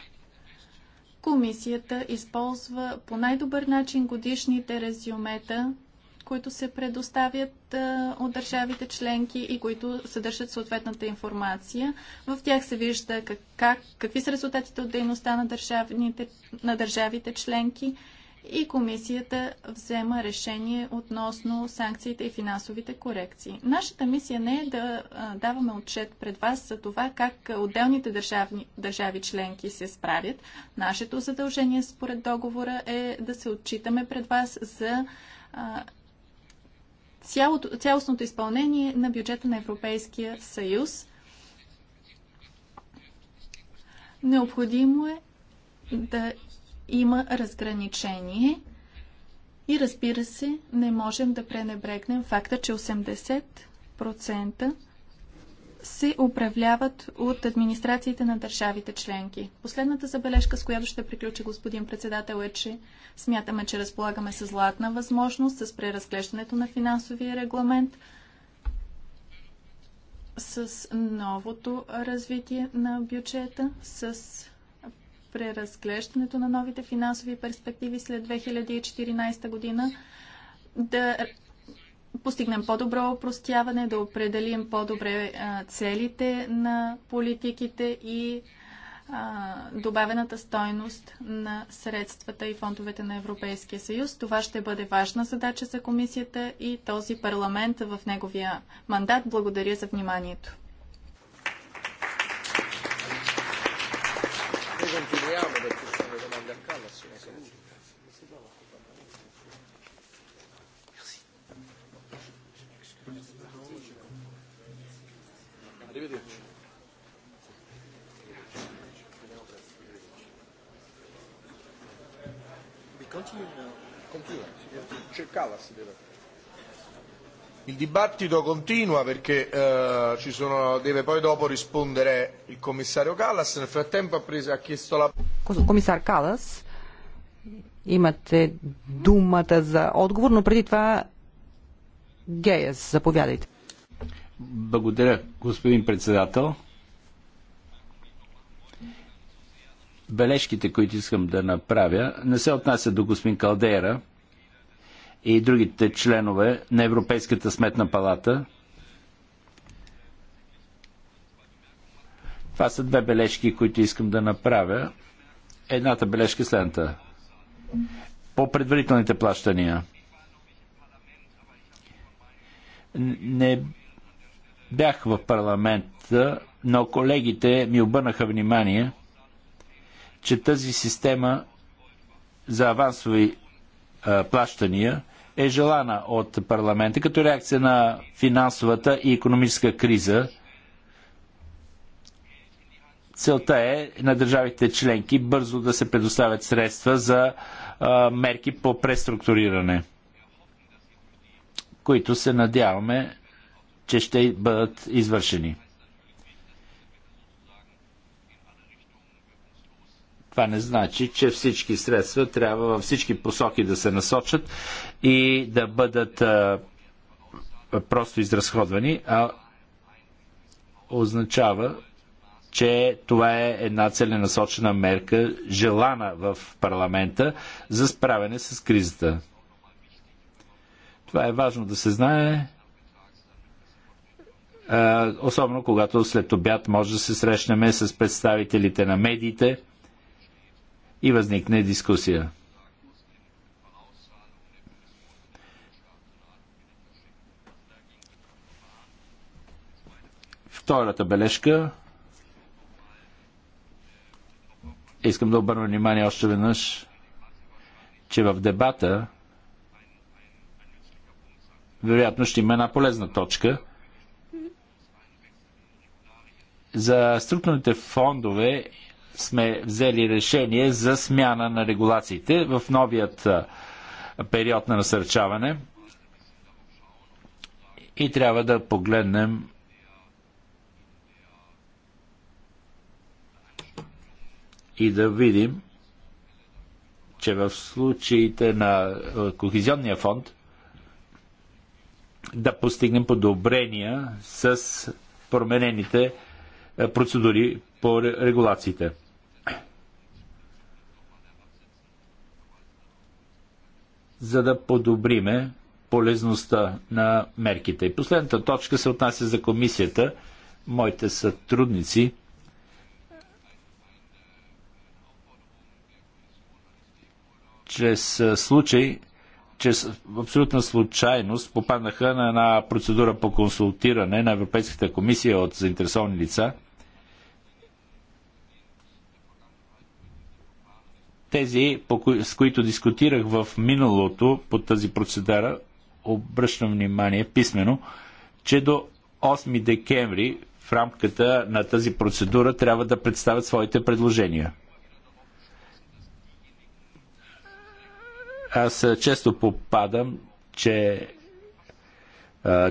комисията използва по най-добър начин годишните резюмета, които се предоставят а, от държавите членки и които съдържат съответната информация. В тях се вижда как, как, какви са резултатите от дейността на, на държавите членки и комисията взема решение относно санкциите и финансовите корекции. Нашата мисия не е да даваме отчет пред вас за това как отделните държавни, държави членки се справят. Нашето задължение според договора е да се отчитаме пред вас за цялото, цялостното изпълнение на бюджета на Европейския съюз. Необходимо е да има разграничение и разбира се, не можем да пренебрегнем факта, че 80% се управляват от администрациите на държавите членки. Последната забележка, с която ще приключи господин председател е, че смятаме, че разполагаме с златна възможност с преразглеждането на финансовия регламент, с новото развитие на бюджета, с преразглеждането на новите финансови перспективи след 2014 година, да постигнем по-добро опростяване, да определим по-добре целите на политиките и добавената стойност на средствата и фондовете на Европейския съюз. Това ще бъде важна задача за комисията и този парламент в неговия мандат. Благодаря за вниманието. Noi continuiamo perché ci sono le domande a Arrivederci. We continue now. Continue. C'è deve. Il dibattito continua perché eh, ci sono, deve poi dopo rispondere il commissario Callas. Nel frattempo ha, preso, ha chiesto la... Комисар Калас, имате думата за отговор, но преди това Геяс, заповядайте. Благодаря, господин председател. Бележките, които искам да направя, не се отнасят до господин Калдера – и другите членове на Европейската сметна палата. Това са две бележки, които искам да направя. Едната бележка е следната. По предварителните плащания. Не бях в парламента, но колегите ми обърнаха внимание, че тази система за авансови е, плащания е желана от парламента като реакция на финансовата и економическа криза. Целта е на държавите членки бързо да се предоставят средства за а, е, мерки по преструктуриране, които се надяваме, че ще бъдат извършени. Това не значи, че всички средства трябва във всички посоки да се насочат и да бъдат а, просто изразходвани, а означава, че това е една целенасочена мерка, желана в парламента за справяне с кризата. Това е важно да се знае, особено когато след обяд може да се срещнем с представителите на медиите – и възникне дискусия. Втората бележка. Искам да обърна внимание още веднъж, че в дебата вероятно ще има една полезна точка – за структурните фондове сме взели решение за смяна на регулациите в новият период на насърчаване и трябва да погледнем и да видим, че в случаите на Кохизионния фонд да постигнем подобрения с променените процедури по регулациите. за да подобриме полезността на мерките. И последната точка се отнася за комисията. Моите сътрудници чрез случай, чрез абсолютна случайност попаднаха на една процедура по консултиране на Европейската комисия от заинтересовани лица – Тези, с които дискутирах в миналото по тази процедара, обръщам внимание писменно, че до 8 декември в рамката на тази процедура трябва да представят своите предложения. Аз често попадам, че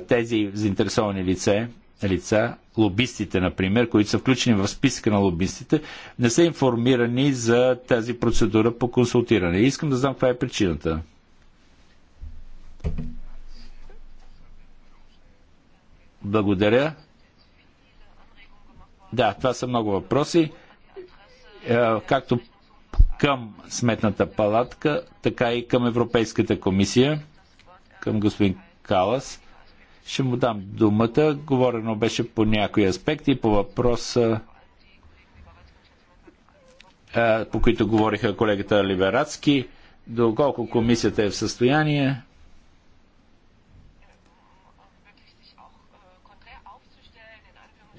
тези заинтересовани лице лица, лобистите, например, които са включени в списъка на лобистите, не са информирани за тази процедура по консултиране. И искам да знам каква е причината. Благодаря. Да, това са много въпроси. Е, както към Сметната палатка, така и към Европейската комисия, към господин Калас. Ще му дам думата. Говорено беше по някои аспекти, по въпроса, по които говориха колегата Либерацки, доколко комисията е в състояние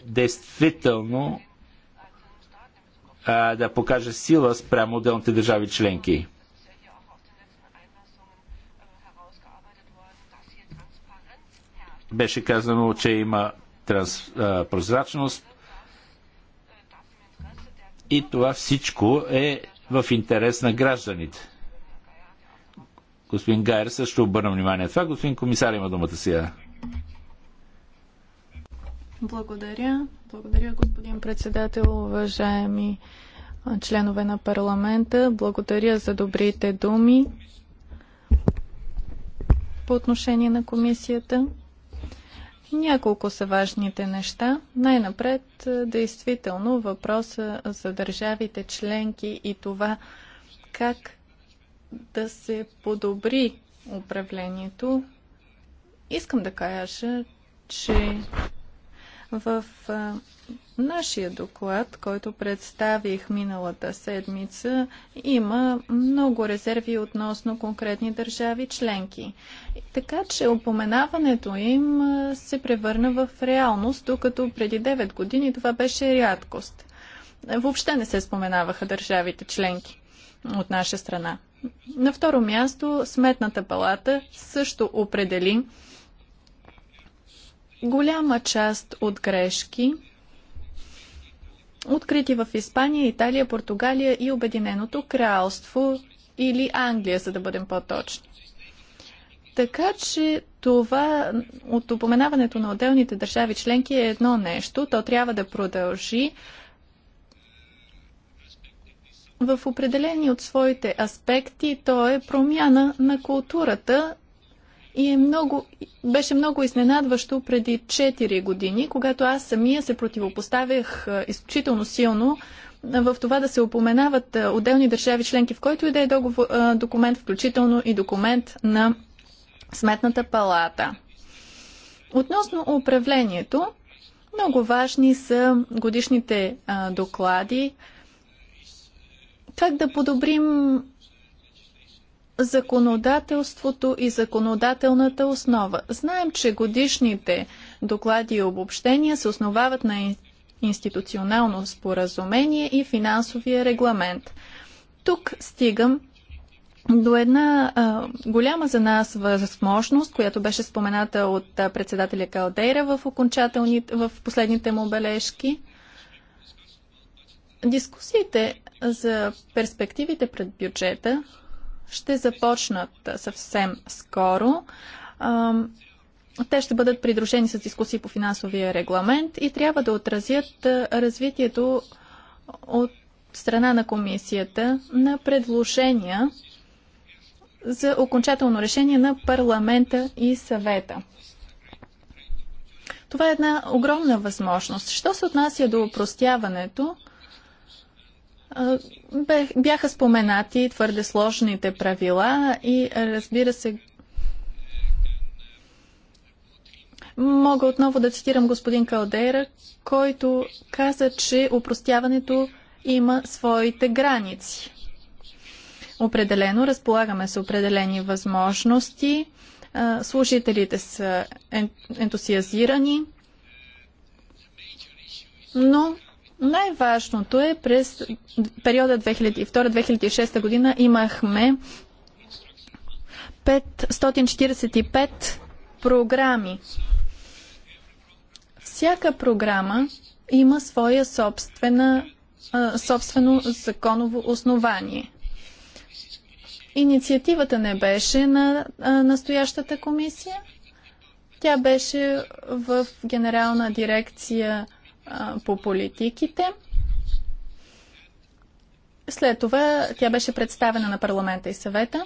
действително да покаже сила спрямо отделните държави членки. Беше казано, че има транс, а, прозрачност и това всичко е в интерес на гражданите. Господин Гайер също обърна внимание. Това господин комисар има думата сега. Благодаря. Благодаря, господин председател, уважаеми членове на парламента. Благодаря за добрите думи по отношение на комисията. Няколко са важните неща. Най-напред, е, действително, въпроса за държавите членки и това как да се подобри управлението. Искам да кажа, че в е, нашия доклад, който представих миналата седмица, има много резерви относно конкретни държави членки. Така че упоменаването им се превърна в реалност, докато преди 9 години това беше рядкост. Въобще не се споменаваха държавите членки от наша страна. На второ място Сметната палата също определи голяма част от грешки, открити в Испания, Италия, Португалия и Обединеното кралство или Англия, за да бъдем по-точни. Така че това от упоменаването на отделните държави членки е едно нещо. То трябва да продължи в определени от своите аспекти. То е промяна на културата и е много, беше много изненадващо преди 4 години, когато аз самия се противопоставях изключително силно в това да се упоменават отделни държави членки, в който и да е документ, включително и документ на Сметната палата. Относно управлението, много важни са годишните а, доклади. Как да подобрим законодателството и законодателната основа. Знаем, че годишните доклади и обобщения се основават на институционално споразумение и финансовия регламент. Тук стигам до една а, голяма за нас възможност, която беше спомената от а, председателя Калдейра в, в последните му бележки. Дискусиите за перспективите пред бюджета ще започнат съвсем скоро. Те ще бъдат придружени с дискусии по финансовия регламент и трябва да отразят развитието от страна на комисията на предложения за окончателно решение на парламента и съвета. Това е една огромна възможност. Що се отнася до упростяването, бяха споменати твърде сложните правила и разбира се, мога отново да цитирам господин Калдера, който каза, че упростяването има своите граници. Определено разполагаме с определени възможности. Служителите са ентусиазирани, но най-важното е през периода 2002-2006 година имахме 545 програми. Всяка програма има своя собствена, собствено законово основание. Инициативата не беше на настоящата комисия. Тя беше в Генерална дирекция по политиките. След това тя беше представена на парламента и съвета.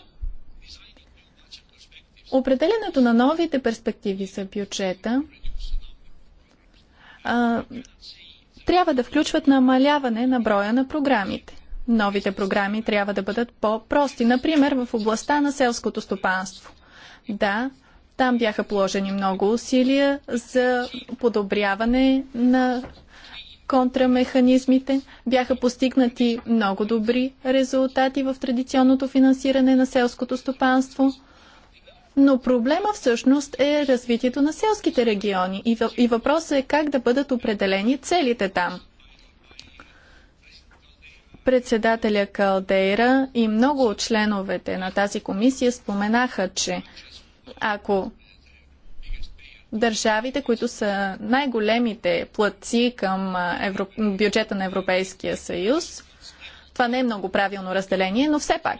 Определенето на новите перспективи за бюджета а, трябва да включват намаляване на броя на програмите. Новите програми трябва да бъдат по-прости, например в областта на селското стопанство. Да, там бяха положени много усилия за подобряване на контрамеханизмите. Бяха постигнати много добри резултати в традиционното финансиране на селското стопанство. Но проблема всъщност е развитието на селските региони и въпросът е как да бъдат определени целите там. Председателя Калдейра и много от членовете на тази комисия споменаха, че ако държавите, които са най-големите платци към евро... бюджета на Европейския съюз, това не е много правилно разделение, но все пак.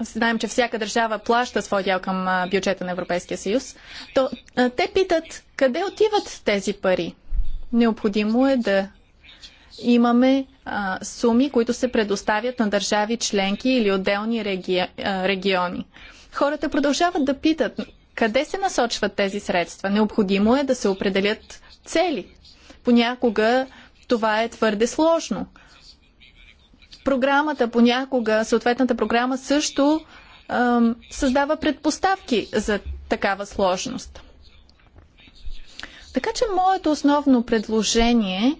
Знаем, че всяка държава плаща своя дял към бюджета на Европейския съюз. То, те питат къде отиват тези пари. Необходимо е да имаме суми, които се предоставят на държави членки или отделни реги... региони. Хората продължават да питат къде се насочват тези средства. Необходимо е да се определят цели. Понякога това е твърде сложно. Програмата понякога, съответната програма също ем, създава предпоставки за такава сложност. Така че моето основно предложение е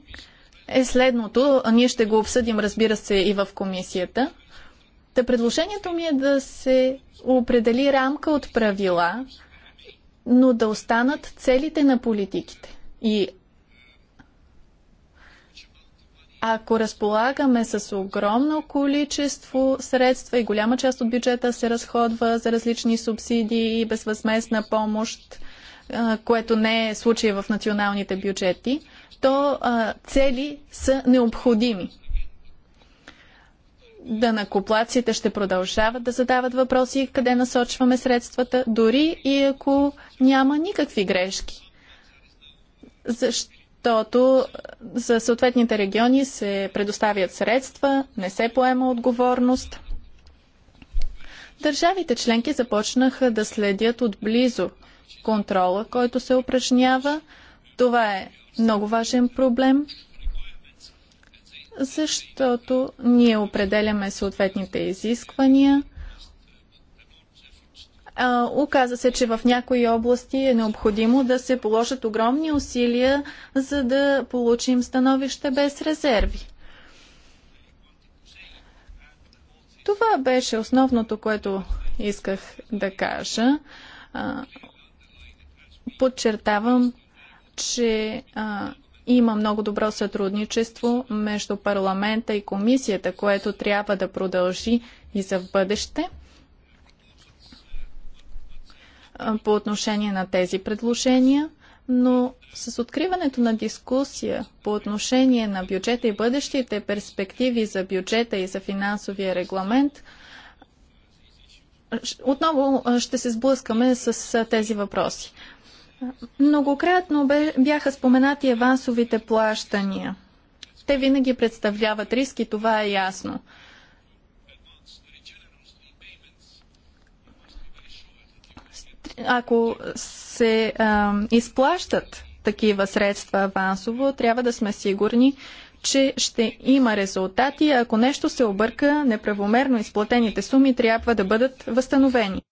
е следното. Ние ще го обсъдим, разбира се, и в комисията. Та предложението ми е да се определи рамка от правила, но да останат целите на политиките. И ако разполагаме с огромно количество средства и голяма част от бюджета се разходва за различни субсидии и безвъзместна помощ, което не е случай в националните бюджети, то а, цели са необходими. Данакоплаците ще продължават да задават въпроси къде насочваме средствата, дори и ако няма никакви грешки. Защото за съответните региони се предоставят средства, не се поема отговорност. Държавите членки започнаха да следят отблизо контрола, който се упражнява това е много важен проблем, защото ние определяме съответните изисквания. А, оказа се, че в някои области е необходимо да се положат огромни усилия, за да получим становище без резерви. Това беше основното, което исках да кажа. Подчертавам че а, има много добро сътрудничество между парламента и комисията, което трябва да продължи и за в бъдеще по отношение на тези предложения, но с откриването на дискусия по отношение на бюджета и бъдещите перспективи за бюджета и за финансовия регламент, отново ще се сблъскаме с тези въпроси. Многократно бяха споменати авансовите плащания. Те винаги представляват риски, това е ясно. Ако се а, изплащат такива средства авансово, трябва да сме сигурни, че ще има резултати, ако нещо се обърка, неправомерно изплатените суми трябва да бъдат възстановени.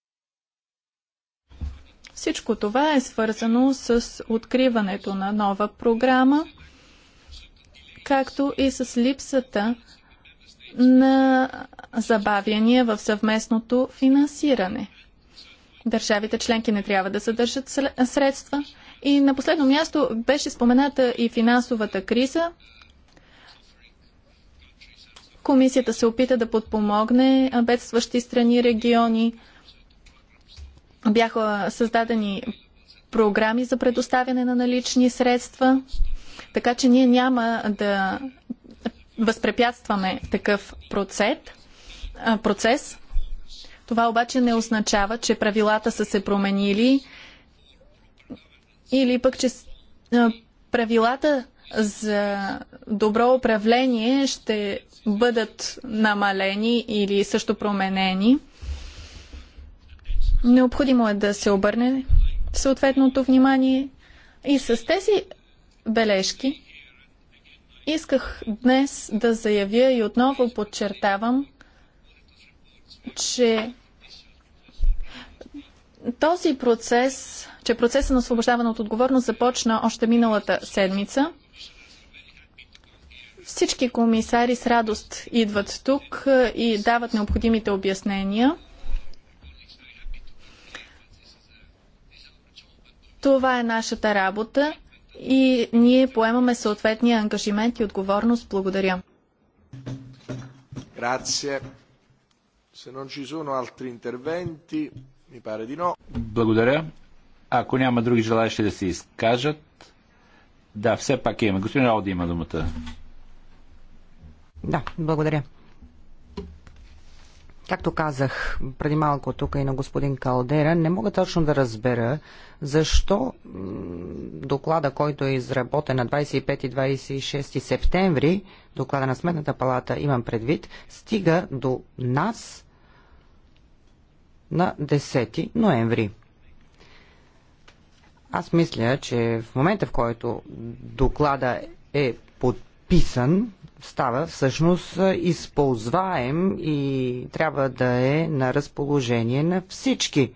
Всичко това е свързано с откриването на нова програма, както и с липсата на забавяния в съвместното финансиране. Държавите членки не трябва да съдържат средства. И на последно място беше спомената и финансовата криза. Комисията се опита да подпомогне бедстващи страни, региони, бяха създадени програми за предоставяне на налични средства, така че ние няма да възпрепятстваме такъв процес. Това обаче не означава, че правилата са се променили или пък, че правилата за добро управление ще бъдат намалени или също променени. Необходимо е да се обърне съответното внимание и с тези бележки исках днес да заявя и отново подчертавам, че този процес, че процесът на освобождаване от отговорност започна още миналата седмица. Всички комисари с радост идват тук и дават необходимите обяснения – Това е нашата работа и ние поемаме съответния ангажимент и отговорност. Благодаря. Благодаря. Ако няма други желаящи да се изкажат, да, все пак има. Господин Ауди има думата. Да, благодаря. Както казах преди малко тук и на господин Калдера, не мога точно да разбера защо доклада, който е изработен на 25 и 26 септември, доклада на Сметната палата имам предвид, стига до нас на 10 ноември. Аз мисля, че в момента, в който доклада е подписан, става всъщност използваем и трябва да е на разположение на всички.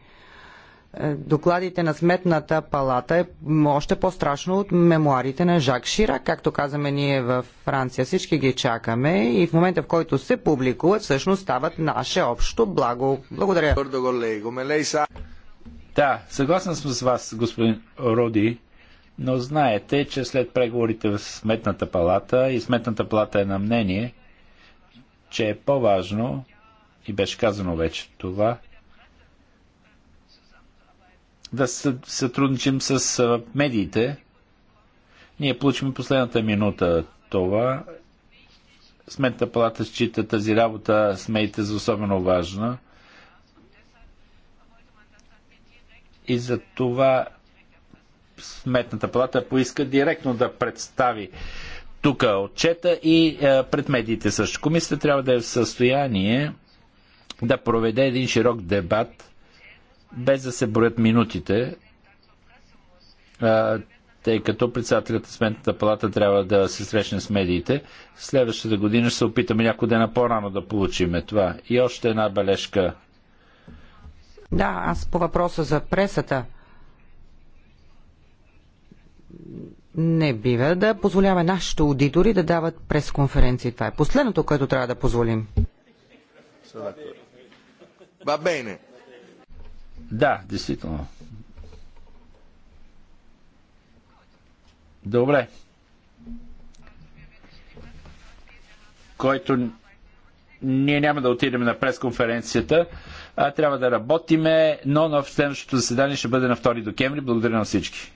Е, докладите на Сметната палата е още по-страшно от мемуарите на Жак Ширак, както казваме ние в Франция. Всички ги чакаме и в момента в който се публикуват, всъщност стават наше общо благо. Благодаря. Да, съгласен съм с вас, господин Роди. Но знаете, че след преговорите в Сметната палата и Сметната палата е на мнение, че е по-важно, и беше казано вече това, да сътрудничим с медиите. Ние получим последната минута това. Сметната палата счита тази работа с медиите за особено важна. И за това Сметната палата поиска директно да представи тук отчета и е, пред медиите също. Комисията трябва да е в състояние да проведе един широк дебат, без да се броят минутите, е, тъй като председателят на Сметната палата трябва да се срещне с медиите. Следващата година ще се опитаме някой ден по-рано да получиме това. И още една бележка. Да, аз по въпроса за пресата не бива да позволяваме нашите аудитори да дават пресконференции. Това е последното, което трябва да позволим. Да, действително. Добре. Който ние няма да отидем на пресконференцията, а трябва да работиме, но на следващото заседание ще бъде на 2 декември. Благодаря на всички.